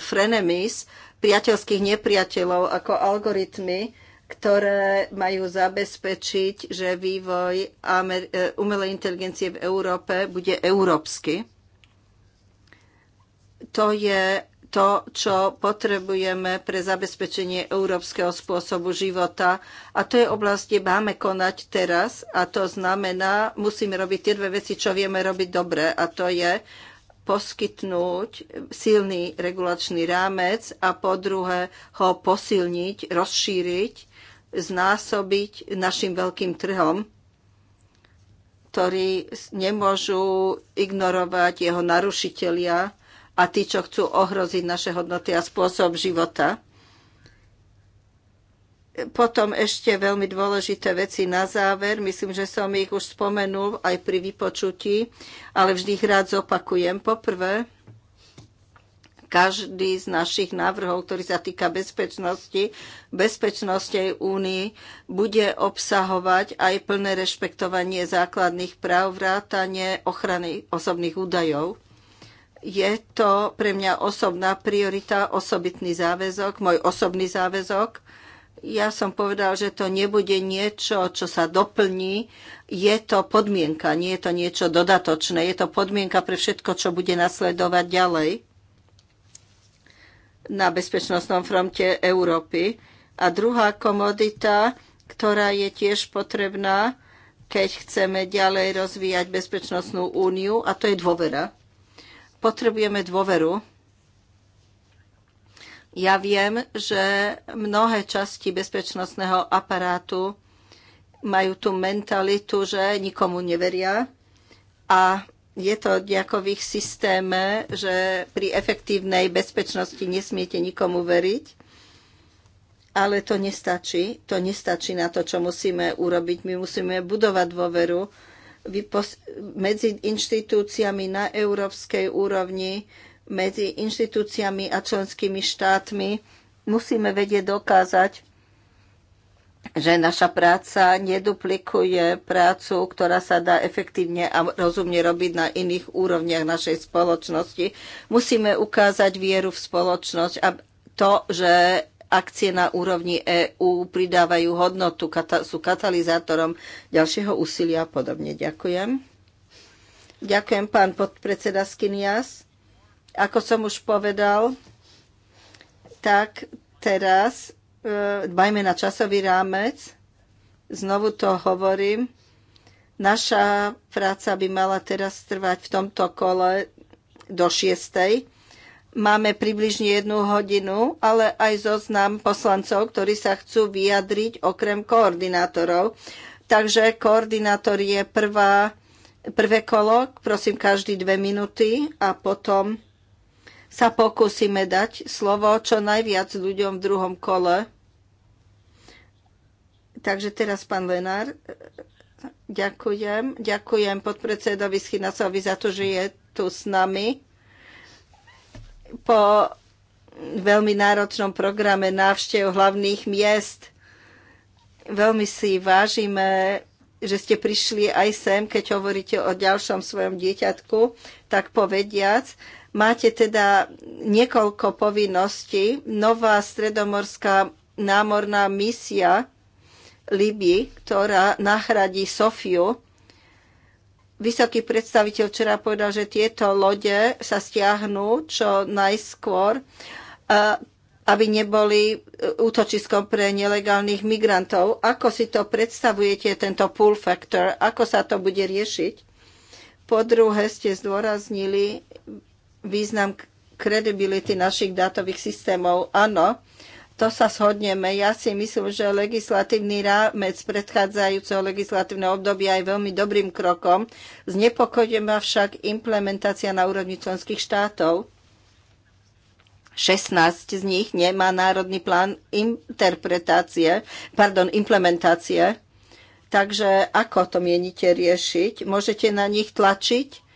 frenemies, priateľských nepriateľov ako algoritmy, ktoré majú zabezpečiť, že vývoj e, umelej inteligencie v Európe bude európsky. To je to, čo potrebujeme pre zabezpečenie európskeho spôsobu života. A to je oblasť, kde máme konať teraz. A to znamená, musíme robiť tie dve veci, čo vieme robiť dobre. A to je poskytnúť silný regulačný rámec a po druhé ho posilniť, rozšíriť, znásobiť našim veľkým trhom, ktorí nemôžu ignorovať jeho narušitelia, a tí, čo chcú ohroziť naše hodnoty a spôsob života. Potom ešte veľmi dôležité veci na záver. Myslím, že som ich už spomenul aj pri vypočutí, ale vždy ich rád zopakujem. Poprvé, každý z našich návrhov, ktorý sa týka bezpečnosti, bezpečnosti únii, bude obsahovať aj plné rešpektovanie základných práv, vrátanie ochrany osobných údajov. Je to pre mňa osobná priorita, osobitný záväzok, môj osobný záväzok. Ja som povedal, že to nebude niečo, čo sa doplní. Je to podmienka, nie je to niečo dodatočné. Je to podmienka pre všetko, čo bude nasledovať ďalej na bezpečnostnom fronte Európy. A druhá komodita, ktorá je tiež potrebná, keď chceme ďalej rozvíjať bezpečnostnú úniu, a to je dôvera. Potrebujeme dôveru. Ja viem, že mnohé časti bezpečnostného aparátu majú tú mentalitu, že nikomu neveria a je to nejako v ich systéme, že pri efektívnej bezpečnosti nesmiete nikomu veriť. Ale to nestačí. To nestačí na to, čo musíme urobiť. My musíme budovať dôveru medzi inštitúciami na európskej úrovni, medzi inštitúciami a členskými štátmi. Musíme vedieť dokázať, že naša práca neduplikuje prácu, ktorá sa dá efektívne a rozumne robiť na iných úrovniach našej spoločnosti. Musíme ukázať vieru v spoločnosť a to, že akcie na úrovni EÚ pridávajú hodnotu, sú katalizátorom ďalšieho úsilia a podobne. Ďakujem. Ďakujem, pán podpredseda Skinias. Ako som už povedal, tak teraz e, dbajme na časový rámec. Znovu to hovorím. Naša práca by mala teraz trvať v tomto kole do šiestej Máme približne jednu hodinu, ale aj zoznam poslancov, ktorí sa chcú vyjadriť okrem koordinátorov. Takže koordinátor je prvá, prvé kolo, prosím každý dve minúty a potom sa pokúsime dať slovo čo najviac ľuďom v druhom kole. Takže teraz pán Lenár, ďakujem. Ďakujem podpredsedovi Schinasovi za to, že je tu s nami po veľmi náročnom programe návštev hlavných miest. Veľmi si vážime, že ste prišli aj sem, keď hovoríte o ďalšom svojom dieťatku, tak povediac. Máte teda niekoľko povinností. Nová stredomorská námorná misia Liby, ktorá nahradí Sofiu, Vysoký predstaviteľ včera povedal, že tieto lode sa stiahnu čo najskôr, e, aby neboli e, útočiskom pre nelegálnych migrantov. Ako si to predstavujete, tento pull factor? Ako sa to bude riešiť? Po druhé ste zdôraznili význam kredibility našich dátových systémov. Áno, to sa shodneme. Ja si myslím, že legislatívny rámec predchádzajúceho legislatívneho obdobia je veľmi dobrým krokom. Znepokojuje ma však implementácia na úrovni členských štátov. 16 z nich nemá národný plán interpretácie, pardon, implementácie. Takže ako to mienite riešiť? Môžete na nich tlačiť?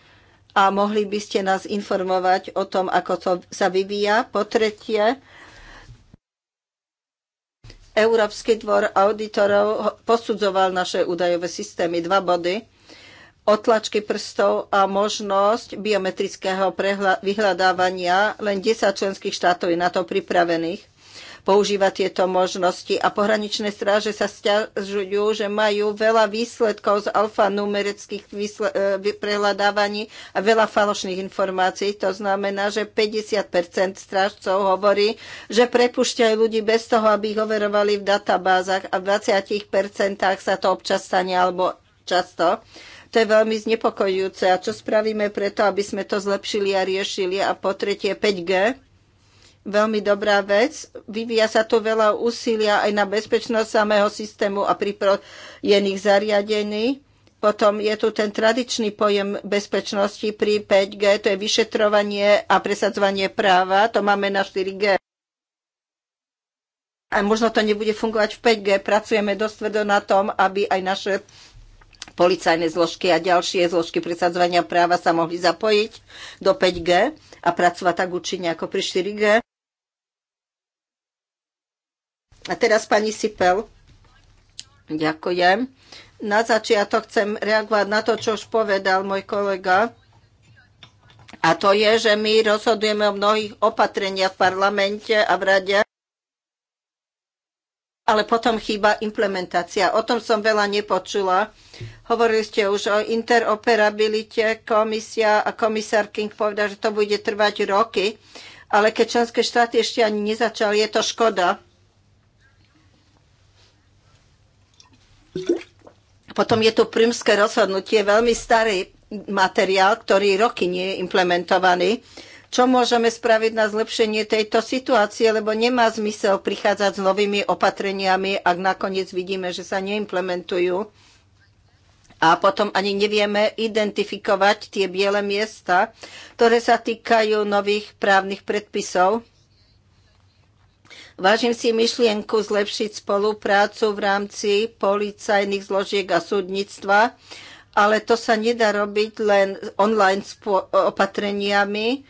A mohli by ste nás informovať o tom, ako to sa vyvíja? Po tretie, Európsky dvor auditorov posudzoval naše údajové systémy. Dva body. Otlačky prstov a možnosť biometrického vyhľadávania. Len 10 členských štátov je na to pripravených používa tieto možnosti. A pohraničné stráže sa stiažujú, že majú veľa výsledkov z alfanumerických e, prehľadávaní a veľa falošných informácií. To znamená, že 50 strážcov hovorí, že prepušťajú ľudí bez toho, aby ich overovali v databázach a v 20 sa to občas stane alebo často. To je veľmi znepokojujúce. A čo spravíme preto, aby sme to zlepšili a riešili? A po tretie 5G veľmi dobrá vec. Vyvíja sa tu veľa úsilia aj na bezpečnosť samého systému a jených zariadení. Potom je tu ten tradičný pojem bezpečnosti pri 5G, to je vyšetrovanie a presadzovanie práva, to máme na 4G. A možno to nebude fungovať v 5G, pracujeme dosť tvrdo na tom, aby aj naše policajné zložky a ďalšie zložky presadzovania práva sa mohli zapojiť do 5G a pracovať tak účinne ako pri 4G. A teraz pani Sipel. Ďakujem. Na začiatok chcem reagovať na to, čo už povedal môj kolega. A to je, že my rozhodujeme o mnohých opatreniach v parlamente a v rade, ale potom chýba implementácia. O tom som veľa nepočula. Hovorili ste už o interoperabilite. Komisia a komisár King povedal, že to bude trvať roky, ale keď členské štáty ešte ani nezačali, je to škoda Potom je tu prímske rozhodnutie, veľmi starý materiál, ktorý roky nie je implementovaný. Čo môžeme spraviť na zlepšenie tejto situácie, lebo nemá zmysel prichádzať s novými opatreniami, ak nakoniec vidíme, že sa neimplementujú a potom ani nevieme identifikovať tie biele miesta, ktoré sa týkajú nových právnych predpisov. Vážim si myšlienku zlepšiť spoluprácu v rámci policajných zložiek a súdnictva, ale to sa nedá robiť len online opatreniami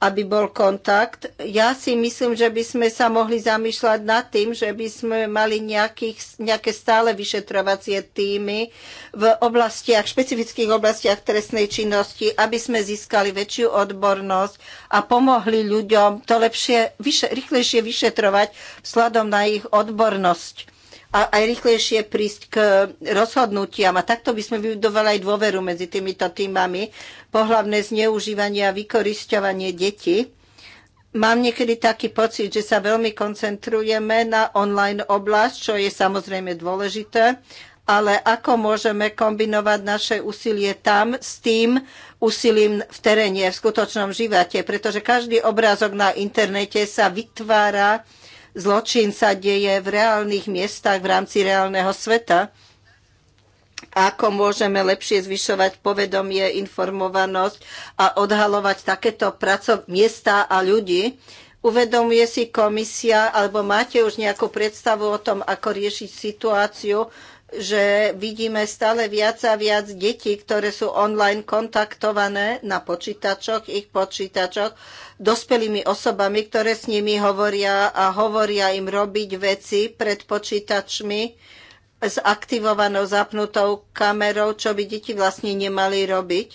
aby bol kontakt. Ja si myslím, že by sme sa mohli zamýšľať nad tým, že by sme mali nejakých, nejaké stále vyšetrovacie týmy v oblastiach, špecifických oblastiach trestnej činnosti, aby sme získali väčšiu odbornosť a pomohli ľuďom to lepšie, vyše, rýchlejšie vyšetrovať vzhľadom na ich odbornosť a aj rýchlejšie prísť k rozhodnutiam. A takto by sme vybudovali aj dôveru medzi týmito týmami. Pohlavné zneužívanie a vykorisťovanie detí. Mám niekedy taký pocit, že sa veľmi koncentrujeme na online oblasť, čo je samozrejme dôležité, ale ako môžeme kombinovať naše úsilie tam s tým úsilím v teréne, v skutočnom živote, pretože každý obrázok na internete sa vytvára zločin sa deje v reálnych miestach v rámci reálneho sveta. Ako môžeme lepšie zvyšovať povedomie, informovanosť a odhalovať takéto pracov- miesta a ľudí. Uvedomuje si komisia, alebo máte už nejakú predstavu o tom, ako riešiť situáciu, že vidíme stále viac a viac detí, ktoré sú online kontaktované na počítačoch, ich počítačoch, dospelými osobami, ktoré s nimi hovoria a hovoria im robiť veci pred počítačmi s aktivovanou zapnutou kamerou, čo by deti vlastne nemali robiť.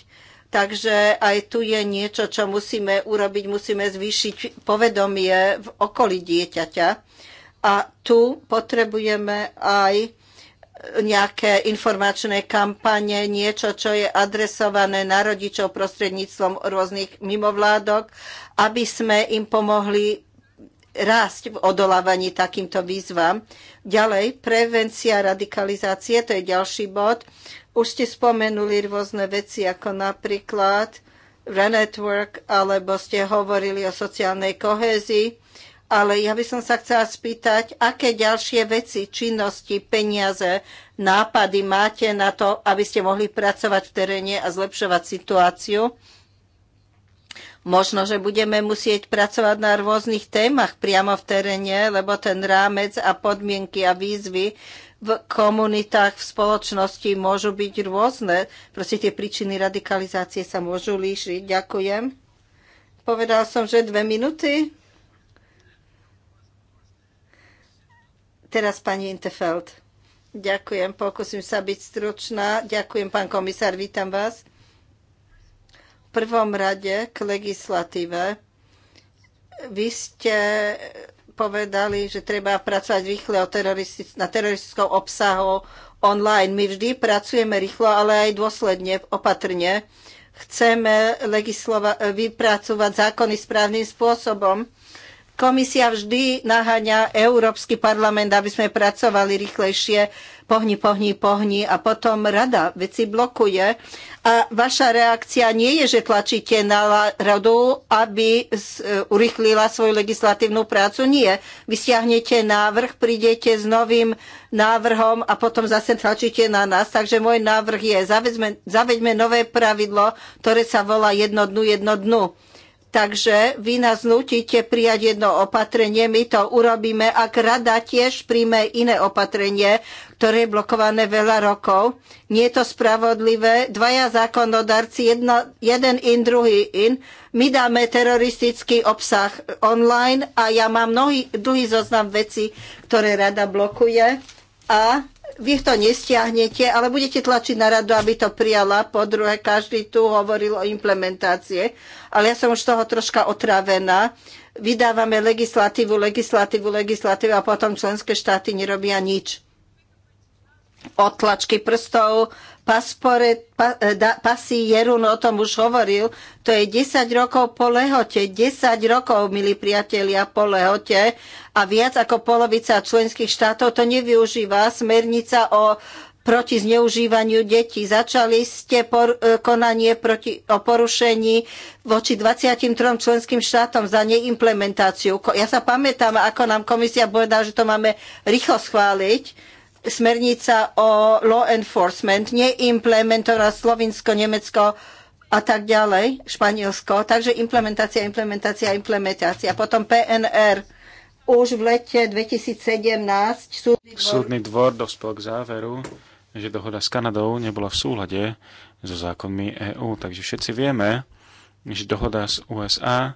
Takže aj tu je niečo, čo musíme urobiť, musíme zvýšiť povedomie v okolí dieťaťa. A tu potrebujeme aj nejaké informačné kampane, niečo, čo je adresované na rodičov prostredníctvom rôznych mimovládok, aby sme im pomohli rásť v odolávaní takýmto výzvam. Ďalej, prevencia radikalizácie, to je ďalší bod. Už ste spomenuli rôzne veci, ako napríklad Renetwork, alebo ste hovorili o sociálnej kohézii ale ja by som sa chcela spýtať, aké ďalšie veci, činnosti, peniaze, nápady máte na to, aby ste mohli pracovať v teréne a zlepšovať situáciu? Možno, že budeme musieť pracovať na rôznych témach priamo v teréne, lebo ten rámec a podmienky a výzvy v komunitách, v spoločnosti môžu byť rôzne. Proste tie príčiny radikalizácie sa môžu líšiť. Ďakujem. Povedal som, že dve minúty. Teraz pani Intefeld. Ďakujem, pokúsim sa byť stručná. Ďakujem, pán komisár, vítam vás. V prvom rade k legislatíve. Vy ste povedali, že treba pracovať rýchle teroristick na teroristickou obsahu online. My vždy pracujeme rýchlo, ale aj dôsledne, opatrne. Chceme vypracovať zákony správnym spôsobom. Komisia vždy naháňa Európsky parlament, aby sme pracovali rýchlejšie, pohni, pohni, pohni a potom rada veci blokuje. A vaša reakcia nie je, že tlačíte na radu, aby urýchlila svoju legislatívnu prácu. Nie. Vy stiahnete návrh, prídete s novým návrhom a potom zase tlačíte na nás. Takže môj návrh je, zaveďme, zaveďme nové pravidlo, ktoré sa volá jedno dnu, jedno dnu Takže vy nás nutíte prijať jedno opatrenie, my to urobíme, ak rada tiež príjme iné opatrenie, ktoré je blokované veľa rokov. Nie je to spravodlivé. Dvaja zákonodarci, jedna, jeden in, druhý in. My dáme teroristický obsah online a ja mám mnohý, dlhý zoznam veci, ktoré rada blokuje. A vy to nestiahnete, ale budete tlačiť na radu, aby to prijala. Po druhé, každý tu hovoril o implementácie, ale ja som už toho troška otravená. Vydávame legislatívu, legislatívu, legislatívu a potom členské štáty nerobia nič. Otlačky prstov, paspore, pa, e, da, pasí Jerun o tom už hovoril, to je 10 rokov po lehote, 10 rokov, milí priatelia, po lehote a viac ako polovica členských štátov to nevyužíva. Smernica o proti zneužívaniu detí. Začali ste por, e, konanie proti, o porušení voči 23 členským štátom za neimplementáciu. Ja sa pamätám, ako nám komisia povedala, že to máme rýchlo schváliť smernica o law enforcement neimplementovaná Slovinsko, Nemecko a tak ďalej, Španielsko. Takže implementácia, implementácia, implementácia. Potom PNR. Už v lete 2017 súdny dvor, súdny dvor dospel k záveru, že dohoda s Kanadou nebola v súlade so zákonmi EÚ. Takže všetci vieme, že dohoda s USA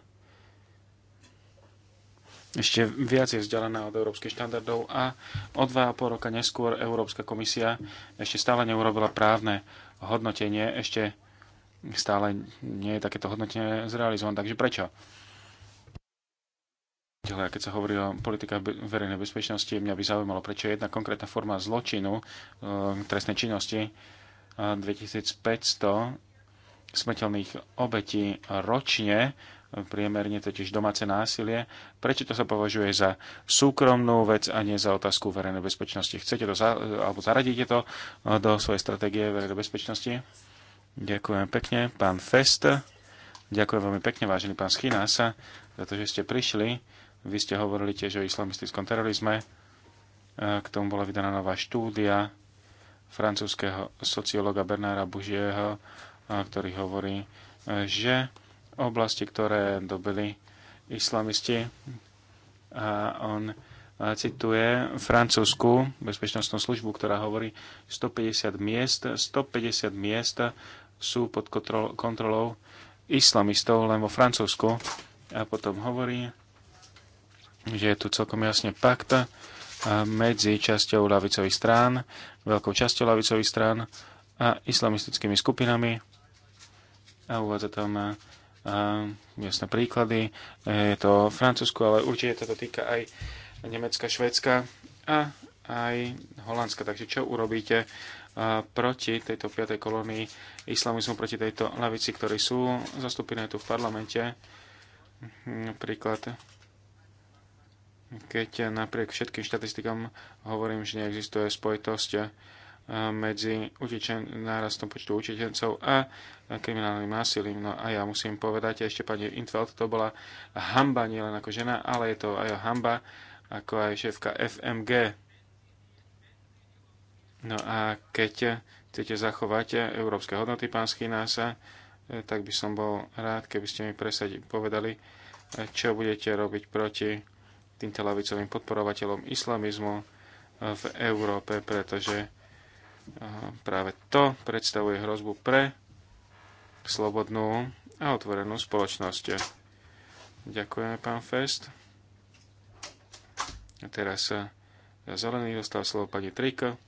ešte viac je vzdialená od európskych štandardov a o dva a pol roka neskôr Európska komisia ešte stále neurobila právne hodnotenie, ešte stále nie je takéto hodnotenie zrealizované. Takže prečo? Ďalej, keď sa hovorí o politikách verejnej bezpečnosti, mňa by zaujímalo, prečo jedna konkrétna forma zločinu, e, trestnej činnosti, 2500 smrteľných obetí ročne priemerne totiž domáce násilie. Prečo to sa považuje za súkromnú vec a nie za otázku verejnej bezpečnosti? Chcete to za, alebo zaradíte to e, do svojej stratégie verejnej bezpečnosti? Ďakujem pekne, pán Fest. Ďakujem veľmi pekne, vážený pán Schinasa, za to, že ste prišli. Vy ste hovorili tiež o islamistickom terorizme. E, k tomu bola vydaná nová štúdia francúzského sociológa Bernára Bužieho, e, ktorý hovorí, že oblasti, ktoré dobili islamisti. A on cituje francúzsku bezpečnostnú službu, ktorá hovorí 150 miest, 150 miest sú pod kontrolou islamistov len vo Francúzsku. A potom hovorí, že je tu celkom jasne pakt medzi časťou lavicových strán, veľkou časťou lavicových strán a islamistickými skupinami. A uvádza tam jasné príklady. E, je to Francúzsko, ale určite toto týka aj Nemecka, Švedska a aj Holandska. Takže čo urobíte e, proti tejto piatej kolónii islamizmu, proti tejto lavici, ktorí sú zastúpené tu v parlamente? Napríklad mhm, keď napriek všetkým štatistikám hovorím, že neexistuje spojitosť medzi utečen- nárastom počtu utečencov a kriminálnym násilím. No a ja musím povedať, ešte pani Intveld, to bola hamba nielen ako žena, ale je to aj hamba ako aj šéfka FMG. No a keď chcete zachovať európske hodnoty, pán Schinása, e, tak by som bol rád, keby ste mi presadi povedali, čo budete robiť proti týmto lavicovým podporovateľom islamizmu v Európe, pretože práve to predstavuje hrozbu pre slobodnú a otvorenú spoločnosť. Ďakujeme, pán Fest. A teraz sa eh, za zelený dostal slovo pani Triko.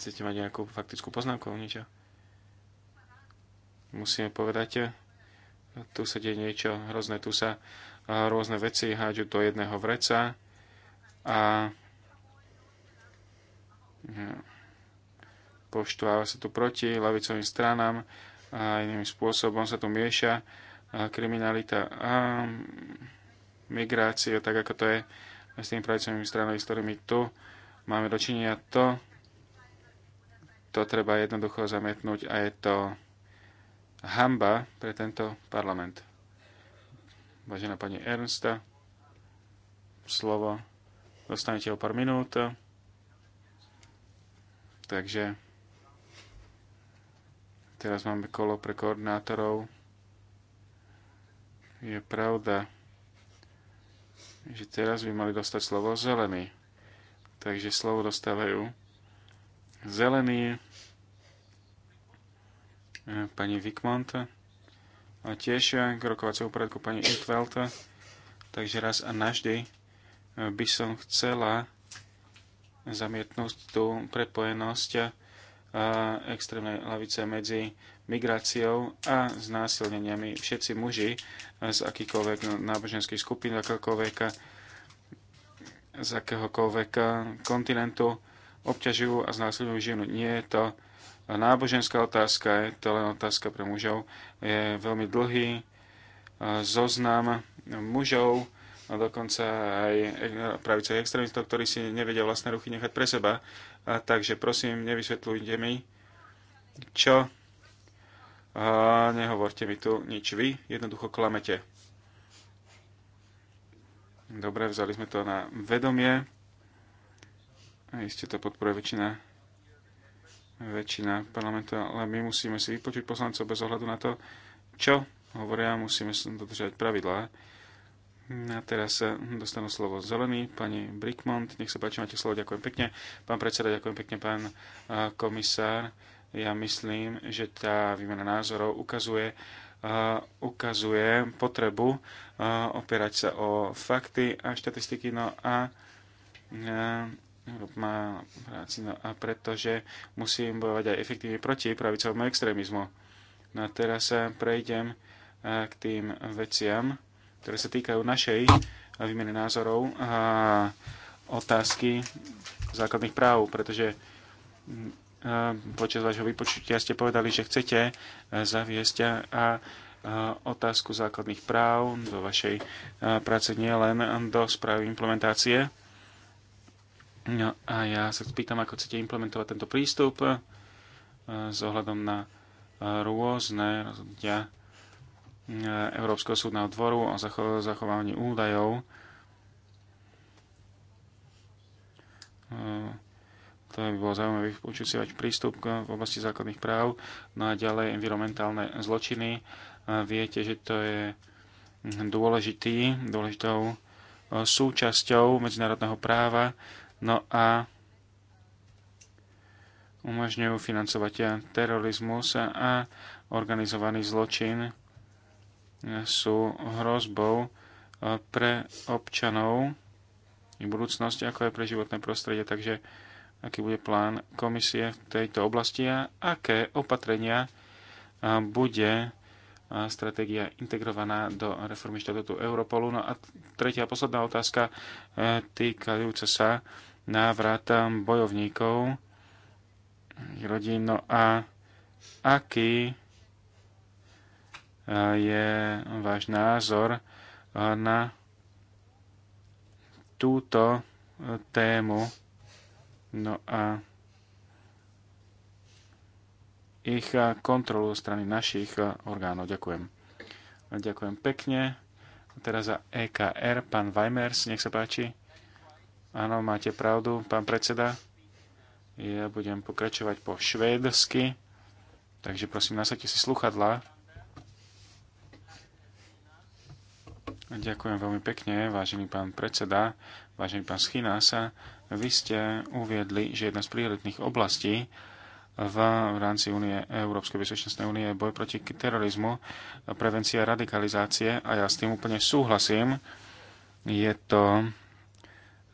Chcete mať nejakú faktickú poznámku o niečo? Musíme povedať, eh, tu sa deje niečo hrozné, tu sa eh, rôzne veci hádžu do jedného vreca a poštváva sa tu proti lavicovým stranám a iným spôsobom sa tu mieša kriminalita a mm, migrácia, tak ako to je s tými pravicovými stranami, s ktorými tu máme dočinenia. To, to treba jednoducho zamietnúť a je to hamba pre tento parlament. Vážená pani Ernsta, slovo dostanete o pár minút. Takže teraz máme kolo pre koordinátorov. Je pravda, že teraz by mali dostať slovo zelený. Takže slovo dostávajú zelený eh, pani Vikmont a tiež eh, k rokovaciemu pani Intveld. Takže raz a naždy eh, by som chcela zamietnúť tú prepojenosť extrémnej lavice medzi migráciou a znásilneniami. Všetci muži z akýkoľvek náboženských skupín, z akéhokoľvek, z akéhokoľvek kontinentu obťažujú a znásilňujú ženu. Nie je to náboženská otázka, je to len otázka pre mužov. Je veľmi dlhý zoznam mužov, a dokonca aj pravicových extrémistov, ktorí si nevedia vlastné ruchy nechať pre seba. A takže prosím, nevysvetľujte mi, čo. A nehovorte mi tu nič vy, jednoducho klamete. Dobre, vzali sme to na vedomie. A iste to podporuje väčšina, väčšina parlamentu, ale my musíme si vypočuť poslancov bez ohľadu na to, čo hovoria, musíme dodržať pravidlá. A teraz eh, dostanú slovo zelený. Pani Brickmont, nech sa páči, máte slovo, ďakujem pekne. Pán predseda, ďakujem pekne, pán eh, komisár. Ja myslím, že tá výmena názorov ukazuje, eh, ukazuje potrebu opierať sa o fakty a štatistiky. No a má práci, no a pretože musím bojovať aj efektívne proti pravicovému extrémizmu. No a teraz sa prejdem k tým veciam ktoré sa týkajú našej výmeny názorov a otázky základných práv, pretože mm, počas vášho vypočutia ste povedali, že chcete e, zaviesť a otázku základných práv do vašej práce nie len do správy implementácie. No a ja sa spýtam, ako chcete implementovať tento prístup e, s ohľadom na e, rôzne rozhodnutia E, Európskeho súdneho dvoru o zachovaní údajov, e, to by bolo zaujímavé počuť prístup v oblasti základných práv. No a ďalej environmentálne zločiny. E, viete, že to je dôležitý, dôležitou súčasťou medzinárodného práva. No a umožňujú financovať terorizmus a organizovaný zločin sú hrozbou e, pre občanov i budúcnosť, ako aj pre životné prostredie. Takže aký bude plán komisie v tejto oblasti a aké opatrenia e, bude e, stratégia integrovaná do reformy štatutu Europolu. No a tretia posledná otázka týkajúca sa návrata bojovníkov rodín. No a aký je váš názor na túto tému. No a ich kontrolu strany našich orgánov. Ďakujem. Ďakujem pekne. Teraz za EKR, pán Weimers, nech sa páči. Áno, máte pravdu, pán predseda. Ja budem pokračovať po švédsky, takže prosím, nasadte si sluchadla. Ďakujem veľmi pekne, vážený pán predseda, vážený pán Schinása. Vy ste uviedli, že jedna z prioritných oblastí v rámci Unie, Európskej bezpečnostnej únie je boj proti terorizmu, prevencia radikalizácie a ja s tým úplne súhlasím. Je to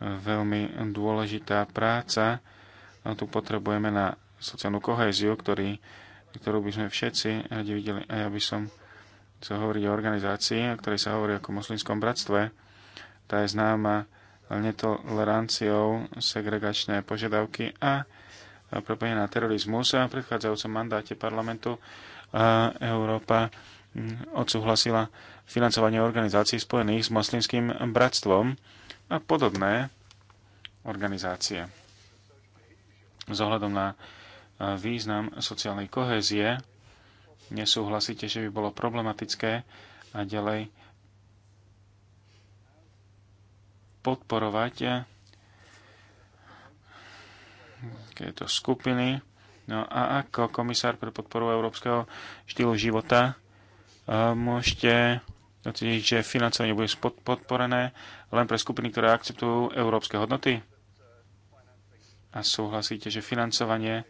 veľmi dôležitá práca. A tu potrebujeme na sociálnu kohéziu, ktorý, ktorú by sme všetci radi videli. A ja by som sa hovorí o organizácii, o ktorej sa hovorí ako moslimskom bratstve. Tá je známa netoleranciou, segregačné požiadavky a na terorizmus. A v predchádzajúcom mandáte parlamentu Európa odsúhlasila financovanie organizácií spojených s moslimským bratstvom a podobné organizácie. Z ohľadom na význam sociálnej kohézie nesúhlasíte, že by bolo problematické a ďalej podporovať eh, tieto skupiny. No a ako komisár pre podporu európskeho štýlu života eh, môžete doceniť, že financovanie bude podporené len pre skupiny, ktoré akceptujú európske hodnoty? A súhlasíte, že financovanie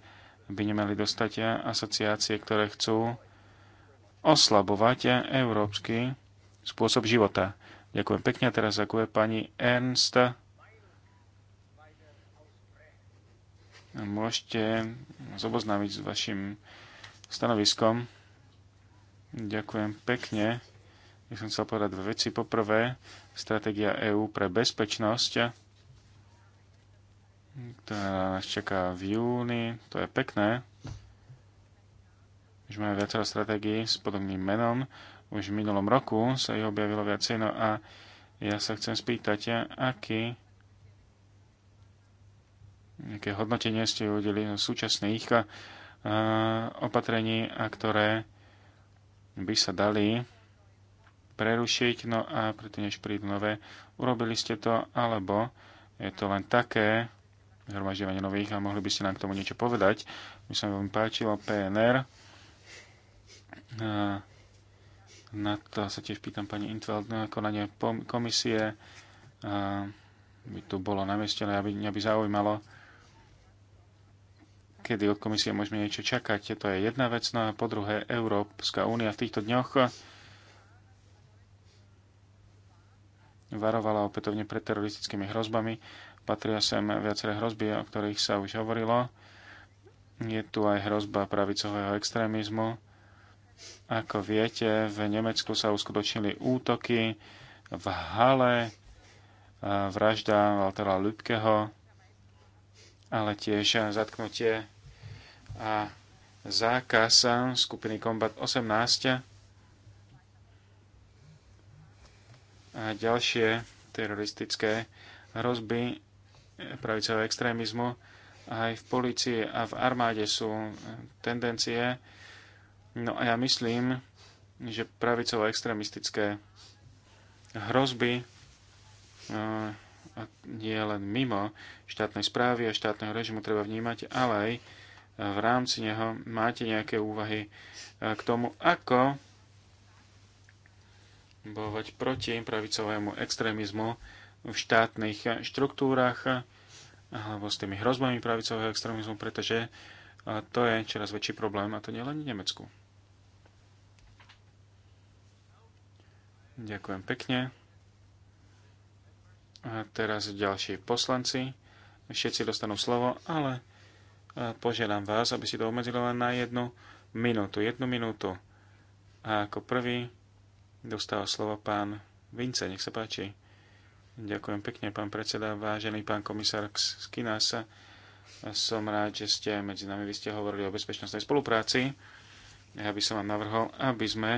by nemali dostať eh, asociácie, ktoré chcú oslabovať európsky spôsob života. Ďakujem pekne. teraz ďakujem pani Ernst. Môžete zoboznámiť s vašim stanoviskom. Ďakujem pekne. Ja som chcel povedať dve veci. Poprvé, stratégia EÚ pre bezpečnosť, ktorá nás čaká v júni. To je pekné. Už máme viacero stratégií s podobným menom. Už v minulom roku sa ich objavilo viacej. No a ja sa chcem spýtať, aký nejaké hodnotenie ste udeli súčasných a, eh, opatrení, a ktoré by sa dali prerušiť, no a preto než prídu nové, urobili ste to, alebo je to len také zhromažďovanie nových a mohli by ste nám k tomu niečo povedať. My sa veľmi páčilo PNR, Eh, na to sa tiež pýtam pani Intveld na konanie komisie. Eh, by tu bolo ale aby mňa by zaujímalo, kedy od komisie môžeme niečo čakať. To je jedna vec. No a po druhé, Európska únia v týchto dňoch varovala opätovne pred teroristickými hrozbami. Patria sem viaceré hrozby, o ktorých sa už hovorilo. Je tu aj hrozba pravicového extrémizmu ako viete, v Nemecku sa uskutočnili útoky v Hale, vražda Waltera Lübkeho, ale tiež zatknutie a zákaz skupiny Combat 18 a ďalšie teroristické hrozby pravicového extrémizmu aj v policii a v armáde sú tendencie, No a ja myslím, že pravicovo-extremistické hrozby eh, a nie len mimo štátnej správy a štátneho režimu treba vnímať, ale aj eh, v rámci neho máte nejaké úvahy eh, k tomu, ako bojovať proti pravicovému extrémizmu v štátnych štruktúrach alebo s tými hrozbami pravicového extrémizmu, pretože to je čoraz väčší problém a to nielen v Nemecku. Ďakujem pekne. A teraz ďalší poslanci. Všetci dostanú slovo, ale e, požiadam vás, aby si to obmedzilo len na jednu minútu. Jednu minútu. A ako prvý dostáva slovo pán Vince. Nech sa páči. Ďakujem pekne, pán predseda, vážený pán komisár Skinasa. Som rád, že ste medzi nami. Vy ste hovorili o bezpečnostnej spolupráci. Ja by som vám navrhol, aby sme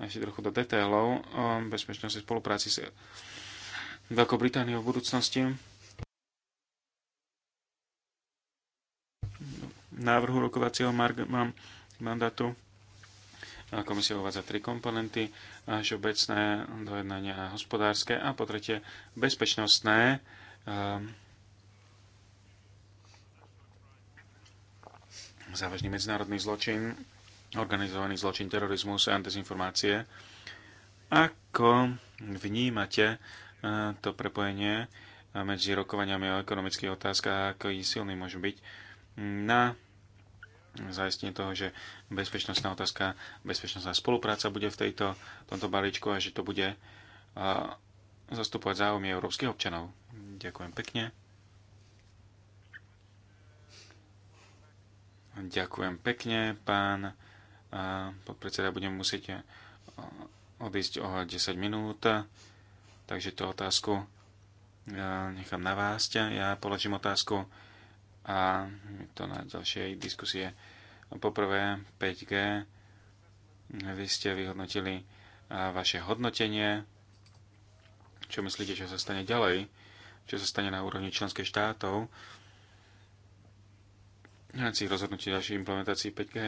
ešte trochu do detailov o bezpečnosti spolupráci s Veľkou Britániou v budúcnosti. Návrhu rokovacieho mandátu Komisia uvádza tri komponenty, až obecné dojednania hospodárske a po tretie bezpečnostné. Ehm, závažný medzinárodný zločin organizovaný zločin, terorizmus a dezinformácie. Ako vnímate eh, to prepojenie medzi rokovaniami o ekonomických otázkach a ako silný môže byť na zaistenie toho, že bezpečnostná otázka, bezpečnostná spolupráca bude v tejto, tomto balíčku a že to bude eh, zastupovať záujmy európskych občanov. Ďakujem pekne. Ďakujem pekne, pán podpredseda budem musieť eh, odísť o 10 minút, takže tú otázku eh, nechám na vás. Ja položím otázku a to na ďalšej diskusie. Poprvé 5G. Vy ste vyhodnotili eh, vaše hodnotenie. Čo myslíte, čo sa stane ďalej? Čo sa stane na úrovni členských štátov? rámci rozhodnutí ďalšej implementácii 5G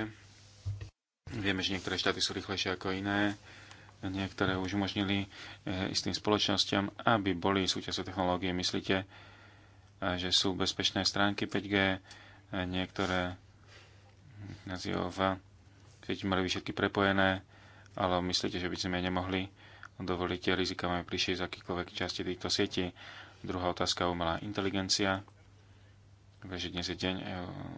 Vieme, že niektoré štáty sú rýchlejšie ako iné. Niektoré už umožnili eh, istým spoločnosťam, aby boli súčasťou technológie. Myslíte, eh, že sú bezpečné stránky 5G? Eh, niektoré hm, nazývajú keď mali by všetky prepojené, ale myslíte, že by sme nemohli dovoliť tie rizika, máme prišli z akýkoľvek časti týchto sietí. Druhá otázka, umelá inteligencia. Vieš, že dnes je deň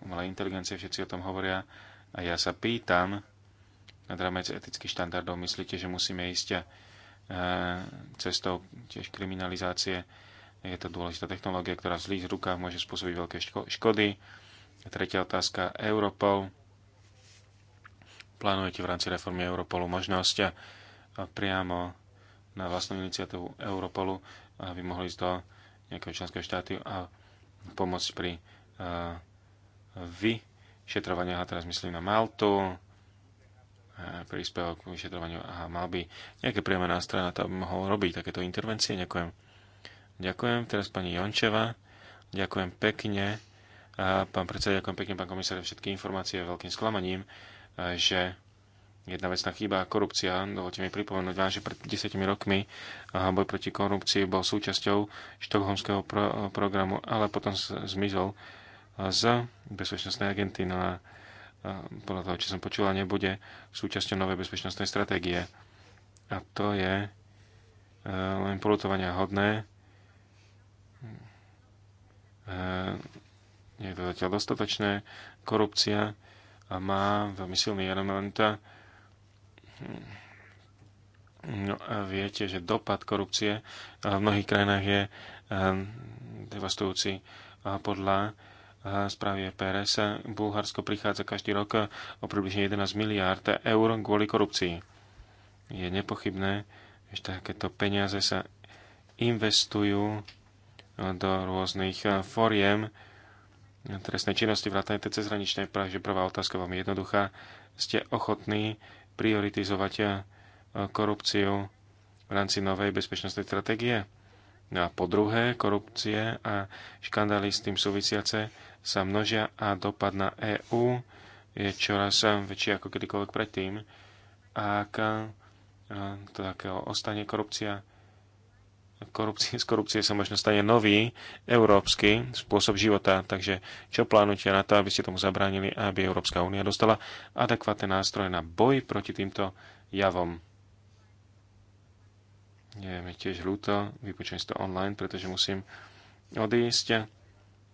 umelej inteligencie, všetci o tom hovoria. A ja sa pýtam, nad rámec etických štandardov. Myslíte, že musíme ísť eh, cestou tiež kriminalizácie? Je to dôležitá technológia, ktorá v zlých rukách môže spôsobiť veľké škody. A tretia otázka, Europol. Plánujete v rámci reformy Europolu možnosť eh, priamo na vlastnú iniciatívu Europolu, aby mohli ísť do nejakého členského štátu a pomôcť pri eh, vyšetrovaní, a teraz myslím na Maltu, príspevok k vyšetrovaniu a mal by nejaké priame nástroje na to, aby mohol robiť takéto intervencie. Ďakujem. Ďakujem. Teraz pani Jončeva. Ďakujem pekne. A pán predseda, ďakujem pekne, pán komisár, všetky informácie veľkým sklamaním, že jedna vecná na a korupcia. Dovolte mi pripomenúť vám, že pred 10 rokmi boj proti korupcii bol súčasťou štokholmského pro- programu, ale potom zmizol z bezpečnostnej agenty. No a podľa toho, čo som počula, nebude súčasťou novej bezpečnostnej stratégie. A to je e, len polutovania hodné. E, je to zatiaľ dostatočné. Korupcia má veľmi silný element. No a viete, že dopad korupcie v mnohých krajinách je e, devastujúci. A podľa správy e PRS, Bulharsko prichádza každý rok o približne 11 miliárd eur kvôli korupcii. Je nepochybné, že takéto peniaze sa investujú do rôznych foriem trestnej činnosti vrátane tej cezhraničnej. že prvá otázka vám je jednoduchá. Ste ochotní prioritizovať korupciu v rámci novej bezpečnostnej stratégie? No a po druhé, korupcie a škandály s tým súvisiace sa množia a dopad na EÚ je čoraz väčší ako kedykoľvek predtým. Ak to takého ostane korupcia, korupcie, z korupcie sa možno stane nový európsky spôsob života. Takže čo plánujete na to, aby ste tomu zabránili aby Európska únia dostala adekvátne nástroje na boj proti týmto javom? Je mi tiež ľúto, vypočujem si to online, pretože musím odísť.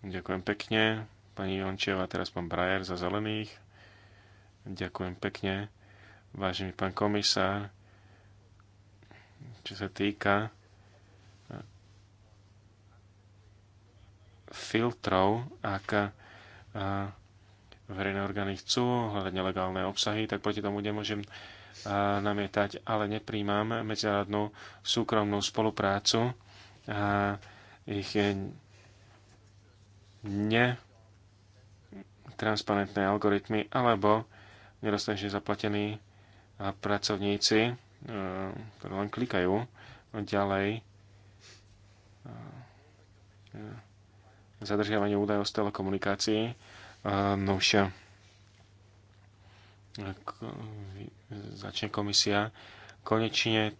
Ďakujem pekne, pani Jončeva, teraz pán Brajer za zelených. Ďakujem pekne, vážený pán komisár. Čo sa týka eh, filtrov, ak eh, verejné orgány chcú hľadať nelegálne obsahy, tak proti tomu nemôžem namietať, ale nepríjmam medzinárodnú súkromnú spoluprácu a ich netransparentné algoritmy alebo nedostatočne zaplatení pracovníci, e, ktorí len klikajú ďalej e, e, zadržiavanie údajov z telekomunikácií. Novšia E, začne komisia konečne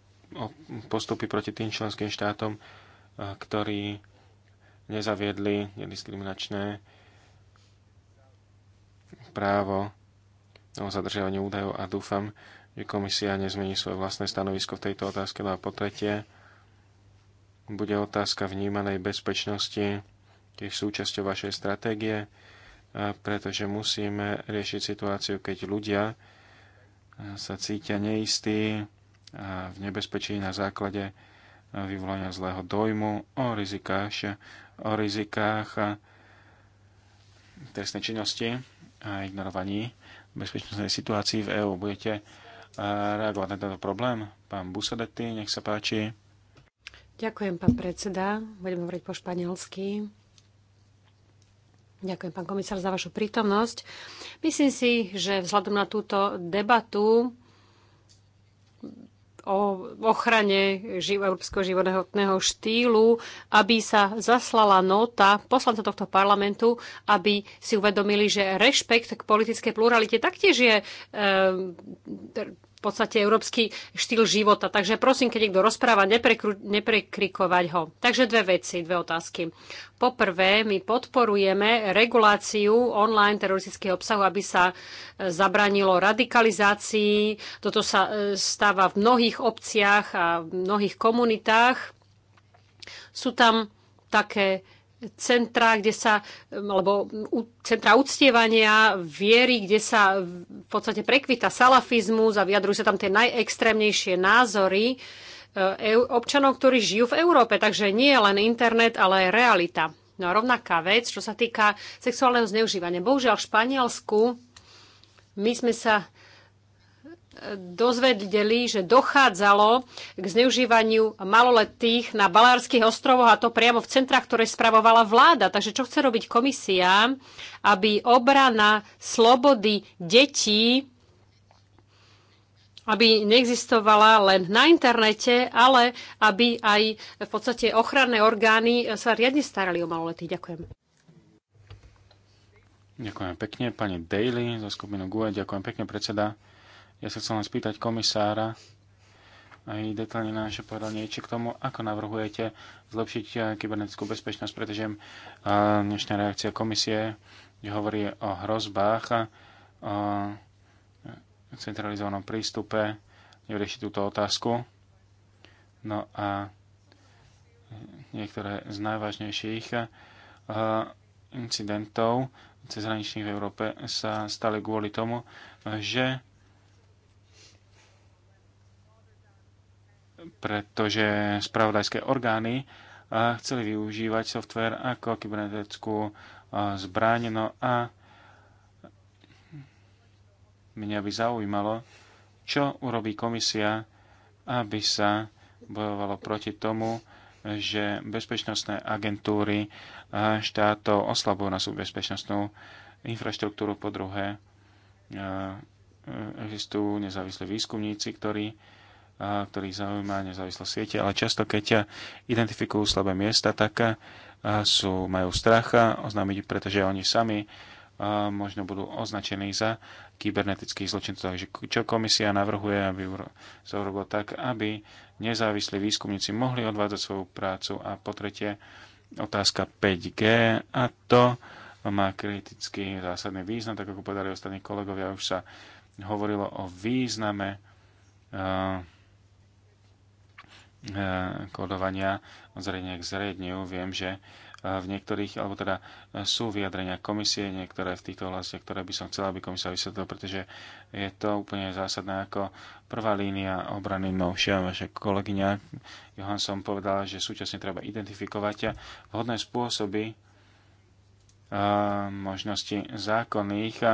postupy proti tým členským štátom, e, ktorí nezaviedli nediskriminačné právo o zadržiavanie údajov a dúfam, že komisia nezmení svoje vlastné stanovisko v tejto otázke. No a po tretie, bude otázka vnímanej bezpečnosti tiež súčasťou vašej stratégie pretože musíme riešiť situáciu, keď ľudia sa cítia neistí a v nebezpečí na základe vyvolania zlého dojmu o rizikách, o rizikách trestnej činnosti a ignorovaní bezpečnostnej situácii v EÚ. Budete reagovať na tento problém? Pán Busadetti, nech sa páči. Ďakujem, pán predseda. Budem hovoriť po španielsky. Ďakujem, pán komisár, za vašu prítomnosť. Myslím si, že vzhľadom na túto debatu o ochrane európskeho životného štýlu, aby sa zaslala nota poslanca tohto parlamentu, aby si uvedomili, že rešpekt k politickej pluralite taktiež je e, v podstate európsky štýl života. Takže prosím, keď niekto rozpráva, neprekru, neprekrikovať ho. Takže dve veci, dve otázky. Poprvé, my podporujeme reguláciu online teroristického obsahu, aby sa e, zabranilo radikalizácii. Toto sa e, stáva v mnohých obciach a v mnohých komunitách. Sú tam také centra, kde sa, alebo centra uctievania viery, kde sa v podstate prekvita salafizmus a vyjadrujú sa tam tie najextrémnejšie názory e, občanov, ktorí žijú v Európe. Takže nie je len internet, ale aj realita. No a rovnaká vec, čo sa týka sexuálneho zneužívania. Bohužiaľ v Španielsku my sme sa dozvedeli, že dochádzalo k zneužívaniu maloletých na Balárskych ostrovoch a to priamo v centrách, ktoré spravovala vláda. Takže čo chce robiť komisia, aby obrana slobody detí aby neexistovala len na internete, ale aby aj v podstate ochranné orgány sa riadne starali o maloletých. Ďakujem. Ďakujem pekne, pani Daly za skupinu GUE. Ďakujem pekne, predseda. Ja sa chcem len spýtať komisára, aj detálne nám ešte povedal niečo k tomu, ako navrhujete zlepšiť eh, kybernetickú bezpečnosť, pretože eh, dnešná reakcia komisie, kde hovorí o hrozbách, eh, o centralizovanom prístupe, nevrieši túto otázku. No a niektoré z najvážnejších incidentov cezhraničných v Európe sa stali kvôli tomu, že pretože spravodajské orgány eh, chceli využívať software ako kybernetickú eh, zbraň. No a mňa by zaujímalo, čo urobí komisia, aby sa bojovalo proti tomu, že bezpečnostné agentúry eh, štátov oslabujú na bezpečnostnú infraštruktúru. Po druhé, existujú nezávislí výskumníci, ktorí ktorých zaujíma nezávislosť siete, ale často keď ťa identifikujú slabé miesta, tak sú, majú strach oznámiť, pretože oni sami možno budú označení za kybernetických zločincov. Takže čo komisia navrhuje, aby sa urobilo tak, aby nezávislí výskumníci mohli odvádzať svoju prácu a po tretie otázka 5G a to má kritický zásadný význam, tak ako povedali ostatní kolegovia, už sa hovorilo o význame uh, E, kódovania zrejne k zredniu. Viem, že e, v niektorých, alebo teda e, sú vyjadrenia komisie, niektoré v týchto oblastiach, ktoré by som chcel, aby komisia vysvetlila, pretože je to úplne zásadné ako prvá línia obrany novšia. Vaša kolegyňa Johansson povedala, že súčasne treba identifikovať vhodné spôsoby možnosti zákonných, a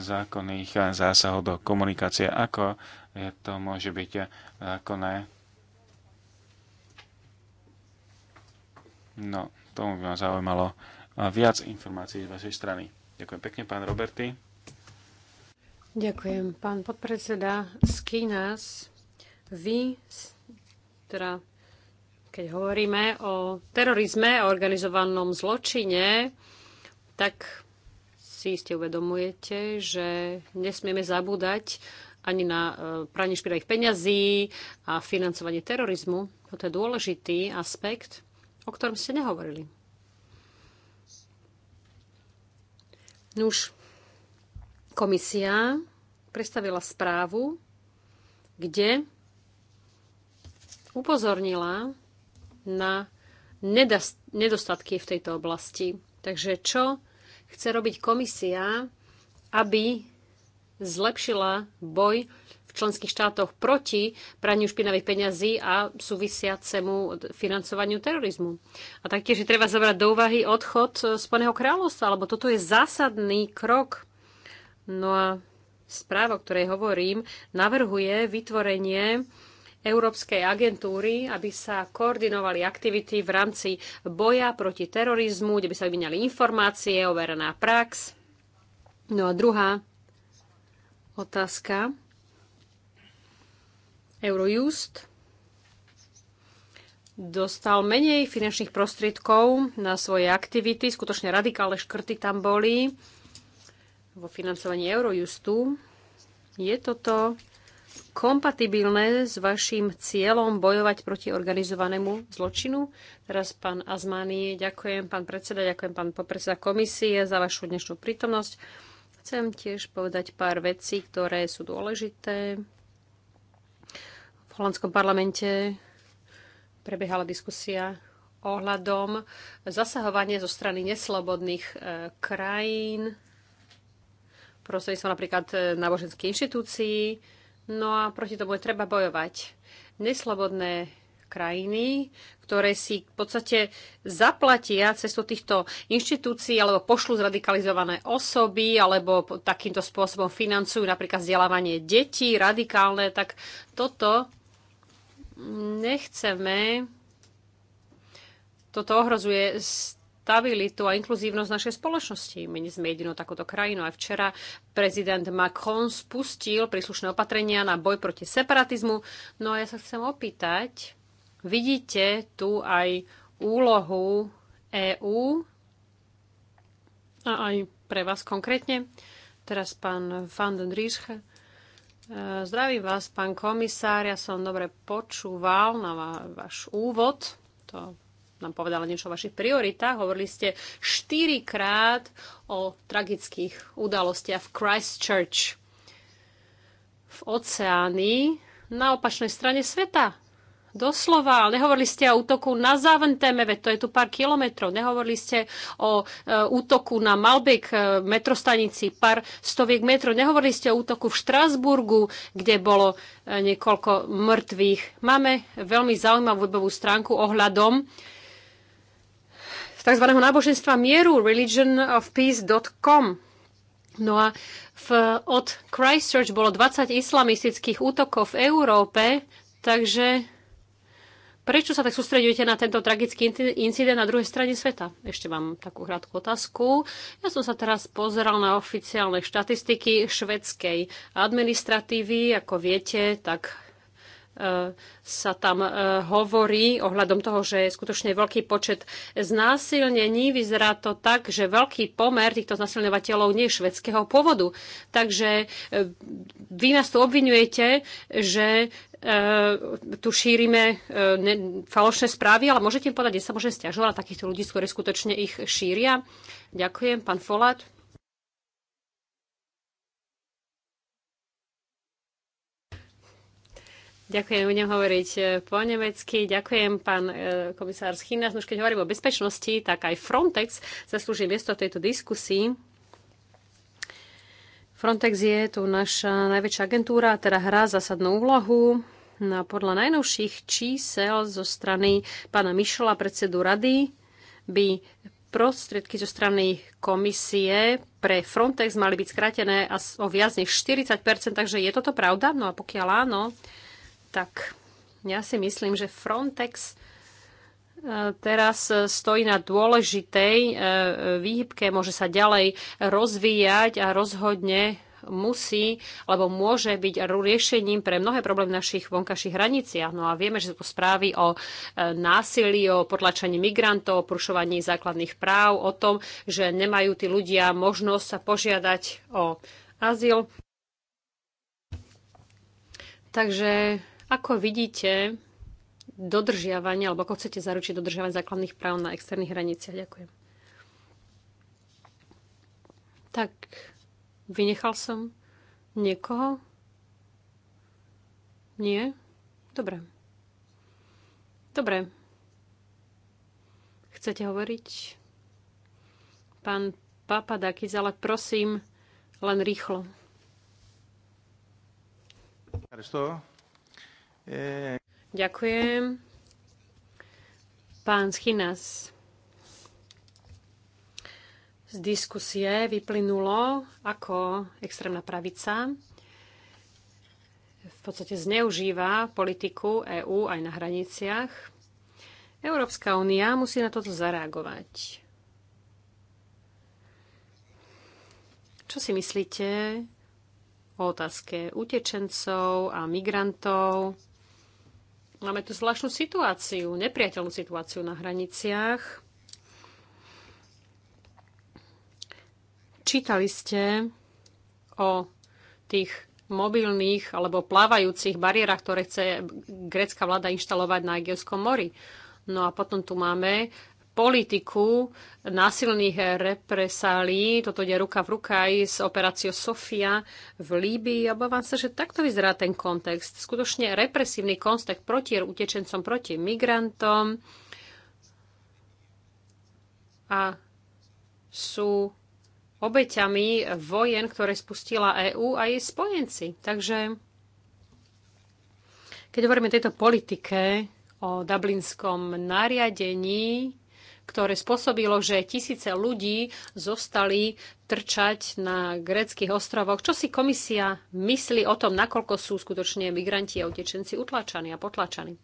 zákonných zásahov do komunikácie, ako je to môže byť zákonné No, tomu by ma zaujímalo viac informácií z vašej strany. Ďakujem pekne, pán Roberty. Ďakujem, pán podpredseda Skinas. Vy, teda, keď hovoríme o terorizme, a organizovanom zločine, tak si iste uvedomujete, že nesmieme zabúdať ani na e, pranie špinavých peňazí a financovanie terorizmu. To je dôležitý aspekt o ktorom ste nehovorili. Nuž, komisia predstavila správu, kde upozornila na nedostatky v tejto oblasti. Takže čo chce robiť komisia, aby zlepšila boj v členských štátoch proti praniu špinavých peňazí a súvisiacemu financovaniu terorizmu. A taktiež je treba zobrať do úvahy odchod Spojeného kráľovstva, lebo toto je zásadný krok. No a správa, o ktorej hovorím, navrhuje vytvorenie Európskej agentúry, aby sa koordinovali aktivity v rámci boja proti terorizmu, kde by sa vymenali informácie, overená prax. No a druhá otázka Eurojust dostal menej finančných prostriedkov na svoje aktivity. Skutočne radikálne škrty tam boli vo financovaní Eurojustu. Je toto kompatibilné s vašim cieľom bojovať proti organizovanému zločinu? Teraz pán Azmani, ďakujem pán predseda, ďakujem pán podpredseda komisie za vašu dnešnú prítomnosť. Chcem tiež povedať pár vecí, ktoré sú dôležité holandskom parlamente prebiehala diskusia ohľadom zasahovania zo strany neslobodných e, krajín, prostredníctvom napríklad e, náboženských inštitúcií. No a proti tomu je treba bojovať. Neslobodné krajiny, ktoré si v podstate zaplatia cestu týchto inštitúcií alebo pošlu zradikalizované osoby alebo takýmto spôsobom financujú napríklad vzdelávanie detí radikálne, tak toto nechceme, toto ohrozuje stabilitu a inkluzívnosť našej spoločnosti. My nie sme jedinou takúto krajinou. Aj včera prezident Macron spustil príslušné opatrenia na boj proti separatizmu. No a ja sa chcem opýtať, vidíte tu aj úlohu EÚ a aj pre vás konkrétne. Teraz pán Van den Riesch. Eh, zdravím vás, pán komisár. Ja som dobre počúval na váš úvod. To nám povedala niečo o vašich prioritách. Hovorili ste štyrikrát o tragických udalostiach v Christchurch v oceáni na opačnej strane sveta. Doslova, nehovorili ste o útoku na Zaventeme, veď to je tu pár kilometrov. Nehovorili ste o e, útoku na Malbek, e, metrostanici, pár stoviek metrov. Nehovorili ste o útoku v Štrásburgu, kde bolo e, niekoľko mŕtvych. Máme veľmi zaujímavú webovú stránku ohľadom tzv. náboženstva mieru, religionofpeace.com. No a v, od Christchurch bolo 20 islamistických útokov v Európe, takže Prečo sa tak sústredujete na tento tragický incident na druhej strane sveta? Ešte mám takú krátku otázku. Ja som sa teraz pozeral na oficiálne štatistiky švedskej administratívy. Ako viete, tak E, sa tam e, hovorí ohľadom toho, že je skutočne veľký počet znásilnení. Vyzerá to tak, že veľký pomer týchto znásilňovateľov nie je švedského pôvodu. Takže e, vy nás tu obvinujete, že tu šírime falošné správy, ale môžete im povedať, kde sa môže stiažovať takýchto ľudí, skôr skutočne ich šíria. Ďakujem, pán Folat. Ďakujem, budem hovoriť e, po nemecky. Ďakujem, pán e, komisár Schinas. Už keď hovorím o bezpečnosti, tak aj Frontex zaslúži miesto v tejto diskusii. Frontex je tu naša najväčšia agentúra, teda hrá zásadnú úlohu. No podľa najnovších čísel zo strany pána Mišela, predsedu rady, by prostriedky zo strany komisie pre Frontex mali byť skrátené o viac než 40%, takže je toto pravda? No a pokiaľ áno, tak ja si myslím, že Frontex e, teraz e, stojí na dôležitej e, výhybke, môže sa ďalej rozvíjať a rozhodne musí alebo môže byť riešením pre mnohé problémy v našich vonkajších hraniciach. No a vieme, že sú to správy o násilí, o potlačení migrantov, o porušovaní základných práv, o tom, že nemajú tí ľudia možnosť sa požiadať o azyl. Takže ako vidíte, dodržiavanie, alebo ako chcete zaručiť dodržiavanie základných práv na externých hraniciach? Ďakujem. Tak, vynechal som niekoho? Nie? Dobre. Dobre. Chcete hovoriť? Pán Papadakis, ale prosím, len rýchlo. Ďakujem. Pán Schinas, z diskusie vyplynulo, ako extrémna pravica v podstate zneužíva politiku EÚ aj na hraniciach. Európska únia musí na toto zareagovať. Čo si myslíte o otázke utečencov a migrantov? Máme tu zvláštnu situáciu, nepriateľnú situáciu na hraniciach. Čítali ste o tých mobilných alebo plávajúcich bariérach, ktoré chce grécka vláda inštalovať na Egejskom mori. No a potom tu máme politiku násilných represálí, Toto ide ruka v ruka aj s operáciou Sofia v Líbii. Obávam sa, že takto vyzerá ten kontext. Skutočne represívny kontext proti utečencom, proti migrantom. A sú obeťami vojen, ktoré spustila EÚ a jej spojenci. Takže keď hovoríme o tejto politike, o dublinskom nariadení, ktoré spôsobilo, že tisíce ľudí zostali trčať na gréckých ostrovoch. Čo si komisia myslí o tom, nakoľko sú skutočne migranti a utečenci utlačaní a potlačaní?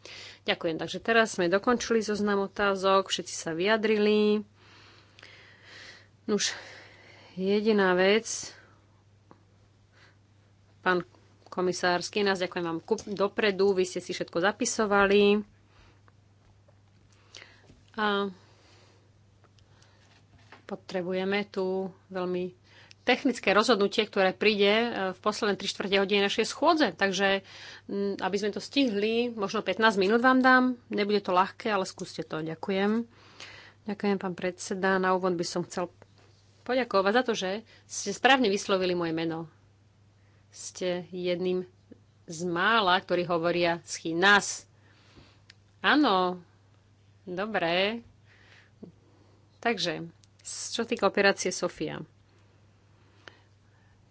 Ďakujem. Takže teraz sme dokončili zoznam otázok, všetci sa vyjadrili. Nuž, jediná vec, pán komisár Skinas, ďakujem vám dopredu, vy ste si všetko zapisovali. A Potrebujeme tu veľmi technické rozhodnutie, ktoré príde e, v posledné 3 čtvrte hodiny našej schôdze. Takže, aby sme to stihli, možno 15 minút vám dám. Nebude to ľahké, ale skúste to. Ďakujem. Ďakujem, pán predseda. Na úvod by som chcel poďakovať za to, že ste správne vyslovili moje meno. Ste jedným z mála, ktorí hovoria schy nás. Áno, dobre. Takže, čo týka operácie Sofia.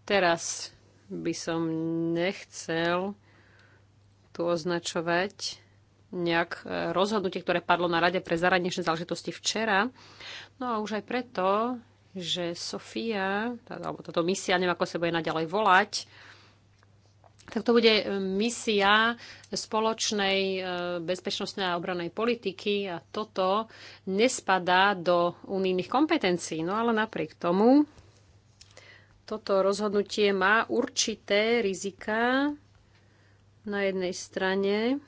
Teraz by som nechcel tu označovať nejak e, rozhodnutie, ktoré padlo na Rade pre zahraničné záležitosti včera. No a už aj preto, že Sofia, teda, alebo táto misia, neviem ako sa bude naďalej volať, tak to bude e, misia spoločnej e, bezpečnostnej a obranej politiky a toto nespadá do unijných kompetencií. No ale napriek tomu toto rozhodnutie má určité rizika. Na jednej strane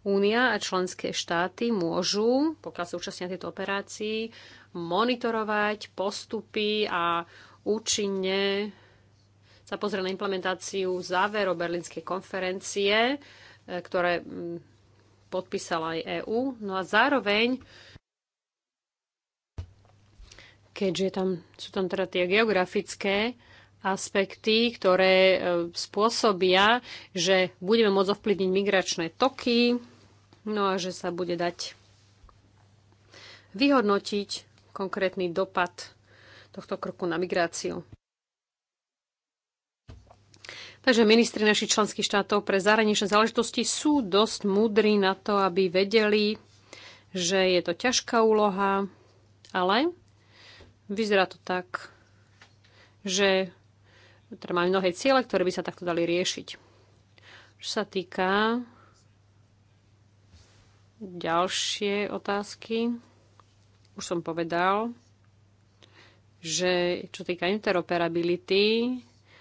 Únia a členské štáty môžu, pokiaľ sa účastnia tejto operácii, monitorovať postupy a účinne sa pozrie na implementáciu záverov Berlínskej konferencie, e, ktoré mm, podpísala aj EÚ. No a zároveň, keďže tam, sú tam teda tie geografické aspekty, ktoré e, spôsobia, že budeme môcť ovplyvniť migračné toky, no a že sa bude dať vyhodnotiť konkrétny dopad tohto kroku na migráciu. Takže ministri našich členských štátov pre zahraničné záležitosti sú dosť múdri na to, aby vedeli, že je to ťažká úloha, ale vyzerá to tak, že teda máme mnohé ciele, ktoré by sa takto dali riešiť. Čo sa týka ďalšie otázky, už som povedal, že čo týka interoperability,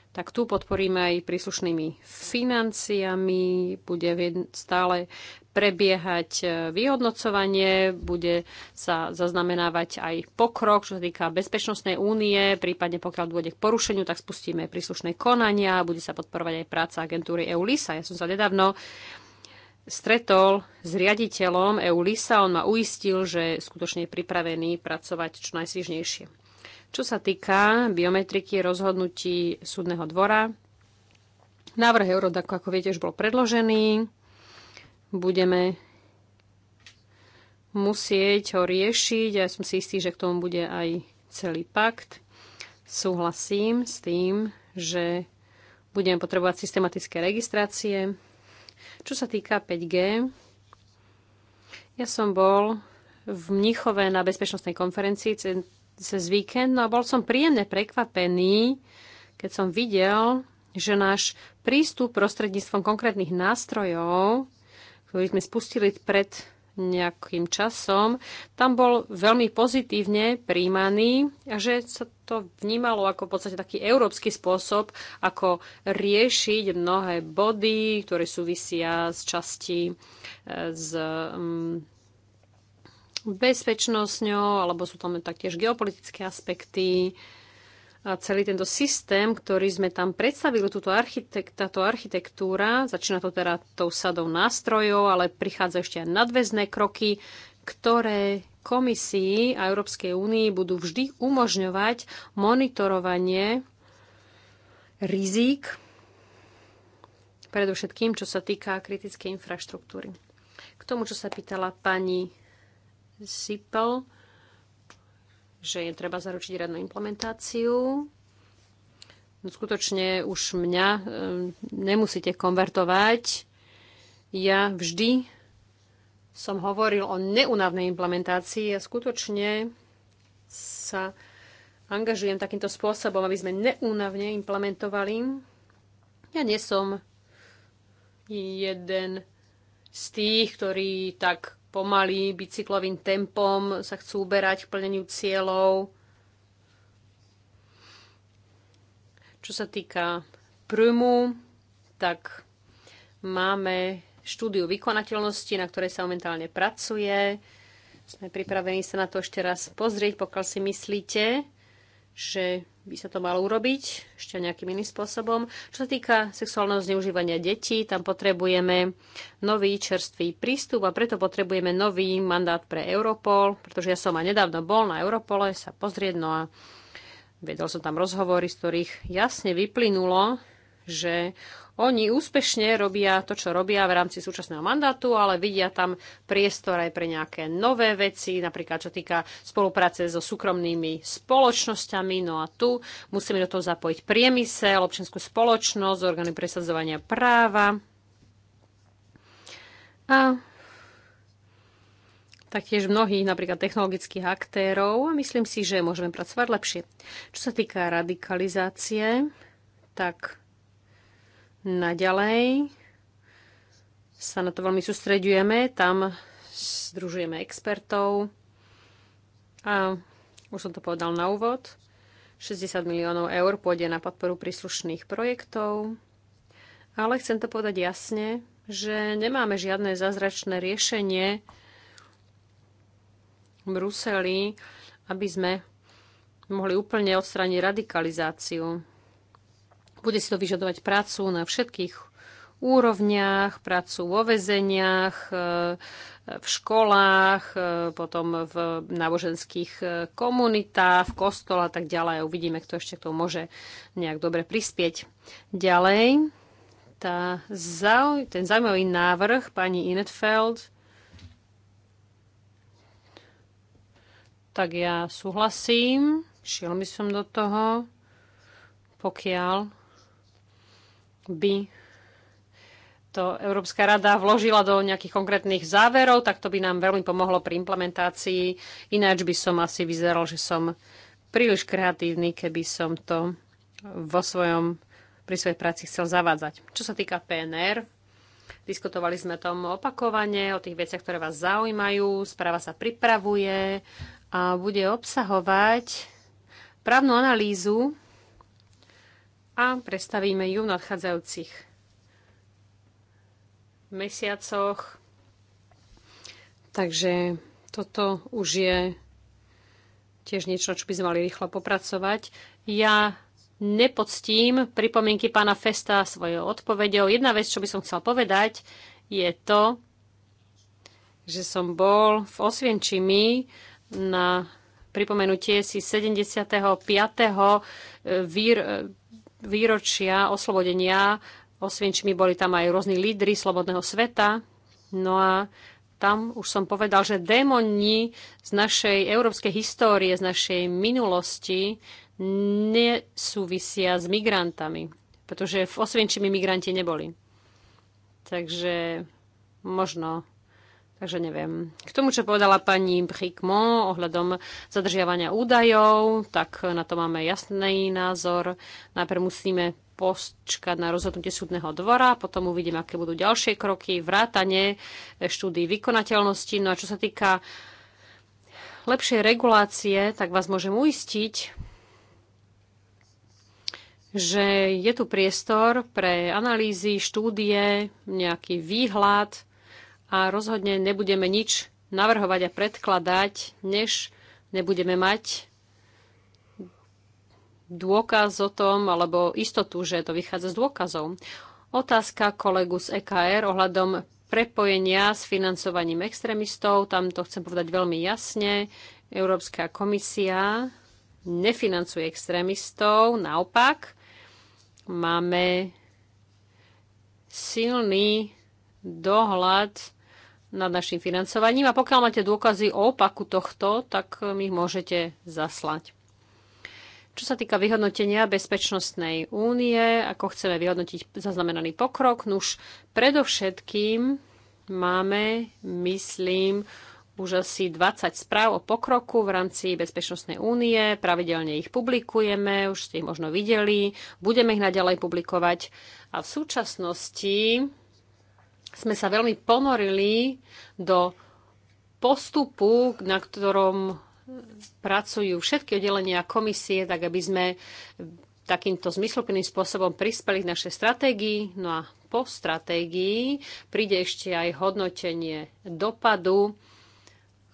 tak tu podporíme aj príslušnými financiami, bude stále prebiehať e, vyhodnocovanie, bude sa zaznamenávať aj pokrok, čo sa týka Bezpečnostnej únie, prípadne pokiaľ dôjde k porušeniu, tak spustíme príslušné konania, bude sa podporovať aj práca agentúry EULISA. Ja som sa nedávno stretol s riaditeľom EULISA, on ma uistil, že skutočne je pripravený pracovať čo najsvižnejšie. Čo sa týka biometriky rozhodnutí súdneho dvora, návrh Eurodaku, ako viete, už bol predložený. Budeme musieť ho riešiť. Ja som si istý, že k tomu bude aj celý pakt. Súhlasím s tým, že budeme potrebovať systematické registrácie. Čo sa týka 5G, ja som bol v Mnichove na bezpečnostnej konferencii cez víkend. No a bol som príjemne prekvapený, keď som videl, že náš prístup prostredníctvom konkrétnych nástrojov, ktorý sme spustili pred nejakým časom, tam bol veľmi pozitívne príjmaný a že sa to vnímalo ako v podstate taký európsky spôsob, ako riešiť mnohé body, ktoré súvisia z časti s eh, um, bezpečnosťou, alebo sú tam taktiež geopolitické aspekty. A celý tento systém, ktorý sme tam predstavili, túto architekt, táto architektúra, začína to teda tou sadou nástrojov, ale prichádza ešte aj nadväzné kroky, ktoré komisii a Európskej únii budú vždy umožňovať monitorovanie rizík, predovšetkým čo sa týka kritickej infraštruktúry. K tomu, čo sa pýtala pani SIPL, že je treba zaručiť radnú implementáciu. No skutočne už mňa e, nemusíte konvertovať. Ja vždy som hovoril o neunavnej implementácii a skutočne sa angažujem takýmto spôsobom, aby sme neúnavne implementovali. Ja nie som jeden z tých, ktorí tak pomaly, bicyklovým tempom sa chcú uberať k plneniu cieľov. Čo sa týka prúmu, tak máme štúdiu vykonateľnosti, na ktorej sa momentálne pracuje. Sme pripravení sa na to ešte raz pozrieť, pokiaľ si myslíte, že by sa to malo urobiť ešte nejakým iným spôsobom. Čo sa týka sexuálneho zneužívania detí, tam potrebujeme nový čerstvý prístup a preto potrebujeme nový mandát pre Europol, pretože ja som aj nedávno bol na Europole sa pozrieť, no a vedel som tam rozhovory, z ktorých jasne vyplynulo, že oni úspešne robia to, čo robia v rámci súčasného mandátu, ale vidia tam priestor aj pre nejaké nové veci, napríklad čo týka spolupráce so súkromnými spoločnosťami. No a tu musíme do toho zapojiť priemysel, občianskú spoločnosť, orgány presadzovania práva. A taktiež mnohých napríklad technologických aktérov a myslím si, že môžeme pracovať lepšie. Čo sa týka radikalizácie, tak Naďalej sa na to veľmi sústreďujeme, tam združujeme expertov a už som to povedal na úvod, 60 miliónov eur pôjde na podporu príslušných projektov, ale chcem to povedať jasne, že nemáme žiadne zázračné riešenie v Bruseli, aby sme mohli úplne odstrániť radikalizáciu. Bude si to vyžadovať prácu na všetkých úrovniach, prácu vo vezeniach, e, v školách, e, potom v náboženských e, komunitách, v kostole a tak ďalej. Uvidíme, kto ešte k tomu môže nejak dobre prispieť. Ďalej, tá zau, ten zaujímavý návrh pani Inetfeld, tak ja súhlasím, šiel by som do toho, pokiaľ by to Európska rada vložila do nejakých konkrétnych záverov, tak to by nám veľmi pomohlo pri implementácii. Ináč by som asi vyzeral, že som príliš kreatívny, keby som to vo svojom, pri svojej práci chcel zavádzať. Čo sa týka PNR, diskutovali sme tom opakovane o tých veciach, ktoré vás zaujímajú. Správa sa pripravuje a bude obsahovať právnu analýzu a predstavíme ju v nadchádzajúcich mesiacoch. Takže toto už je tiež niečo, čo by sme mali rýchlo popracovať. Ja nepoctím pripomienky pána Festa svojou odpovedou. Jedna vec, čo by som chcel povedať, je to, že som bol v Osvienčimi na pripomenutie si 75. Eh, Výr, výročia oslobodenia osvienčmi boli tam aj rôzni lídry slobodného sveta. No a tam už som povedal, že démoni z našej európskej histórie, z našej minulosti nesúvisia s migrantami, pretože v Osvienčimi migranti neboli. Takže možno Takže neviem. K tomu, čo povedala pani Brikmo ohľadom zadržiavania údajov, tak na to máme jasný názor. Najprv musíme počkať na rozhodnutie súdneho dvora, potom uvidíme, aké budú ďalšie kroky, vrátanie štúdí vykonateľnosti. No a čo sa týka lepšej regulácie, tak vás môžem uistiť, že je tu priestor pre analýzy, štúdie, nejaký výhľad, a rozhodne nebudeme nič navrhovať a predkladať, než nebudeme mať dôkaz o tom, alebo istotu, že to vychádza z dôkazov. Otázka kolegu z EKR ohľadom prepojenia s financovaním extrémistov. Tam to chcem povedať veľmi jasne. Európska komisia nefinancuje extrémistov, naopak máme silný dohľad nad našim financovaním a pokiaľ máte dôkazy o opaku tohto, tak mi ich môžete zaslať. Čo sa týka vyhodnotenia Bezpečnostnej únie, ako chceme vyhodnotiť zaznamenaný pokrok, nuž predovšetkým máme, myslím, už asi 20 správ o pokroku v rámci Bezpečnostnej únie. Pravidelne ich publikujeme, už ste ich možno videli. Budeme ich naďalej publikovať. A v súčasnosti sme sa veľmi ponorili do postupu, na ktorom pracujú všetky oddelenia komisie, tak aby sme takýmto zmysluplným spôsobom prispeli k našej stratégii. No a po stratégii príde ešte aj hodnotenie dopadu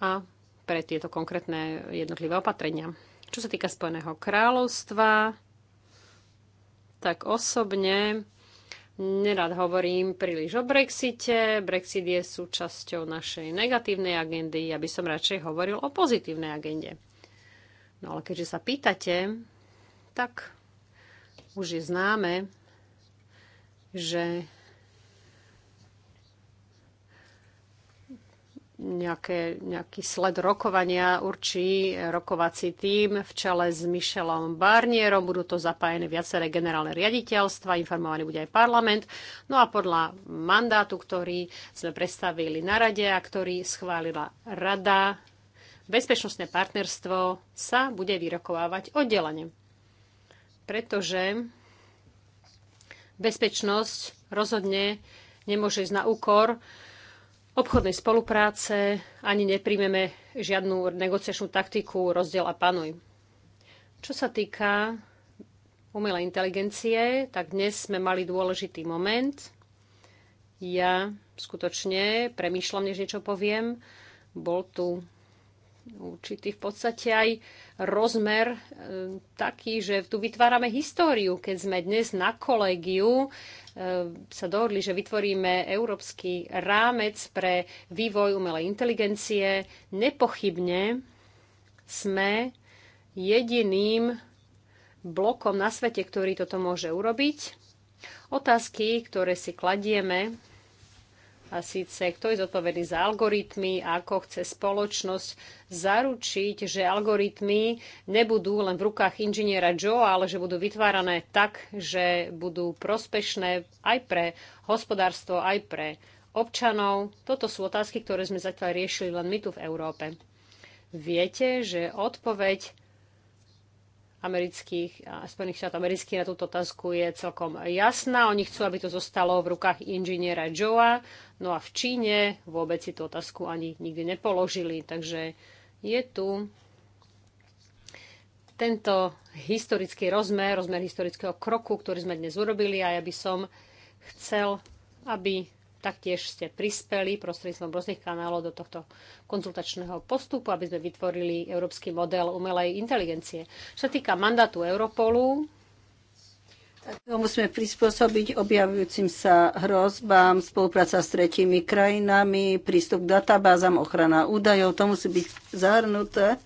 a pre tieto konkrétne jednotlivé opatrenia. Čo sa týka Spojeného kráľovstva, tak osobne Nerad hovorím príliš o Brexite. Brexit je súčasťou našej negatívnej agendy. Ja by som radšej hovoril o pozitívnej agende. No ale keďže sa pýtate, tak už je známe, že nejaké, nejaký sled rokovania určí rokovací tím v čele s Michelom Barnierom. Budú to zapájené viaceré generálne riaditeľstva, informovaný bude aj parlament. No a podľa mandátu, ktorý sme predstavili na rade a ktorý schválila rada, bezpečnostné partnerstvo sa bude vyrokovávať oddelenie. Pretože bezpečnosť rozhodne nemôže ísť na úkor obchodnej spolupráce, ani nepríjmeme žiadnu negociačnú taktiku rozdiel a panuj. Čo sa týka umelej inteligencie, tak dnes sme mali dôležitý moment. Ja skutočne premýšľam, než niečo poviem. Bol tu určitý v podstate aj rozmer e, taký, že tu vytvárame históriu, keď sme dnes na kolegiu e, sa dohodli, že vytvoríme európsky rámec pre vývoj umelej inteligencie. Nepochybne sme jediným blokom na svete, ktorý toto môže urobiť. Otázky, ktoré si kladieme, a síce kto je zodpovedný za algoritmy a ako chce spoločnosť zaručiť, že algoritmy nebudú len v rukách inžiniera Joe, ale že budú vytvárané tak, že budú prospešné aj pre hospodárstvo, aj pre občanov. Toto sú otázky, ktoré sme zatiaľ riešili len my tu v Európe. Viete, že odpoveď amerických, Spojených štátov amerických na túto otázku je celkom jasná. Oni chcú, aby to zostalo v rukách inžiniera Joa. No a v Číne vôbec si tú otázku ani nikdy nepoložili. Takže je tu tento historický rozmer, rozmer historického kroku, ktorý sme dnes urobili a ja by som chcel, aby taktiež ste prispeli prostredníctvom rôznych kanálov do tohto konzultačného postupu, aby sme vytvorili európsky model umelej inteligencie. Čo sa týka mandátu Europolu, to musíme prispôsobiť objavujúcim sa hrozbám, spolupráca s tretími krajinami, prístup k databázam, ochrana údajov, to musí byť zahrnuté.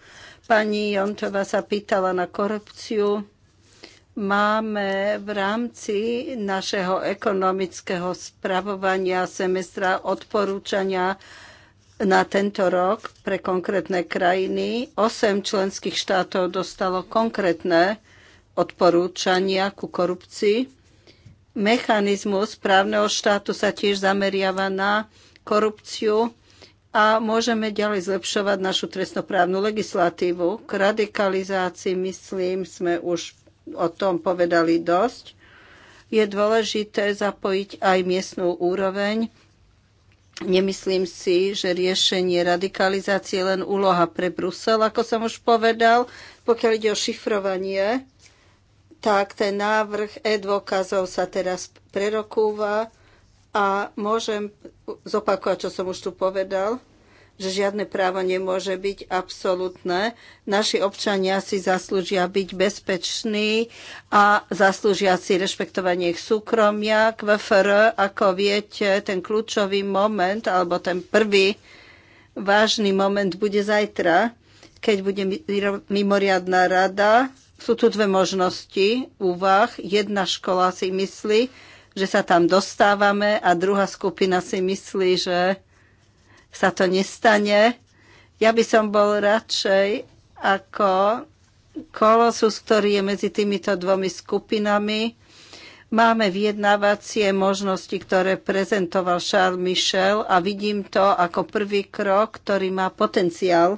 Pani Jončová sa pýtala na korupciu. Máme v rámci našeho ekonomického spravovania semestra odporúčania na tento rok pre konkrétne krajiny. Osem členských štátov dostalo konkrétne odporúčania ku korupcii. Mechanizmus právneho štátu sa tiež zameriava na korupciu a môžeme ďalej zlepšovať našu trestnoprávnu legislatívu. K radikalizácii, myslím, sme už o tom povedali dosť. Je dôležité zapojiť aj miestnú úroveň. Nemyslím si, že riešenie radikalizácie je len úloha pre Brusel, ako som už povedal. Pokiaľ ide o šifrovanie, tak ten návrh e-dôkazov sa teraz prerokúva a môžem zopakovať, čo som už tu povedal, že žiadne právo nemôže byť absolútne. Naši občania si zaslúžia byť bezpeční a zaslúžia si rešpektovanie ich súkromia. VFR, ako viete, ten kľúčový moment, alebo ten prvý vážny moment bude zajtra, keď bude mimoriadná rada sú tu dve možnosti úvah. Jedna škola si myslí, že sa tam dostávame a druhá skupina si myslí, že sa to nestane. Ja by som bol radšej ako kolosus, ktorý je medzi týmito dvomi skupinami. Máme vyjednávacie možnosti, ktoré prezentoval Charles Michel a vidím to ako prvý krok, ktorý má potenciál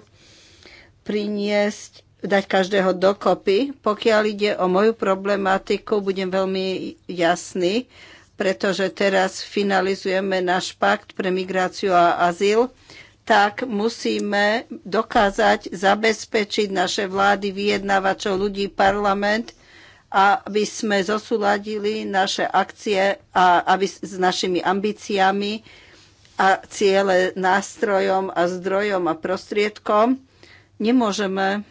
priniesť dať každého dokopy. Pokiaľ ide o moju problematiku, budem veľmi jasný, pretože teraz finalizujeme náš pakt pre migráciu a azyl, tak musíme dokázať zabezpečiť naše vlády, vyjednávačov, ľudí, parlament, aby sme zosúladili naše akcie a aby s našimi ambíciami a ciele nástrojom a zdrojom a prostriedkom. Nemôžeme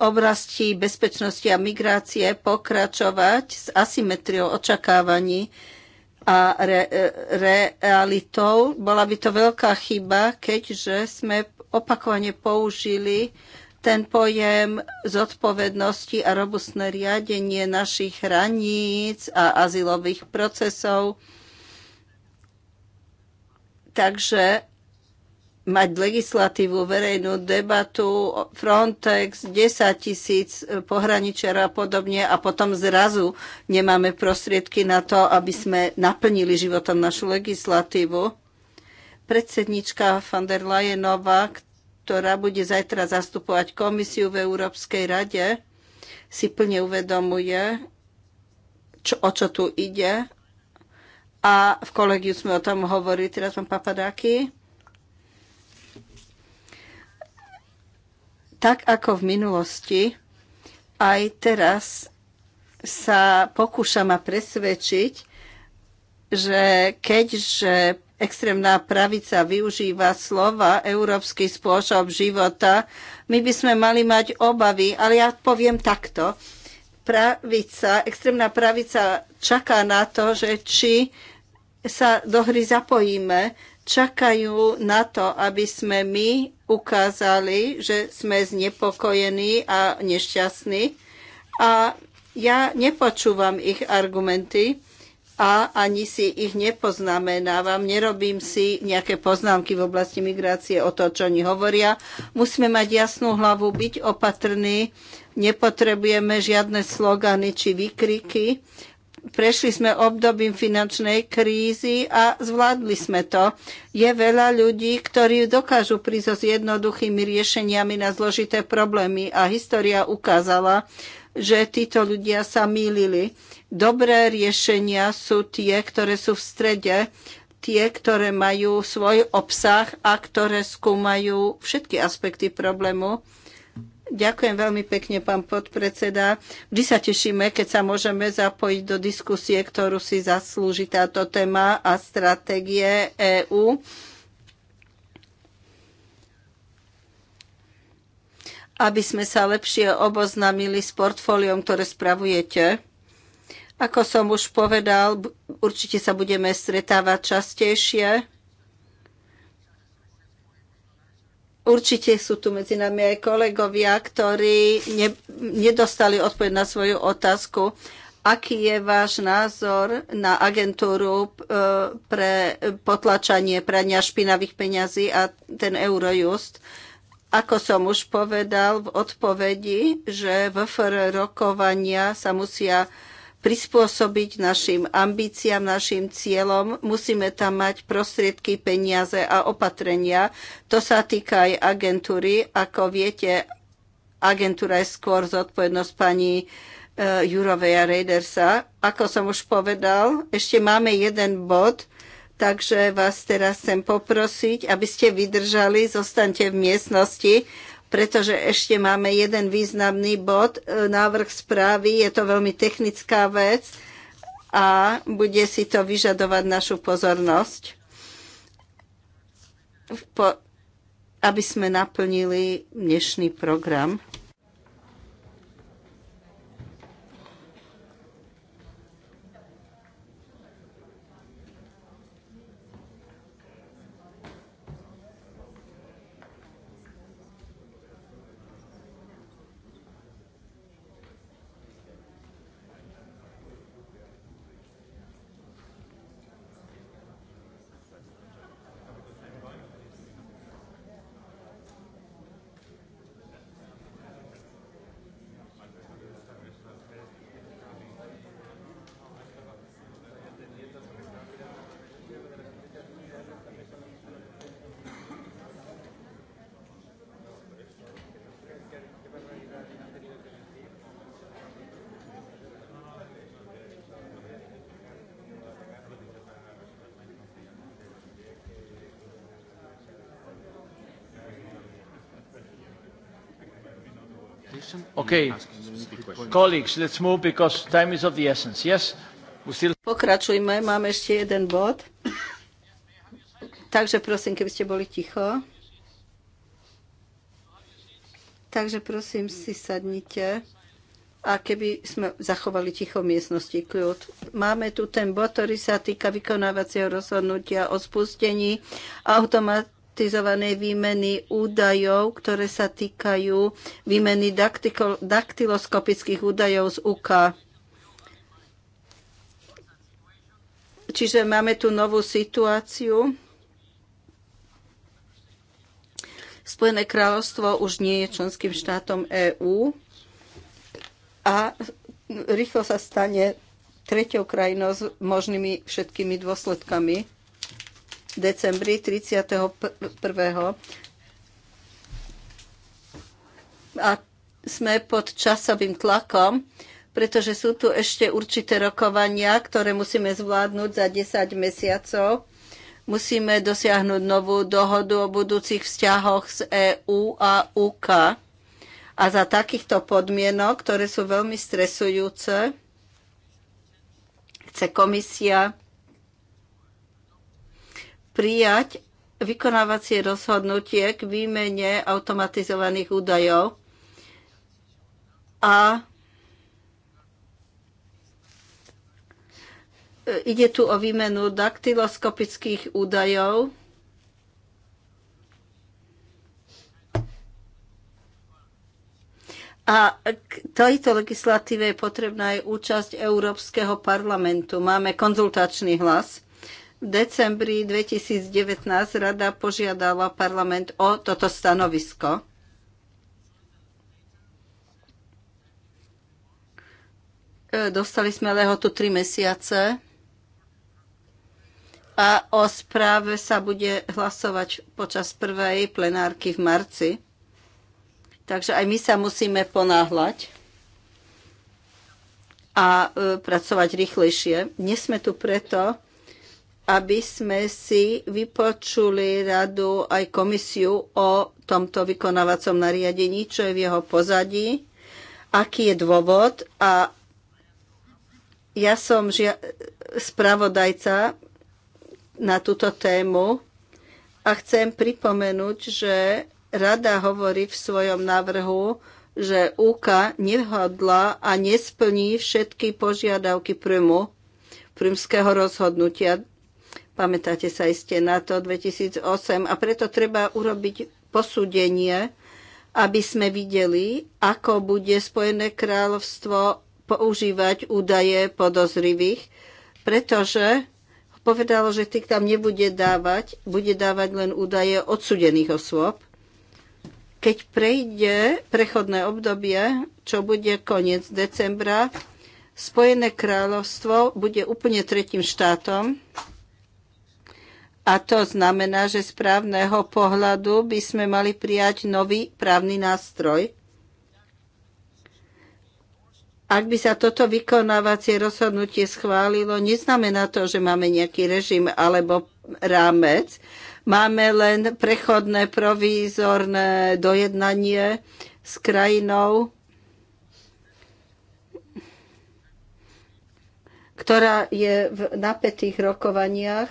oblasti bezpečnosti a migrácie pokračovať s asymetriou očakávaní a re, re, realitou. Bola by to veľká chyba, keďže sme opakovane použili ten pojem zodpovednosti a robustné riadenie našich hraníc a azylových procesov. Takže mať legislatívu, verejnú debatu, Frontex, 10 tisíc e, pohraničera a podobne a potom zrazu nemáme prostriedky na to, aby sme naplnili životom našu legislatívu. Predsednička van der Leyenová, ktorá bude zajtra zastupovať komisiu v Európskej rade, si plne uvedomuje, čo, o čo tu ide. A v kolegiu sme o tom hovorili, teraz mám Papadáky Tak ako v minulosti, aj teraz sa pokúša ma presvedčiť, že keďže extrémna pravica využíva slova európsky spôsob života, my by sme mali mať obavy, ale ja poviem takto. Pravica, extrémna pravica čaká na to, že či sa do hry zapojíme, čakajú na to, aby sme my ukázali, že sme znepokojení a nešťastní. A ja nepočúvam ich argumenty a ani si ich nepoznamenávam. Nerobím si nejaké poznámky v oblasti migrácie o to, čo oni hovoria. Musíme mať jasnú hlavu, byť opatrní. Nepotrebujeme žiadne slogany či výkriky prešli sme obdobím finančnej krízy a zvládli sme to. Je veľa ľudí, ktorí dokážu prísť s jednoduchými riešeniami na zložité problémy a história ukázala, že títo ľudia sa mýlili. Dobré riešenia sú tie, ktoré sú v strede, tie, ktoré majú svoj obsah a ktoré skúmajú všetky aspekty problému Ďakujem veľmi pekne, pán podpredseda. Vždy sa tešíme, keď sa môžeme zapojiť do diskusie, ktorú si zaslúži táto téma a stratégie EÚ. aby sme sa lepšie oboznámili s portfóliom, ktoré spravujete. Ako som už povedal, určite sa budeme stretávať častejšie Určite sú tu medzi nami aj kolegovia, ktorí ne, nedostali odpoveď na svoju otázku. Aký je váš názor na agentúru e, pre potlačanie prania špinavých peňazí a ten Eurojust? Ako som už povedal v odpovedi, že VFR rokovania sa musia prispôsobiť našim ambíciám, našim cieľom. Musíme tam mať prostriedky, peniaze a opatrenia. To sa týka aj agentúry. Ako viete, agentúra je skôr zodpovednosť pani e, Jurovej a Raidersa. Ako som už povedal, ešte máme jeden bod, takže vás teraz chcem poprosiť, aby ste vydržali, zostaňte v miestnosti pretože ešte máme jeden významný bod. E, návrh správy je to veľmi technická vec a bude si to vyžadovať našu pozornosť, aby sme naplnili dnešný program. Pokračujme, máme ešte jeden bod. Takže prosím, keby ste boli ticho. Takže prosím, si sadnite. A keby sme zachovali ticho miestnosti kľud. Máme tu ten bod, ktorý sa týka vykonávacieho rozhodnutia o spustení automat automatizovanej výmeny údajov, ktoré sa týkajú výmeny daktyloskopických údajov z UK. Čiže máme tu novú situáciu. Spojené kráľovstvo už nie je členským štátom EÚ a rýchlo sa stane treťou krajinou s možnými všetkými dôsledkami decembri 31. A sme pod časovým tlakom, pretože sú tu ešte určité rokovania, ktoré musíme zvládnuť za 10 mesiacov. Musíme dosiahnuť novú dohodu o budúcich vzťahoch z EU a UK. A za takýchto podmienok, ktoré sú veľmi stresujúce, chce komisia prijať vykonávacie rozhodnutie k výmene automatizovaných údajov a ide tu o výmenu daktyloskopických údajov A k tejto legislatíve je potrebná aj účasť Európskeho parlamentu. Máme konzultačný hlas. V decembri 2019 rada požiadala parlament o toto stanovisko. E, dostali sme lehotu 3 mesiace a o správe sa bude hlasovať počas prvej plenárky v marci. Takže aj my sa musíme ponáhľať a e, pracovať rýchlejšie. Dnes sme tu preto, aby sme si vypočuli radu aj komisiu o tomto vykonávacom nariadení, čo je v jeho pozadí, aký je dôvod a ja som žia- spravodajca na túto tému a chcem pripomenúť, že rada hovorí v svojom návrhu, že UK nehodla a nesplní všetky požiadavky prúmu prúmského rozhodnutia. Pamätáte sa iste na to 2008 a preto treba urobiť posúdenie, aby sme videli, ako bude Spojené kráľovstvo používať údaje podozrivých, pretože povedalo, že tých tam nebude dávať, bude dávať len údaje odsudených osôb. Keď prejde prechodné obdobie, čo bude koniec decembra, Spojené kráľovstvo bude úplne tretím štátom, a to znamená, že z právneho pohľadu by sme mali prijať nový právny nástroj. Ak by sa toto vykonávacie rozhodnutie schválilo, neznamená to, že máme nejaký režim alebo rámec. Máme len prechodné provízorné dojednanie s krajinou, ktorá je v napätých rokovaniach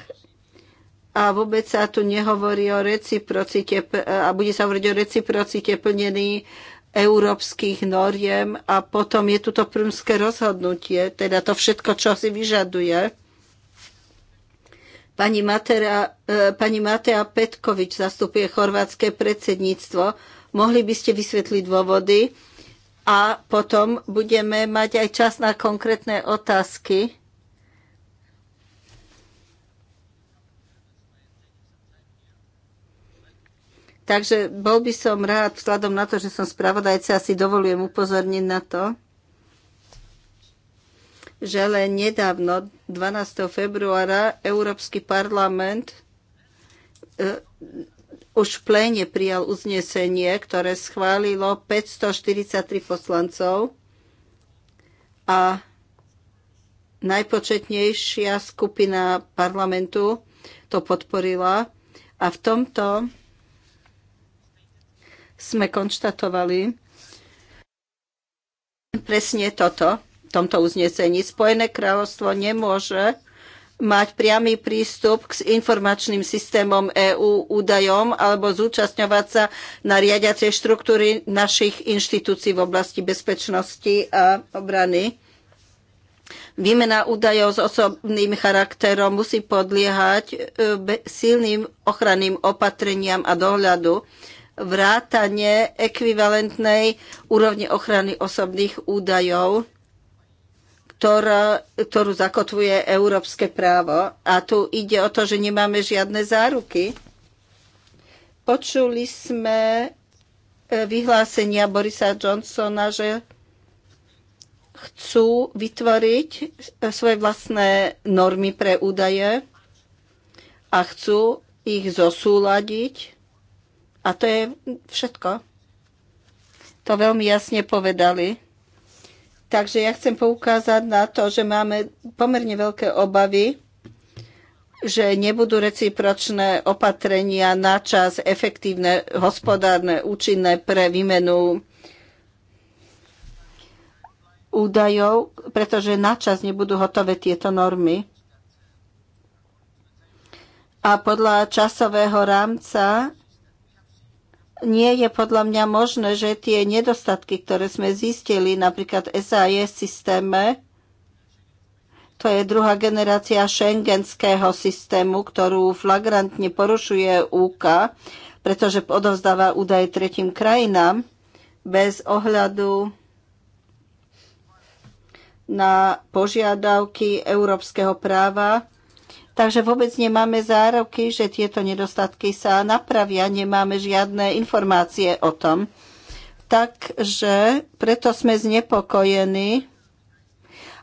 a vôbec sa tu nehovorí o reciprocite a bude sa hovoriť o reciprocite plnený európskych noriem a potom je tu to prúmské rozhodnutie, teda to všetko, čo si vyžaduje. Pani, Matera, e, pani Matea Petkovič zastupuje chorvátske predsedníctvo. Mohli by ste vysvetliť dôvody a potom budeme mať aj čas na konkrétne otázky. Takže bol by som rád, vzhľadom na to, že som spravodajca, asi dovolujem upozorniť na to, že len nedávno, 12. februára, Európsky parlament e, už v pléne prijal uznesenie, ktoré schválilo 543 poslancov a najpočetnejšia skupina parlamentu to podporila. A v tomto sme konštatovali presne toto v tomto uznesení. Spojené kráľovstvo nemôže mať priamy prístup k informačným systémom EÚ údajom alebo zúčastňovať sa na riadiace štruktúry našich inštitúcií v oblasti bezpečnosti a obrany. Výmena údajov s osobným charakterom musí podliehať e, silným ochranným opatreniam a dohľadu vrátane ekvivalentnej úrovne ochrany osobných údajov, ktorá, ktorú zakotvuje európske právo. A tu ide o to, že nemáme žiadne záruky. Počuli sme e, vyhlásenia Borisa Johnsona, že chcú vytvoriť e, svoje vlastné normy pre údaje a chcú ich zosúľadiť a to je všetko. To veľmi jasne povedali. Takže ja chcem poukázať na to, že máme pomerne veľké obavy, že nebudú recipročné opatrenia na čas efektívne, hospodárne, účinné pre výmenu údajov, pretože na čas nebudú hotové tieto normy. A podľa časového rámca nie je podľa mňa možné, že tie nedostatky, ktoré sme zistili napríklad SAS SIS e systéme, to je druhá generácia šengenského systému, ktorú flagrantne porušuje UK, pretože odovzdáva údaje tretím krajinám bez ohľadu na požiadavky európskeho práva Takže vôbec nemáme zároky, že tieto nedostatky sa napravia, nemáme žiadne informácie o tom. Takže preto sme znepokojení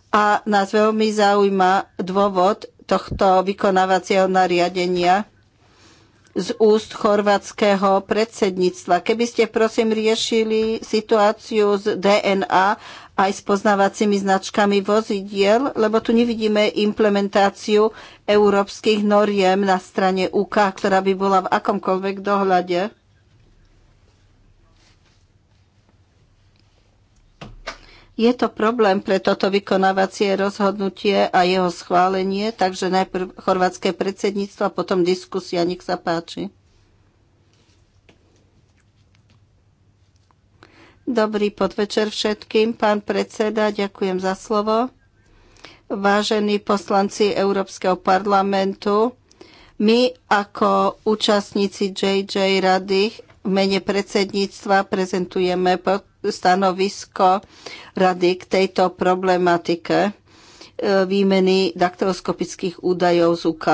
a nás veľmi zaujíma dôvod tohto vykonávacieho nariadenia z úst chorvátskeho predsedníctva. Keby ste prosím riešili situáciu s DNA aj s poznávacími značkami vozidiel, lebo tu nevidíme implementáciu európskych noriem na strane UK, ktorá by bola v akomkoľvek dohľade. Je to problém pre toto vykonávacie rozhodnutie a jeho schválenie, takže najprv chorvátske predsedníctvo a potom diskusia. Nech sa páči. Dobrý podvečer všetkým. Pán predseda, ďakujem za slovo. Vážení poslanci Európskeho parlamentu, my ako účastníci JJ Rady v mene predsedníctva prezentujeme stanovisko rady k tejto problematike e, výmeny daktyloskopických údajov z UK.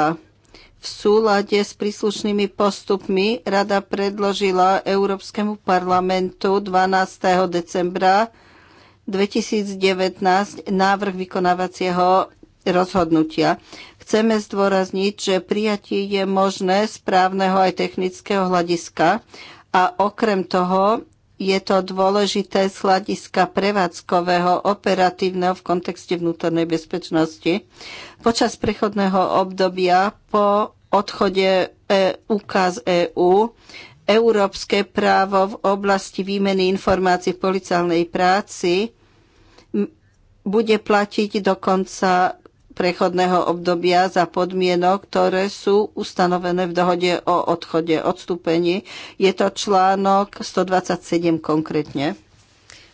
V súlade s príslušnými postupmi rada predložila Európskemu parlamentu 12. decembra 2019 návrh vykonávacieho rozhodnutia. Chceme zdôrazniť, že prijatie je možné z právneho aj technického hľadiska a okrem toho je to dôležité z hľadiska prevádzkového, operatívneho v kontexte vnútornej bezpečnosti. Počas prechodného obdobia po odchode e UK z EÚ EU, európske právo v oblasti výmeny informácií v policálnej práci bude platiť do konca prechodného obdobia za podmienok, ktoré sú ustanovené v dohode o odchode, odstúpení. Je to článok 127 konkrétne.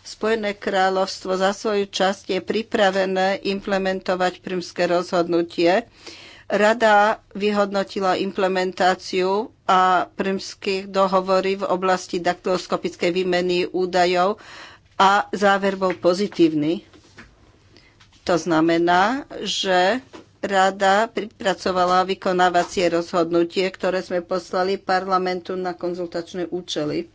Spojené kráľovstvo za svoju časť je pripravené implementovať prímske rozhodnutie. Rada vyhodnotila implementáciu a prímskych dohovory v oblasti daktyloskopickej výmeny údajov a záver bol pozitívny. To znamená, že rada pripracovala vykonávacie rozhodnutie, ktoré sme poslali parlamentu na konzultačné účely.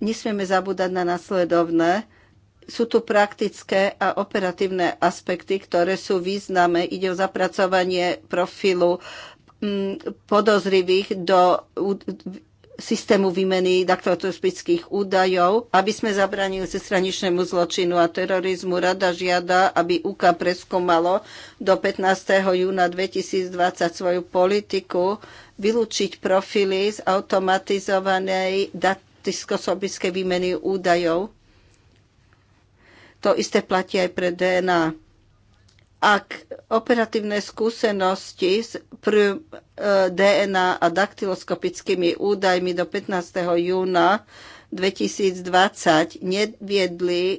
Nesmieme zabúdať na nasledovné. Sú tu praktické a operatívne aspekty, ktoré sú významné. Ide o zapracovanie profilu mm, podozrivých do systému výmeny daktiloskopických údajov, aby sme zabránili cestraničnému zločinu a terorizmu. Rada žiada, aby UK preskomalo do 15. júna 2020 svoju politiku vylúčiť profily z automatizovanej daktiloskopickej výmeny údajov. To isté platí aj pre DNA ak operatívne skúsenosti s pr- e, DNA a daktyloskopickými údajmi do 15. júna 2020 neviedli e,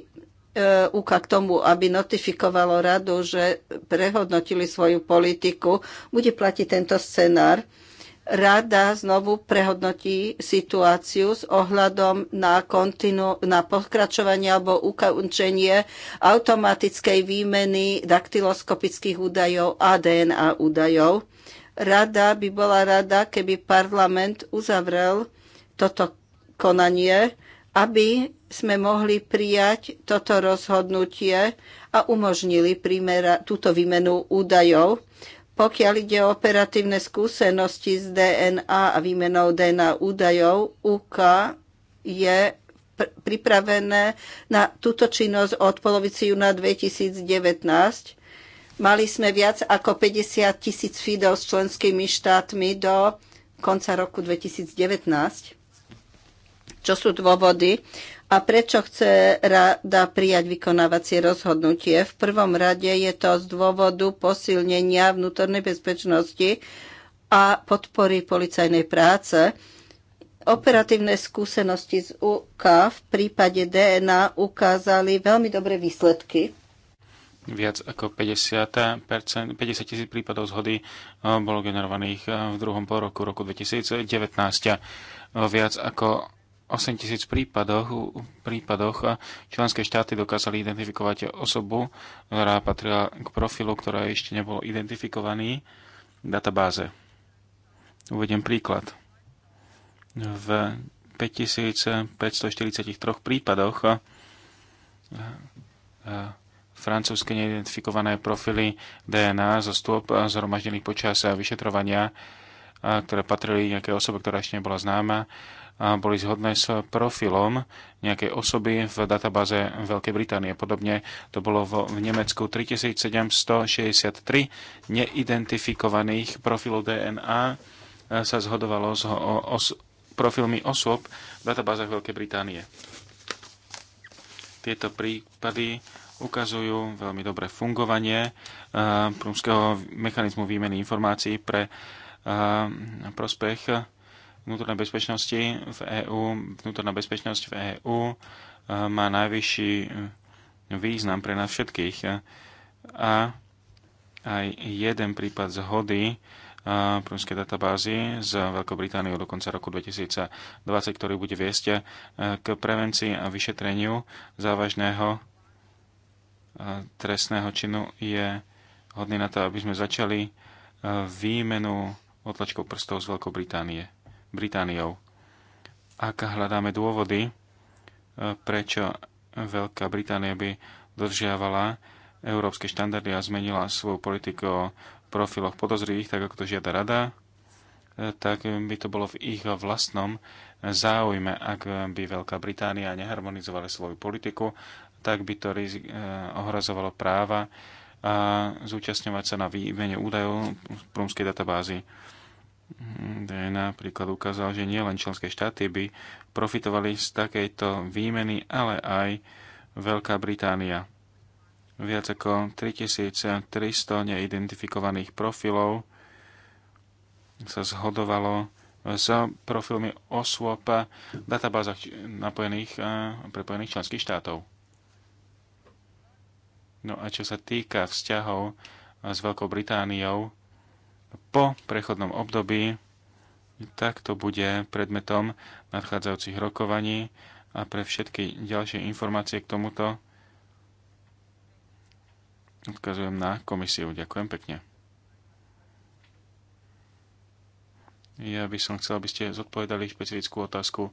úka k tomu, aby notifikovalo radu, že prehodnotili svoju politiku, bude platiť tento scenár. Rada znovu prehodnotí situáciu s ohľadom na, kontinu, na pokračovanie alebo ukončenie automatickej výmeny daktyloskopických údajov a DNA údajov. Rada by bola rada, keby parlament uzavrel toto konanie, aby sme mohli prijať toto rozhodnutie a umožnili primera, túto výmenu údajov pokiaľ ide o operatívne skúsenosti s DNA a výmenou DNA údajov, UK je pr- pripravené na túto činnosť od polovici júna 2019. Mali sme viac ako 50 tisíc feedov s členskými štátmi do konca roku 2019. Čo sú dôvody? A prečo chce rada prijať vykonávacie rozhodnutie? V prvom rade je to z dôvodu posilnenia vnútornej bezpečnosti a podpory policajnej práce. Operatívne skúsenosti z UK v prípade DNA ukázali veľmi dobré výsledky. Viac ako 50, 50 tisíc prípadov zhody eh, bolo generovaných eh, v druhom pol roku roku 2019. Eh, viac ako 8000 prípadoch, prípadoch členské štáty dokázali identifikovať osobu, ktorá patrila k profilu, ktorá ešte nebolo identifikovaný v databáze. Uvediem príklad. V 5543 prípadoch francúzske neidentifikované profily DNA zo stôp zhromaždených počas vyšetrovania, ktoré patrili nejaké osobe, ktorá ešte nebola známa, boli zhodné s profilom nejakej osoby v databáze Veľkej Británie. Podobne to bolo v, v Nemecku 3763 neidentifikovaných profilov DNA e, sa zhodovalo s os, profilmi osôb v databázach Veľkej Británie. Tieto prípady ukazujú veľmi dobré fungovanie e, prúmského mechanizmu výmeny informácií pre e, prospech vnútorné bezpečnosti v EÚ. Vnútorná bezpečnosť v EÚ eh, má najvyšší eh, význam pre nás všetkých. A aj jeden prípad zhody eh, prúnskej databázy z Veľkou Britániou do konca roku 2020, ktorý bude viesť k prevencii a vyšetreniu závažného trestného činu je hodný na to, aby sme začali výmenu otlačkou prstov z Veľkou Británie. Britániou. Ak hľadáme dôvody, e, prečo Veľká Británia by dodržiavala európske štandardy a zmenila svoju politiku o profiloch podozrivých, tak ako to žiada rada, e, tak by to bolo v ich vlastnom záujme, ak by Veľká Británia neharmonizovala svoju politiku, tak by to e, ohrazovalo práva a zúčastňovať sa na výmene údajov v prúmskej databázy. DNA príklad ukázal, že nielen členské štáty by profitovali z takejto výmeny, ale aj Veľká Británia. Viac ako 3300 neidentifikovaných profilov sa zhodovalo s profilmi osôb v databázach napojených a prepojených členských štátov. No a čo sa týka vzťahov s Veľkou Britániou, po prechodnom období, tak to bude predmetom nadchádzajúcich rokovaní a pre všetky ďalšie informácie k tomuto odkazujem na komisiu. Ďakujem pekne. Ja by som chcel, aby ste zodpovedali špecifickú otázku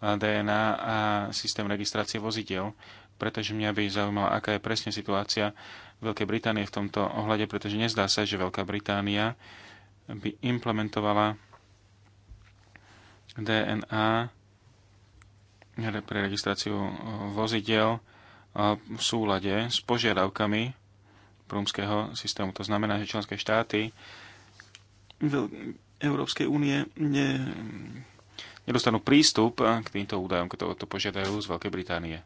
DNA a systém registrácie vozidel pretože mňa by zaujímala, aká je presne situácia Veľkej Británie v tomto ohľade, pretože nezdá sa, že Veľká Británia by implementovala DNA eh, pre registráciu eh, vozidel eh, v súlade s požiadavkami prúmského systému. To znamená, že členské štáty Európskej únie ne, nedostanú prístup k týmto údajom, ktoré to požiadajú z Veľkej Británie.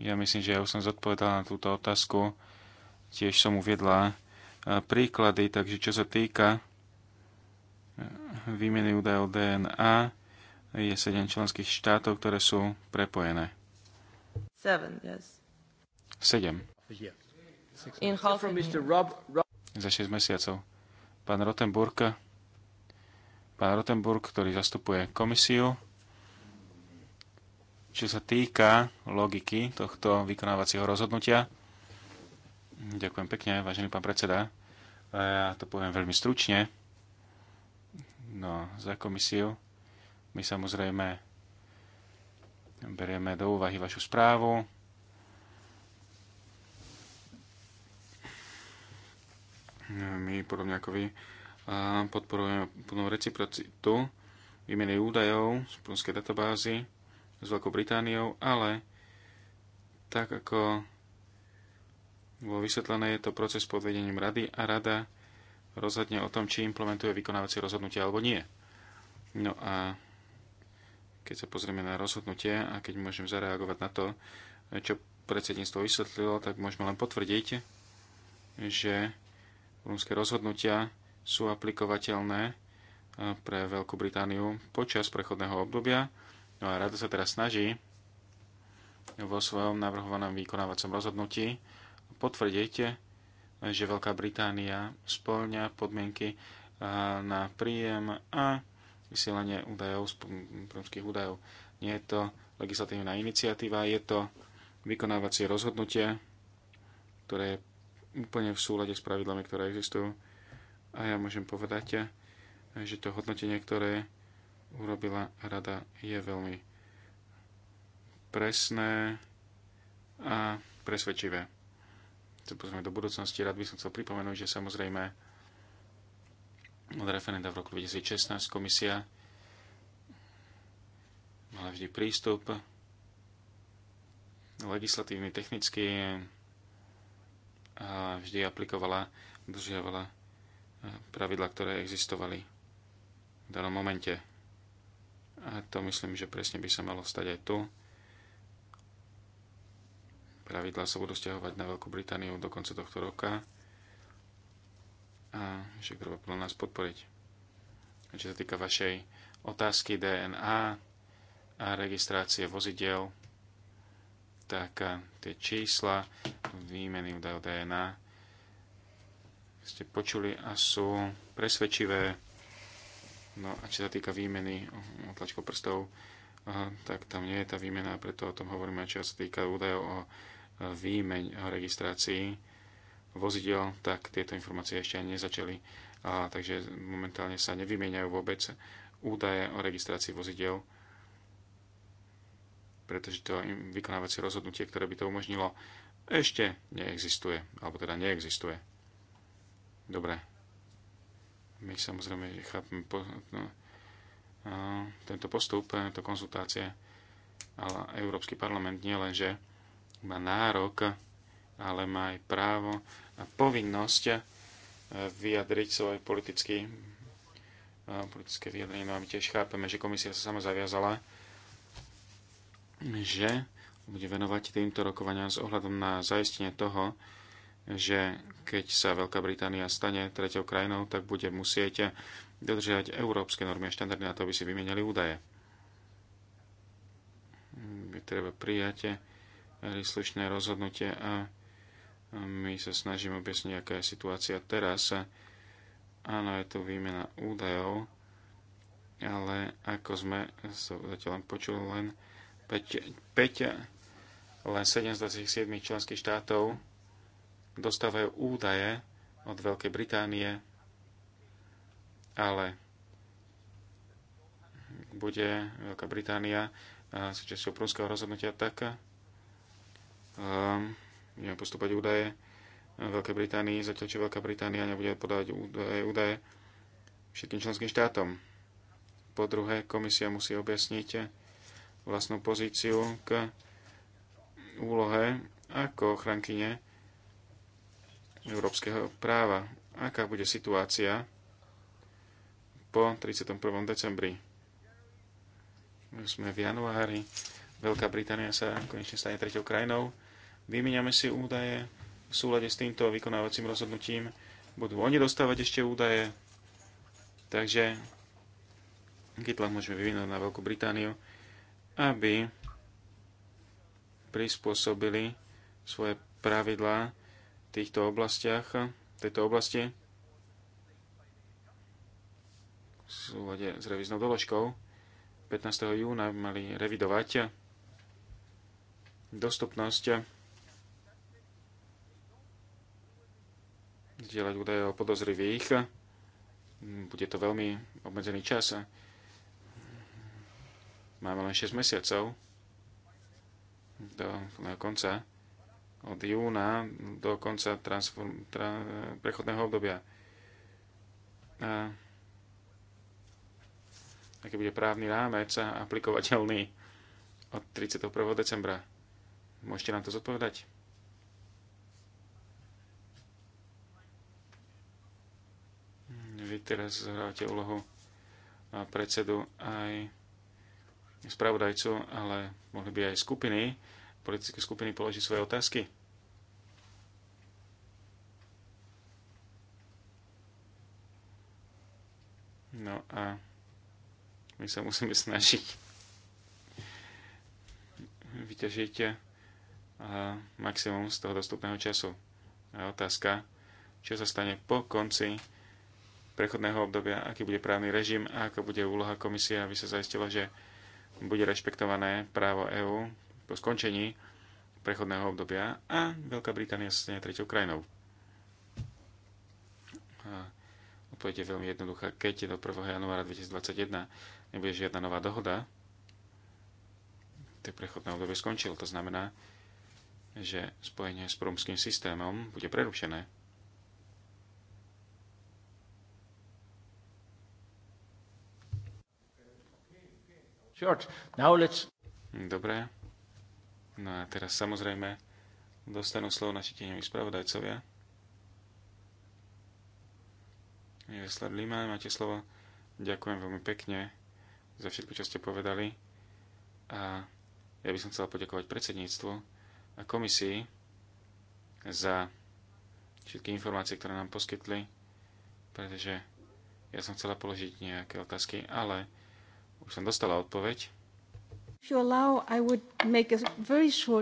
Ja myslím, že ja už som zodpovedala na túto otázku. Tiež som uviedla e, príklady, takže čo sa týka e, výmeny údajov DNA, je 7 členských štátov, ktoré sú prepojené. 7, yes. 7. Za 6 mesiacov. Pán Rotenburg, pán Rotenburg, ktorý zastupuje komisiu, čo sa týka logiky tohto vykonávacieho rozhodnutia. Ďakujem pekne, vážený pán predseda. Ja to poviem veľmi stručne. No, za komisiu my samozrejme berieme do úvahy vašu správu. My, podobne ako vy, podporujeme plnú reciprocitu výmeny údajov z plnskej databázy s Veľkou Britániou, ale tak ako bolo vysvetlené, je to proces pod vedením rady a rada rozhodne o tom, či implementuje vykonávacie rozhodnutie alebo nie. No a keď sa pozrieme na rozhodnutie a keď môžem zareagovať na to, čo predsedníctvo vysvetlilo, tak môžeme len potvrdiť, že rúmske rozhodnutia sú aplikovateľné eh, pre Veľkú Britániu počas prechodného obdobia No a rada sa teraz snaží vo svojom navrhovanom vykonávacom rozhodnutí potvrdiť, že Veľká Británia spĺňa podmienky na príjem a vysielanie údajov, príjemských údajov. Nie je to legislatívna iniciatíva, je to vykonávacie rozhodnutie, ktoré je úplne v súlade s pravidlami, ktoré existujú. A ja môžem povedať, že to hodnotenie, ktoré urobila rada, je veľmi presné a presvedčivé. To pozrieme do budúcnosti. Rád by som chcel pripomenúť, že samozrejme od referenda v roku 2016 komisia mala vždy prístup legislatívny, technický a vždy aplikovala, dodržiavala eh, pravidla, ktoré existovali v danom momente a to myslím, že presne by sa malo stať aj tu. Pravidlá sa budú stiahovať na Veľkú Britániu do konca tohto roka a že treba podľa nás podporiť. A čo sa týka vašej otázky DNA a registrácie vozidel, tak tie čísla výmeny údajov DNA ste počuli a sú presvedčivé No a čo sa týka výmeny mm, otlačkov prstov, tak tam nie je tá výmena, preto o tom hovoríme, čo sa týka údajov o e, výmeň, o registrácii vozidel, tak tieto informácie ešte ani nezačali. A, takže momentálne sa nevymieňajú vôbec údaje o registrácii vozidel, pretože to vykonávacie rozhodnutie, ktoré by to umožnilo, ešte neexistuje, alebo teda neexistuje. Dobre, my samozrejme chápeme po, no, tento postup, tento konzultácie, ale Európsky parlament nie len, že má nárok, ale má aj právo a povinnosť e, vyjadriť svoj politický, e, politické vyjadrenie. No a my tiež chápeme, že komisia sa sama zaviazala, že bude venovať týmto rokovaniam s ohľadom na zaistenie toho, že keď sa Veľká Británia stane tretou krajinou, tak bude musieť dodržiavať európske normy a štandardy na to, aby si vymenili údaje. Treba prijať príslušné rozhodnutie a my sa snažíme objasniť, aká je situácia teraz. Áno, je tu výmena údajov, ale ako sme zatiaľ len počuli, len 5, 5 len 7 z 27 členských štátov dostávajú údaje od Veľkej Británie, ale bude Veľká Británia súčasťou prúského rozhodnutia, tak um, budeme postupovať údaje Veľkej Británii, zatiaľ čo Veľká Británia nebude podávať údaje, údaje všetkým členským štátom. Po druhé, komisia musí objasniť vlastnú pozíciu k úlohe ako ochrankyne európskeho práva. Aká bude situácia po 31. decembri? Sme v januári. Veľká Británia sa konečne stane tretou krajinou. Vymieňame si údaje v súlade s týmto vykonávacím rozhodnutím. Budú oni dostávať ešte údaje. Takže kytlach môžeme vyvinúť na Veľkú Britániu, aby prispôsobili svoje pravidlá týchto oblastiach, tejto oblasti v súlade s revíznou doložkou 15. júna mali revidovať dostupnosť zdieľať údaje o podozrivých. Bude to veľmi obmedzený čas. Máme len 6 mesiacov do konca od júna do konca transform, tra, prechodného obdobia. A aký bude právny rámec a aplikovateľný od 31. decembra. Môžete nám to zodpovedať? Vy teraz hrávate úlohu predsedu aj spravodajcu, ale mohli by aj skupiny politické skupiny položí svoje otázky. No a my sa musíme snažiť vyťažiť eh, maximum z toho dostupného času. A otázka, čo sa stane po konci prechodného obdobia, aký bude právny režim a aká bude úloha komisie, aby sa zaistilo, že bude rešpektované právo EÚ po skončení prechodného obdobia a Veľká Británia sa stane treťou krajinou. A odpoveď je veľmi jednoduchá. Keď do 1. januára 2021 nebude žiadna nová dohoda, tak prechodné obdobie skončilo. To znamená, že spojenie s prúmským systémom bude prerušené. now let's... Dobre. No a teraz samozrejme dostanú slovo naši tieňoví spravodajcovia. Jesler Lima, máte slovo. Ďakujem veľmi pekne za všetko, čo ste povedali. A ja by som chcel poďakovať predsedníctvu a komisii za všetky informácie, ktoré nám poskytli, pretože ja som chcela položiť nejaké otázky, ale už som dostala odpoveď. Allow,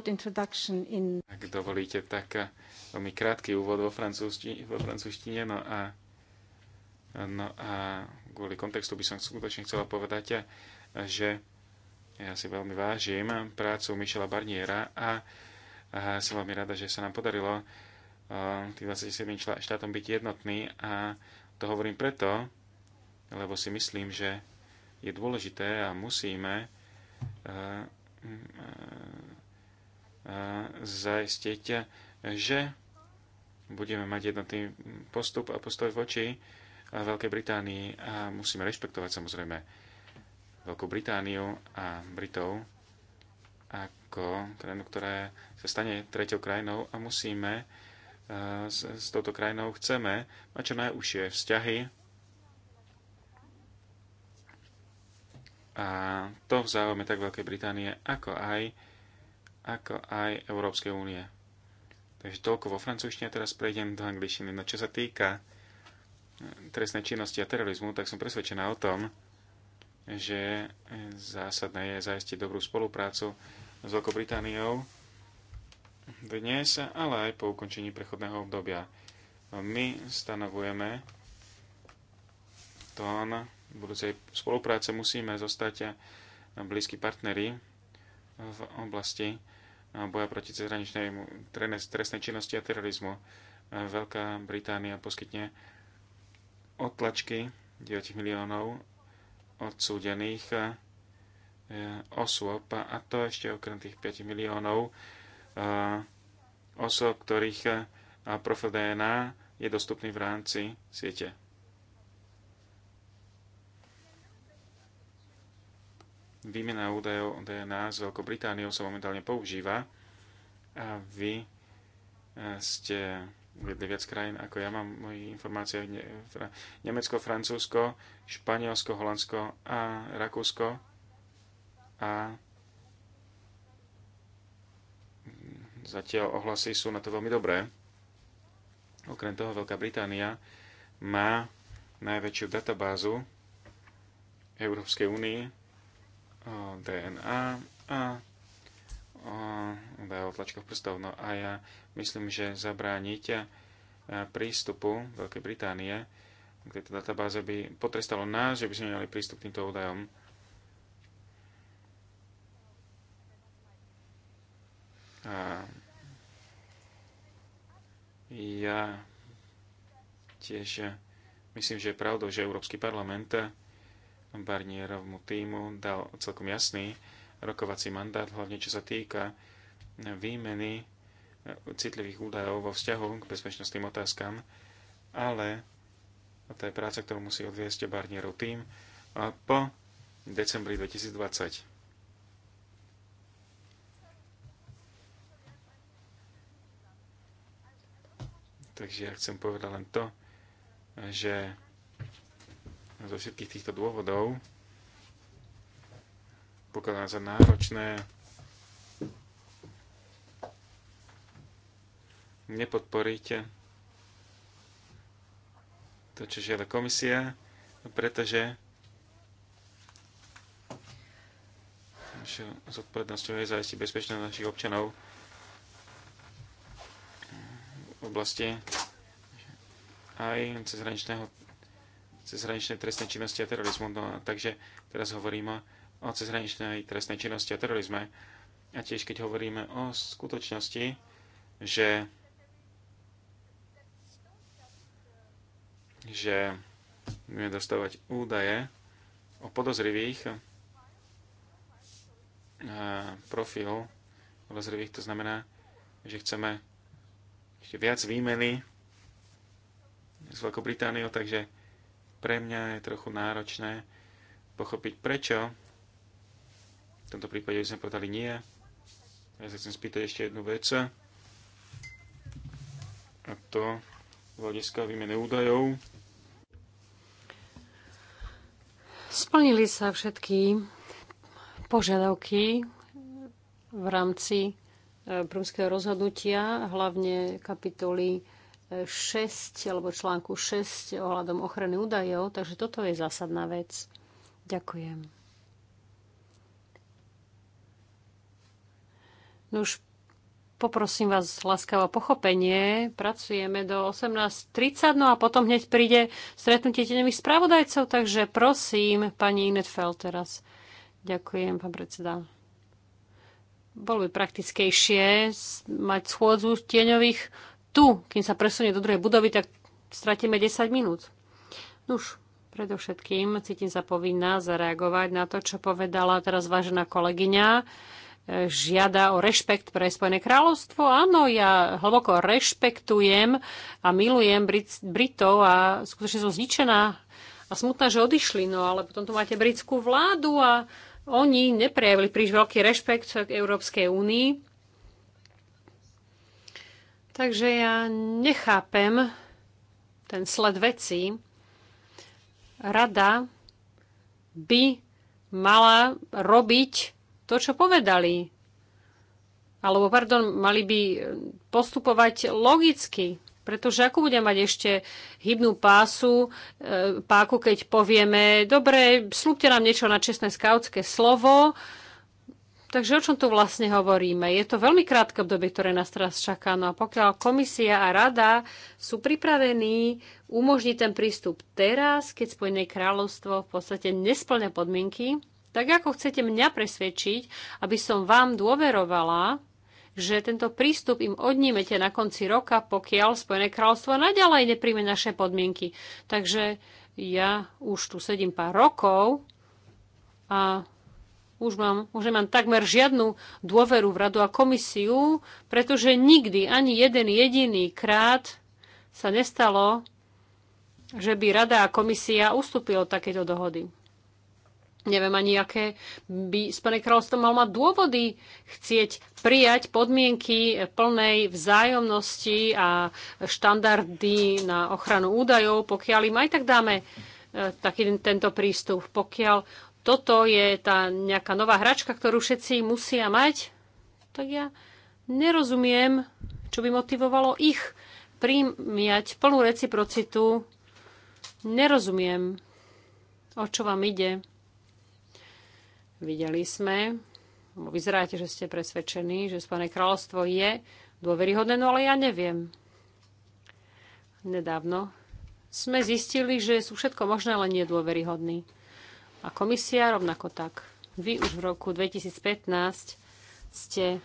in... Ak dovolíte, tak eh, veľmi krátky úvod vo, francúzštine, vo francúzštine. No a, no a kvôli kontextu by som skutočne chcela povedať, eh, že ja si veľmi vážim prácu Michela Barniera a, a som veľmi rada, že sa nám podarilo eh, tým 27 štátom byť jednotný a to hovorím preto, lebo si myslím, že je dôležité a musíme zaistiť, že budeme mať jednotný postup a postoj voči Veľkej Británii a musíme rešpektovať samozrejme Veľkú Britániu a Britov ako krajinu, ktorá sa stane treťou krajinou a musíme e, s, s touto krajinou chceme mať čo najúžšie vzťahy A to v záujme tak Veľkej Británie, ako aj, ako aj Európskej únie. Takže toľko vo francúzštine, teraz prejdem do angličtiny. No čo sa týka eh, trestnej činnosti a terorizmu, tak som presvedčená o tom, že zásadné je zajistiť dobrú spoluprácu s Veľkou Britániou dnes, ale aj po ukončení prechodného obdobia. No, my stanovujeme tón v budúcej spolupráce musíme zostať blízki partneri v oblasti boja proti cezhraničnej trestnej činnosti a terorizmu. Veľká Británia poskytne otlačky 9 miliónov odsúdených e, osôb a to ešte okrem tých 5 miliónov e, osôb, ktorých e, profil DNA je dostupný v rámci siete výmena údajov o DNA s Veľkou Britániou sa momentálne používa a vy e, ste viedli viac krajín, ako ja mám moje informácie, ne, teda Nemecko, Francúzsko, Španielsko, Holandsko a Rakúsko a zatiaľ ohlasy sú na to veľmi dobré. Okrem toho Veľká Británia má najväčšiu databázu Európskej únie DNA a o o tlačkoch prstov. No a ja myslím, že zabrániť e, prístupu Veľkej Británie k tejto databáze by potrestalo nás, že by sme mali prístup k týmto údajom. A ja tiež myslím, že je pravdou, že Európsky parlament Barnierovmu týmu dal celkom jasný rokovací mandát, hlavne čo sa týka výmeny eh, citlivých údajov vo vzťahu k bezpečnostným otázkam, ale to je práca, ktorú musí odviesť Barnierov tým eh, po decembri 2020. Takže ja chcem povedať len to, že zo všetkých týchto dôvodov pokladám za náročné nepodporíte to, čo žiada komisia, pretože našou zodpovednosťou je zajistiť bezpečnosť našich občanov v oblasti aj cezhraničného cezhraničnej trestnej činnosti a terorizmu. No, takže teraz hovoríme o cezhraničnej trestnej činnosti a terorizme. A tiež keď hovoríme o skutočnosti, že že budeme dostávať údaje o podozrivých e, profil podozrivých, to znamená, že chceme ešte viac výmeny s Veľkou Britániou, takže pre mňa je trochu náročné pochopiť prečo. V tomto prípade by sme povedali nie. Ja sa chcem spýtať ešte jednu vec. A to hľadiska výmene údajov. Splnili sa všetky požiadavky v rámci e, prvského rozhodnutia, hlavne kapitoly 6 alebo článku 6 ohľadom ochrany údajov, takže toto je zásadná vec. Ďakujem. No už poprosím vás láskavo pochopenie. Pracujeme do 18.30, no a potom hneď príde stretnutie tenových spravodajcov, takže prosím, pani Inetfeld teraz. Ďakujem, pán predseda bolo by praktickejšie mať schôdzu tieňových tu, kým sa presunie do druhej budovy, tak stratíme 10 minút. Nuž, predovšetkým cítim sa povinná zareagovať na to, čo povedala teraz vážená kolegyňa. E, žiada o rešpekt pre Spojené kráľovstvo. Áno, ja hlboko rešpektujem a milujem Brit- Britov a skutočne som zničená a smutná, že odišli, no ale potom tu máte britskú vládu a oni neprejavili príliš veľký rešpekt k Európskej únii. Takže ja nechápem ten sled vecí. Rada by mala robiť to, čo povedali. Alebo, pardon, mali by postupovať logicky. Pretože ako bude mať ešte hybnú pásu, e, páku, keď povieme, dobre, slúbte nám niečo na čestné skautské slovo, Takže o čom tu vlastne hovoríme? Je to veľmi krátke obdobie, ktoré nás teraz čaká. No a pokiaľ komisia a rada sú pripravení umožniť ten prístup teraz, keď Spojené kráľovstvo v podstate nesplňa podmienky, tak ako chcete mňa presvedčiť, aby som vám dôverovala, že tento prístup im odnímete na konci roka, pokiaľ Spojené kráľovstvo naďalej nepríjme naše podmienky. Takže ja už tu sedím pár rokov a už, mám, už nemám takmer žiadnu dôveru v radu a komisiu, pretože nikdy ani jeden jediný krát sa nestalo, že by rada a komisia ustúpili od takéto dohody. Neviem ani, aké by Spojené kráľovstvo mal mať dôvody chcieť prijať podmienky plnej vzájomnosti a štandardy na ochranu údajov, pokiaľ im aj tak dáme eh, taký tento prístup. Pokiaľ toto je tá nejaká nová hračka, ktorú všetci musia mať, tak ja nerozumiem, čo by motivovalo ich príjmiať plnú reciprocitu. Nerozumiem, o čo vám ide. Videli sme, vyzeráte, že ste presvedčení, že Spojené kráľovstvo je dôveryhodné, no ale ja neviem. Nedávno sme zistili, že sú všetko možné, ale nie dôveryhodní a komisia rovnako tak. Vy už v roku 2015 ste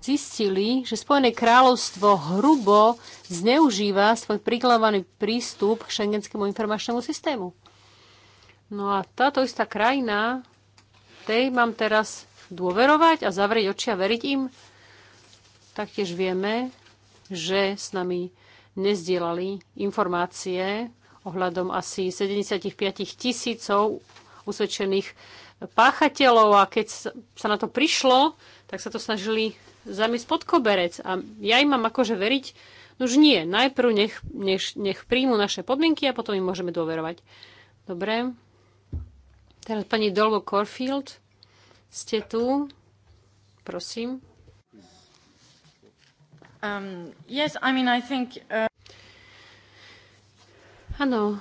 zistili, že Spojené kráľovstvo hrubo zneužíva svoj priklávaný prístup k šengenskému informačnému systému. No a táto istá krajina, tej mám teraz dôverovať a zavrieť oči a veriť im. Taktiež vieme, že s nami nezdielali informácie ohľadom asi 75 tisícov usvedčených páchateľov a keď sa na to prišlo, tak sa to snažili zamiesť pod koberec. A ja im mám akože veriť, no už nie, najprv nech, nech, nech príjmu naše podmienky a potom im môžeme dôverovať. Dobre. Teraz pani dolgo Corfield, ste tu, prosím. Um, yes, I mean, I think, uh... Áno,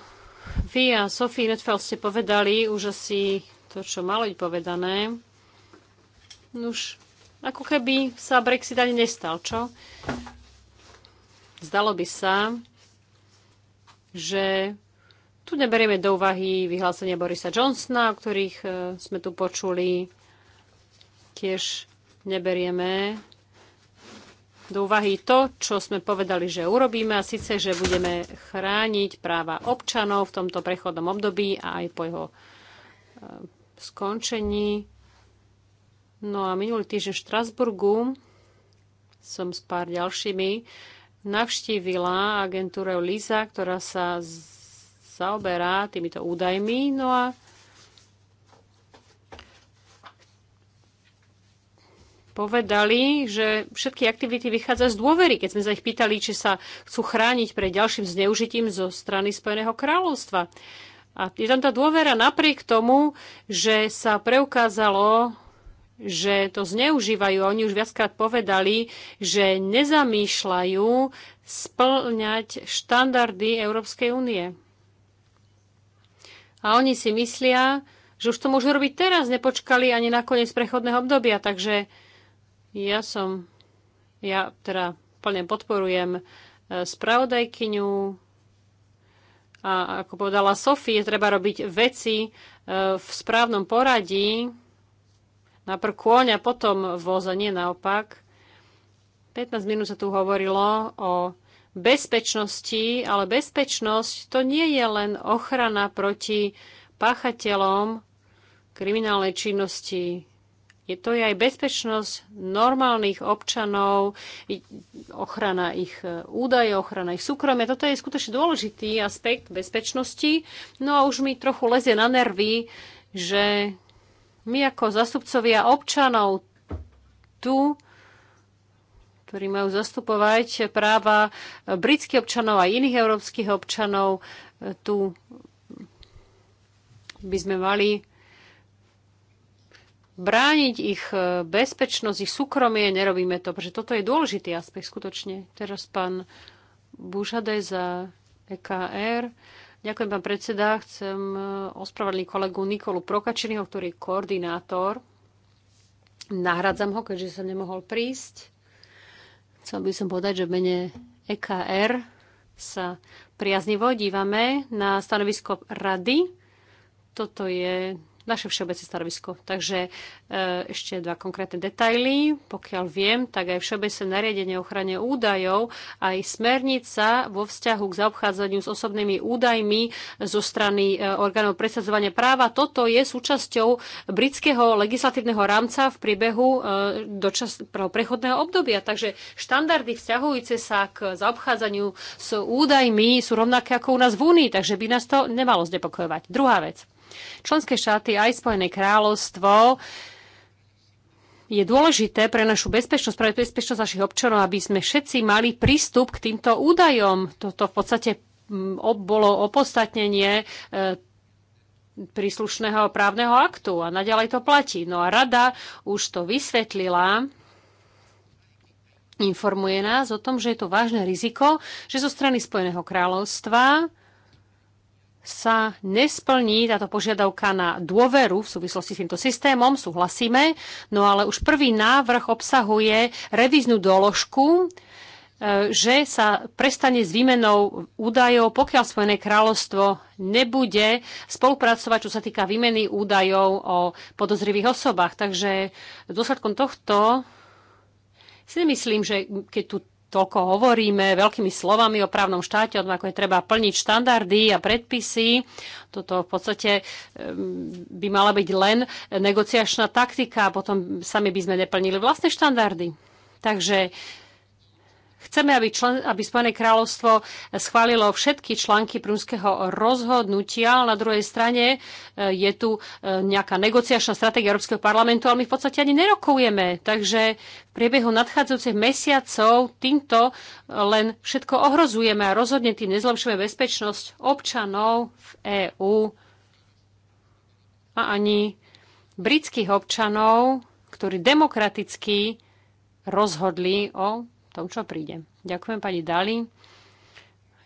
vy a Sophie Netfeld ste povedali už asi to, čo malo byť povedané. Už ako keby sa Brexit ani nestal, čo? Zdalo by sa, že tu neberieme do úvahy vyhlásenia Borisa Johnsona, o ktorých e, sme tu počuli. Tiež neberieme do úvahy to, čo sme povedali, že urobíme, a síce, že budeme chrániť práva občanov v tomto prechodnom období a aj po jeho e, skončení. No a minulý týždeň v Štrasburgu som s pár ďalšími navštívila agentúru LISA, ktorá sa zaoberá týmito údajmi. No a povedali, že všetky aktivity vychádzajú z dôvery, keď sme sa ich pýtali, či sa chcú chrániť pred ďalším zneužitím zo strany Spojeného kráľovstva. A je tam tá dôvera napriek tomu, že sa preukázalo, že to zneužívajú. Oni už viackrát povedali, že nezamýšľajú splňať štandardy Európskej únie. A oni si myslia, že už to môžu robiť teraz, nepočkali ani na koniec prechodného obdobia. Takže ja som, ja teda plne podporujem e, spravodajkyňu a ako povedala Sofie, treba robiť veci e, v správnom poradí, najprv kôň a potom voz a nie naopak. 15 minút sa tu hovorilo o bezpečnosti, ale bezpečnosť to nie je len ochrana proti páchateľom kriminálnej činnosti. Je to aj bezpečnosť normálnych občanov, ochrana ich e, údaje, ochrana ich súkromia. Toto je skutočne dôležitý aspekt bezpečnosti. No a už mi trochu lezie na nervy, že my ako zastupcovia občanov tu, ktorí majú zastupovať práva britských občanov a iných európskych občanov, e, tu by sme mali brániť ich e, bezpečnosť, ich súkromie, nerobíme to, pretože toto je dôležitý aspekt skutočne. Teraz pán Bužadej za EKR. Ďakujem, pán predseda. Chcem e, ospravedlniť kolegu Nikolu Prokačiniho, ktorý je koordinátor. Nahradzam ho, keďže som nemohol prísť. Chcel by som povedať, že mene EKR sa priaznivo dívame na stanovisko rady. Toto je naše všeobecné stanovisko. Takže e, ešte dva konkrétne detaily. Pokiaľ viem, tak aj všeobecné nariadenie ochrane údajov, aj smernica vo vzťahu k zaobchádzaniu s osobnými údajmi zo strany e, orgánov presadzovania práva. Toto je súčasťou britského legislatívneho rámca v priebehu e, dočas, prechodného obdobia. Takže štandardy vzťahujúce sa k zaobchádzaniu s údajmi sú rovnaké ako u nás v Únii, takže by nás to nemalo znepokojovať. Druhá vec Členské štáty aj Spojené kráľovstvo je dôležité pre našu bezpečnosť, pre bezpečnosť našich občanov, aby sme všetci mali prístup k týmto údajom. Toto v podstate bolo opodstatnenie e, príslušného právneho aktu a naďalej to platí. No a rada už to vysvetlila, informuje nás o tom, že je to vážne riziko, že zo strany Spojeného kráľovstva sa nesplní táto požiadavka na dôveru v súvislosti s týmto systémom, súhlasíme, no ale už prvý návrh obsahuje revíznu doložku, e, že sa prestane s výmenou údajov, pokiaľ Spojené kráľovstvo nebude spolupracovať, čo sa týka výmeny údajov o podozrivých osobách. Takže dôsledkom tohto si nemyslím, že keď tu toľko hovoríme veľkými slovami o právnom štáte, o tom, ako je treba plniť štandardy a predpisy. Toto v podstate by mala byť len negociačná taktika a potom sami by sme neplnili vlastné štandardy. Takže Chceme, aby, člen, aby Spojené kráľovstvo schválilo všetky články prúmského rozhodnutia, ale na druhej strane e, je tu e, nejaká negociačná stratégia Európskeho parlamentu, ale my v podstate ani nerokujeme. Takže v priebehu nadchádzajúcich mesiacov týmto len všetko ohrozujeme a rozhodne tým nezlepšujeme bezpečnosť občanov v EÚ a ani britských občanov, ktorí demokraticky rozhodli o tom, čo príde. Ďakujem pani Dali.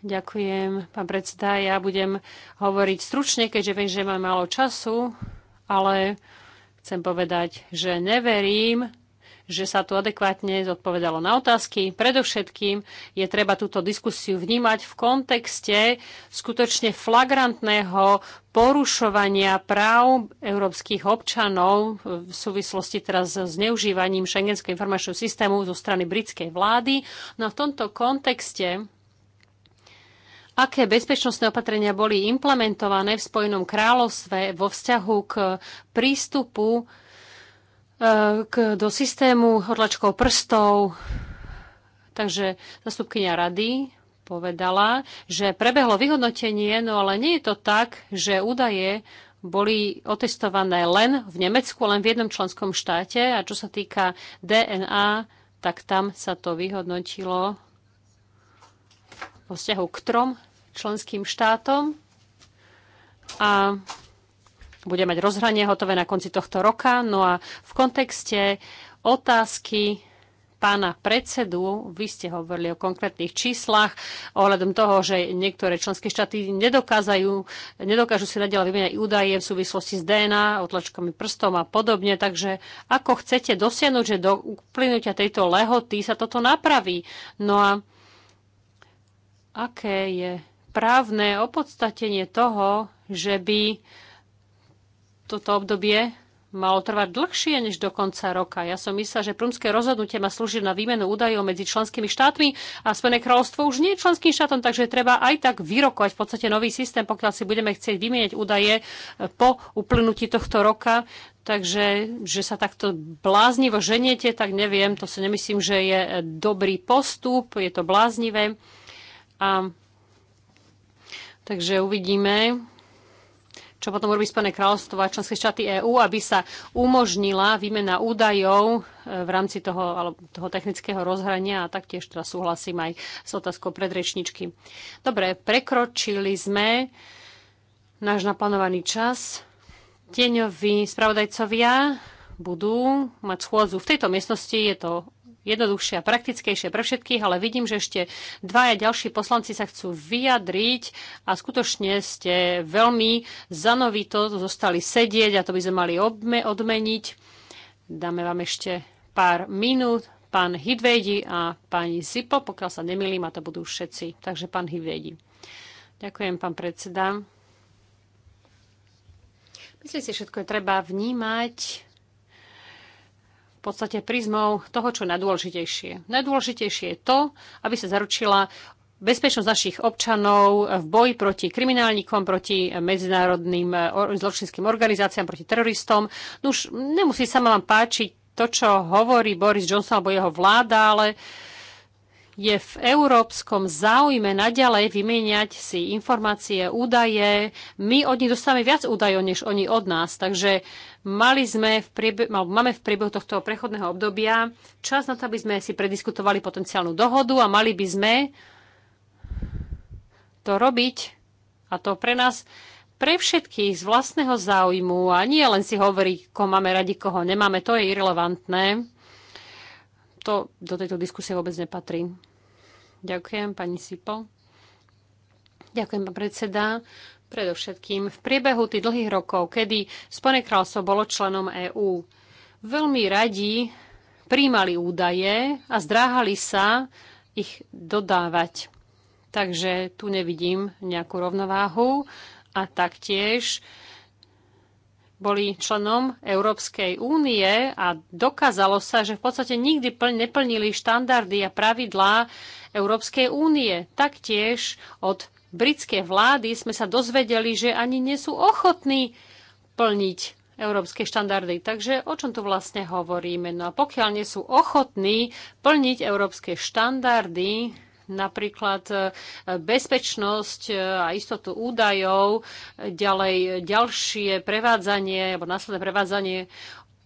Ďakujem, pán predseda. Ja budem hovoriť stručne, keďže viem, že mám málo času, ale chcem povedať, že neverím že sa tu adekvátne zodpovedalo na otázky. Predovšetkým je treba túto diskusiu vnímať v kontexte skutočne flagrantného porušovania práv európskych občanov v súvislosti teraz s zneužívaním šengenského informačného systému zo strany britskej vlády. No a v tomto kontexte aké bezpečnostné opatrenia boli implementované v Spojenom kráľovstve vo vzťahu k prístupu Eh, k, do systému horlačkou prstov. Takže zastupkynia rady povedala, že prebehlo vyhodnotenie, no ale nie je to tak, že údaje boli otestované len v Nemecku, len v jednom členskom štáte a čo sa týka DNA, tak tam sa to vyhodnotilo vo vzťahu k trom členským štátom. A bude mať rozhranie hotové na konci tohto roka. No a v kontexte otázky pána predsedu, vy ste hovorili o konkrétnych číslach ohľadom toho, že niektoré členské štáty nedokázajú, nedokážu si nadiaľ vymeniať údaje v súvislosti s DNA, otlačkami prstom a podobne. Takže ako chcete dosiahnuť, že do uplynutia tejto lehoty sa toto napraví? No a aké je právne opodstatenie toho, že by toto obdobie malo trvať dlhšie než do konca roka. Ja som myslela, že prúmske rozhodnutie má slúžiť na výmenu údajov medzi členskými štátmi a Spojené kráľovstvo už nie je členským štátom, takže treba aj tak vyrokovať v podstate nový systém, pokiaľ si budeme chcieť vymieňať údaje po uplynutí tohto roka. Takže, že sa takto bláznivo ženiete, tak neviem, to si nemyslím, že je dobrý postup, je to bláznivé. A, takže uvidíme, čo potom robí Spojené kráľovstvo a členské štáty EÚ, aby sa umožnila výmena údajov e, v rámci toho, alebo toho technického rozhrania a taktiež teda súhlasím aj s otázkou predrečničky. Dobre, prekročili sme náš naplánovaný čas. Tieňoví spravodajcovia budú mať schôdzu v tejto miestnosti, je to jednoduchšie a praktickejšie pre všetkých, ale vidím, že ešte dvaja ďalší poslanci sa chcú vyjadriť a skutočne ste veľmi zanovito zostali sedieť a to by sme mali obme- odmeniť. Dáme vám ešte pár minút. Pán Hidvedi a pani Zipo, pokiaľ sa nemilím, a to budú všetci. Takže pán Hidvedi. Ďakujem, pán predseda. Myslím si, všetko je treba vnímať v podstate prízmou toho, čo je najdôležitejšie. Najdôležitejšie je to, aby sa zaručila bezpečnosť našich občanov v boji proti kriminálnikom, proti medzinárodným zločinským organizáciám, proti teroristom. No už nemusí sa vám páčiť to, čo hovorí Boris Johnson alebo jeho vláda, ale je v európskom záujme naďalej vymieňať si informácie, údaje. My od nich dostávame viac údajov, než oni od nás. Takže mali sme v priebe- máme v priebehu tohto prechodného obdobia čas na to, aby sme si prediskutovali potenciálnu dohodu a mali by sme to robiť a to pre nás pre všetkých z vlastného záujmu a nie len si hovoriť, koho máme radi, koho nemáme, to je irrelevantné to do tejto diskusie vôbec nepatrí. Ďakujem, pani Sipo. Ďakujem, pán predseda. Predovšetkým v priebehu tých dlhých rokov, kedy Spojené kráľstvo bolo členom EÚ, veľmi radi príjmali údaje a zdráhali sa ich dodávať. Takže tu nevidím nejakú rovnováhu a taktiež boli členom Európskej únie a dokázalo sa, že v podstate nikdy neplnili štandardy a pravidlá Európskej únie. Taktiež od britskej vlády sme sa dozvedeli, že ani nie sú ochotní plniť európske štandardy. Takže o čom tu vlastne hovoríme? No a pokiaľ nie sú ochotní plniť európske štandardy, napríklad e, bezpečnosť e, a istotu údajov, ďalej ďalšie prevádzanie alebo následné prevádzanie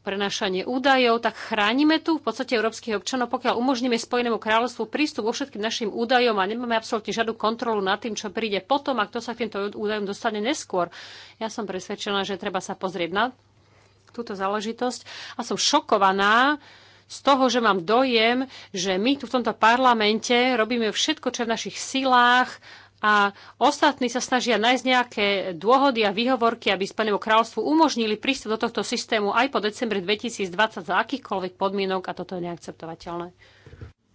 prenášanie údajov, tak chránime tu v podstate európskych občanov, pokiaľ umožníme Spojenému kráľovstvu prístup vo všetkým našim údajom a nemáme absolútne žiadnu kontrolu nad tým, čo príde potom a kto sa k týmto údajom dostane neskôr. Ja som presvedčená, že treba sa pozrieť na túto záležitosť a som šokovaná, z toho, že mám dojem, že my tu v tomto parlamente robíme všetko, čo je v našich silách a ostatní sa snažia nájsť nejaké dôhody a výhovorky, aby Spojenému kráľovstvu umožnili prístup do tohto systému aj po decembri 2020 za akýchkoľvek podmienok a toto je neakceptovateľné.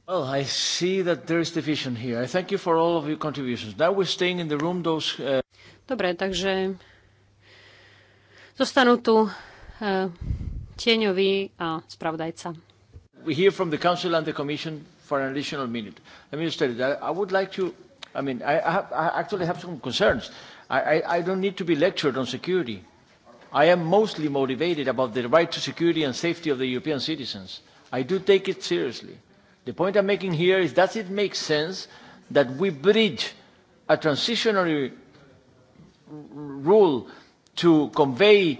Well, I see that there is division here. I thank you for all of your contributions. Now we're staying in the room those... Uh... Dobre, takže zostanú tu uh, tieňový a spravodajca we hear from the Council and the Commission for an additional minute. Let me just tell you that I would like to, I mean, I, I, have, I actually have some concerns. I, I, I don't need to be lectured on security. I am mostly motivated about the right to security and safety of the European citizens. I do take it seriously. The point I'm making here is does it make sense that we bridge a transitionary rule to convey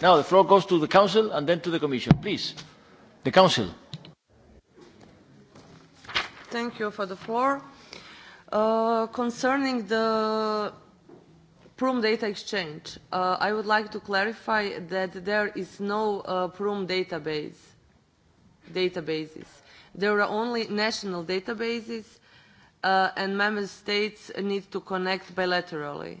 Now the floor goes to the Council and then to the Commission. Please, the Council. Thank you for the floor. Uh, concerning the Prum data exchange, uh, I would like to clarify that there is no uh, Prum database, databases. There are only national databases uh, and member states need to connect bilaterally.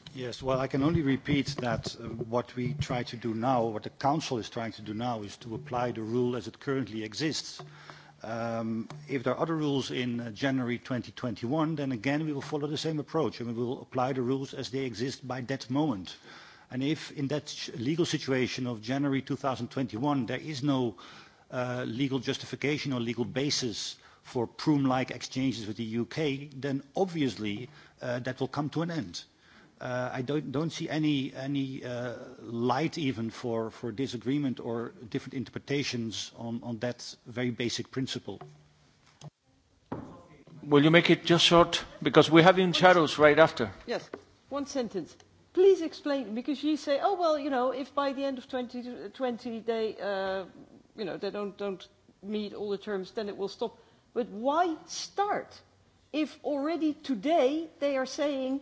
Yes, well, I can only repeat that uh, what we try to do now, what the Council is trying to do now, is to apply the rule as it currently exists. Um, if there are other rules in uh, January 2021, then again we will follow the same approach and we will apply the rules as they exist by that moment. And if in that legal situation of January 2021 there is no uh, legal justification or legal basis for Prüm-like exchanges with the UK, then obviously uh, that will come to an end uh, I don't, don't see any, any uh, light even for, for disagreement or different interpretations on, on that very basic principle. Will you make it just short? Because we have in shadows right after. Yes, one sentence. Please explain, because you say, oh, well, you know, if by the end of 2020 they, uh, you know, they don't, don't meet all the terms, then it will stop. But why start if already today they are saying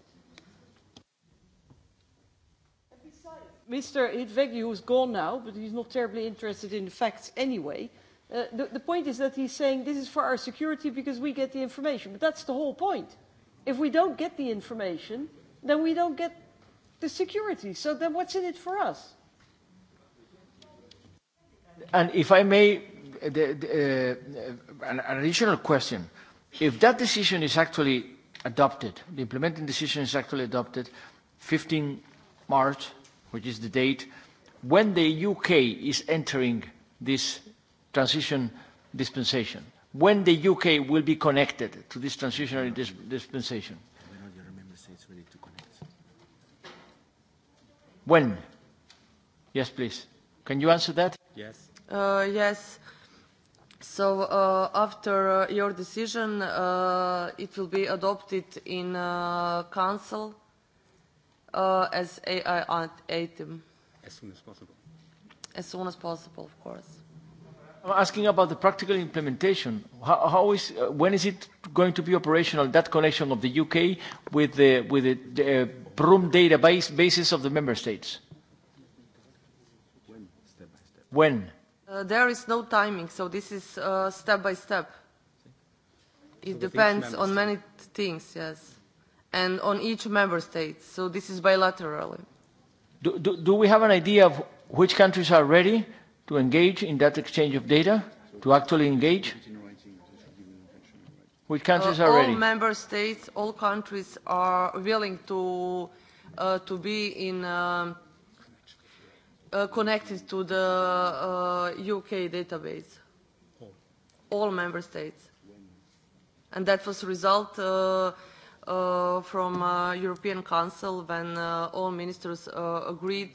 Mr. Hidvegi, who's gone now, but he's not terribly interested in the facts anyway, uh, the, the point is that he's saying this is for our security because we get the information. But that's the whole point. If we don't get the information, then we don't get the security. So then what's in it for us? And if I may, uh, the, the, uh, an, an additional question. If that decision is actually adopted, the implementing decision is actually adopted 15 March which is the date when the UK is entering this transition dispensation, when the UK will be connected to this transitional dis dispensation. When? Yes, please. Can you answer that? Yes. Uh, yes. So uh, after uh, your decision, uh, it will be adopted in uh, Council uh, as AI item? As soon as possible. As soon as possible, of course. I'm asking about the practical implementation. How, how is, uh, when is it going to be operational, that connection of the UK with the, with the, the uh, PRUM database basis of the member states? When? Step by step. When? Uh, there is no timing, so this is uh, step by step. It so depends on many things, yes and on each member state. So this is bilaterally. Do, do, do we have an idea of which countries are ready to engage in that exchange of data, to actually engage? Which countries uh, are all ready? All member states, all countries are willing to, uh, to be in, um, uh, connected to the uh, UK database. Oh. All member states. And that was result uh, uh, from uh, European Council when uh, all ministers uh, agreed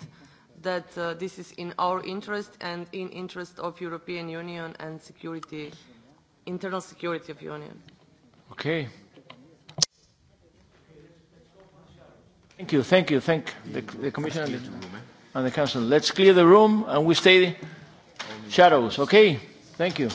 that uh, this is in our interest and in interest of European Union and security, internal security of Union. Okay. Thank you, thank you, thank the, the Commission and the, and the Council. Let's clear the room and we stay shadows, okay? Thank you.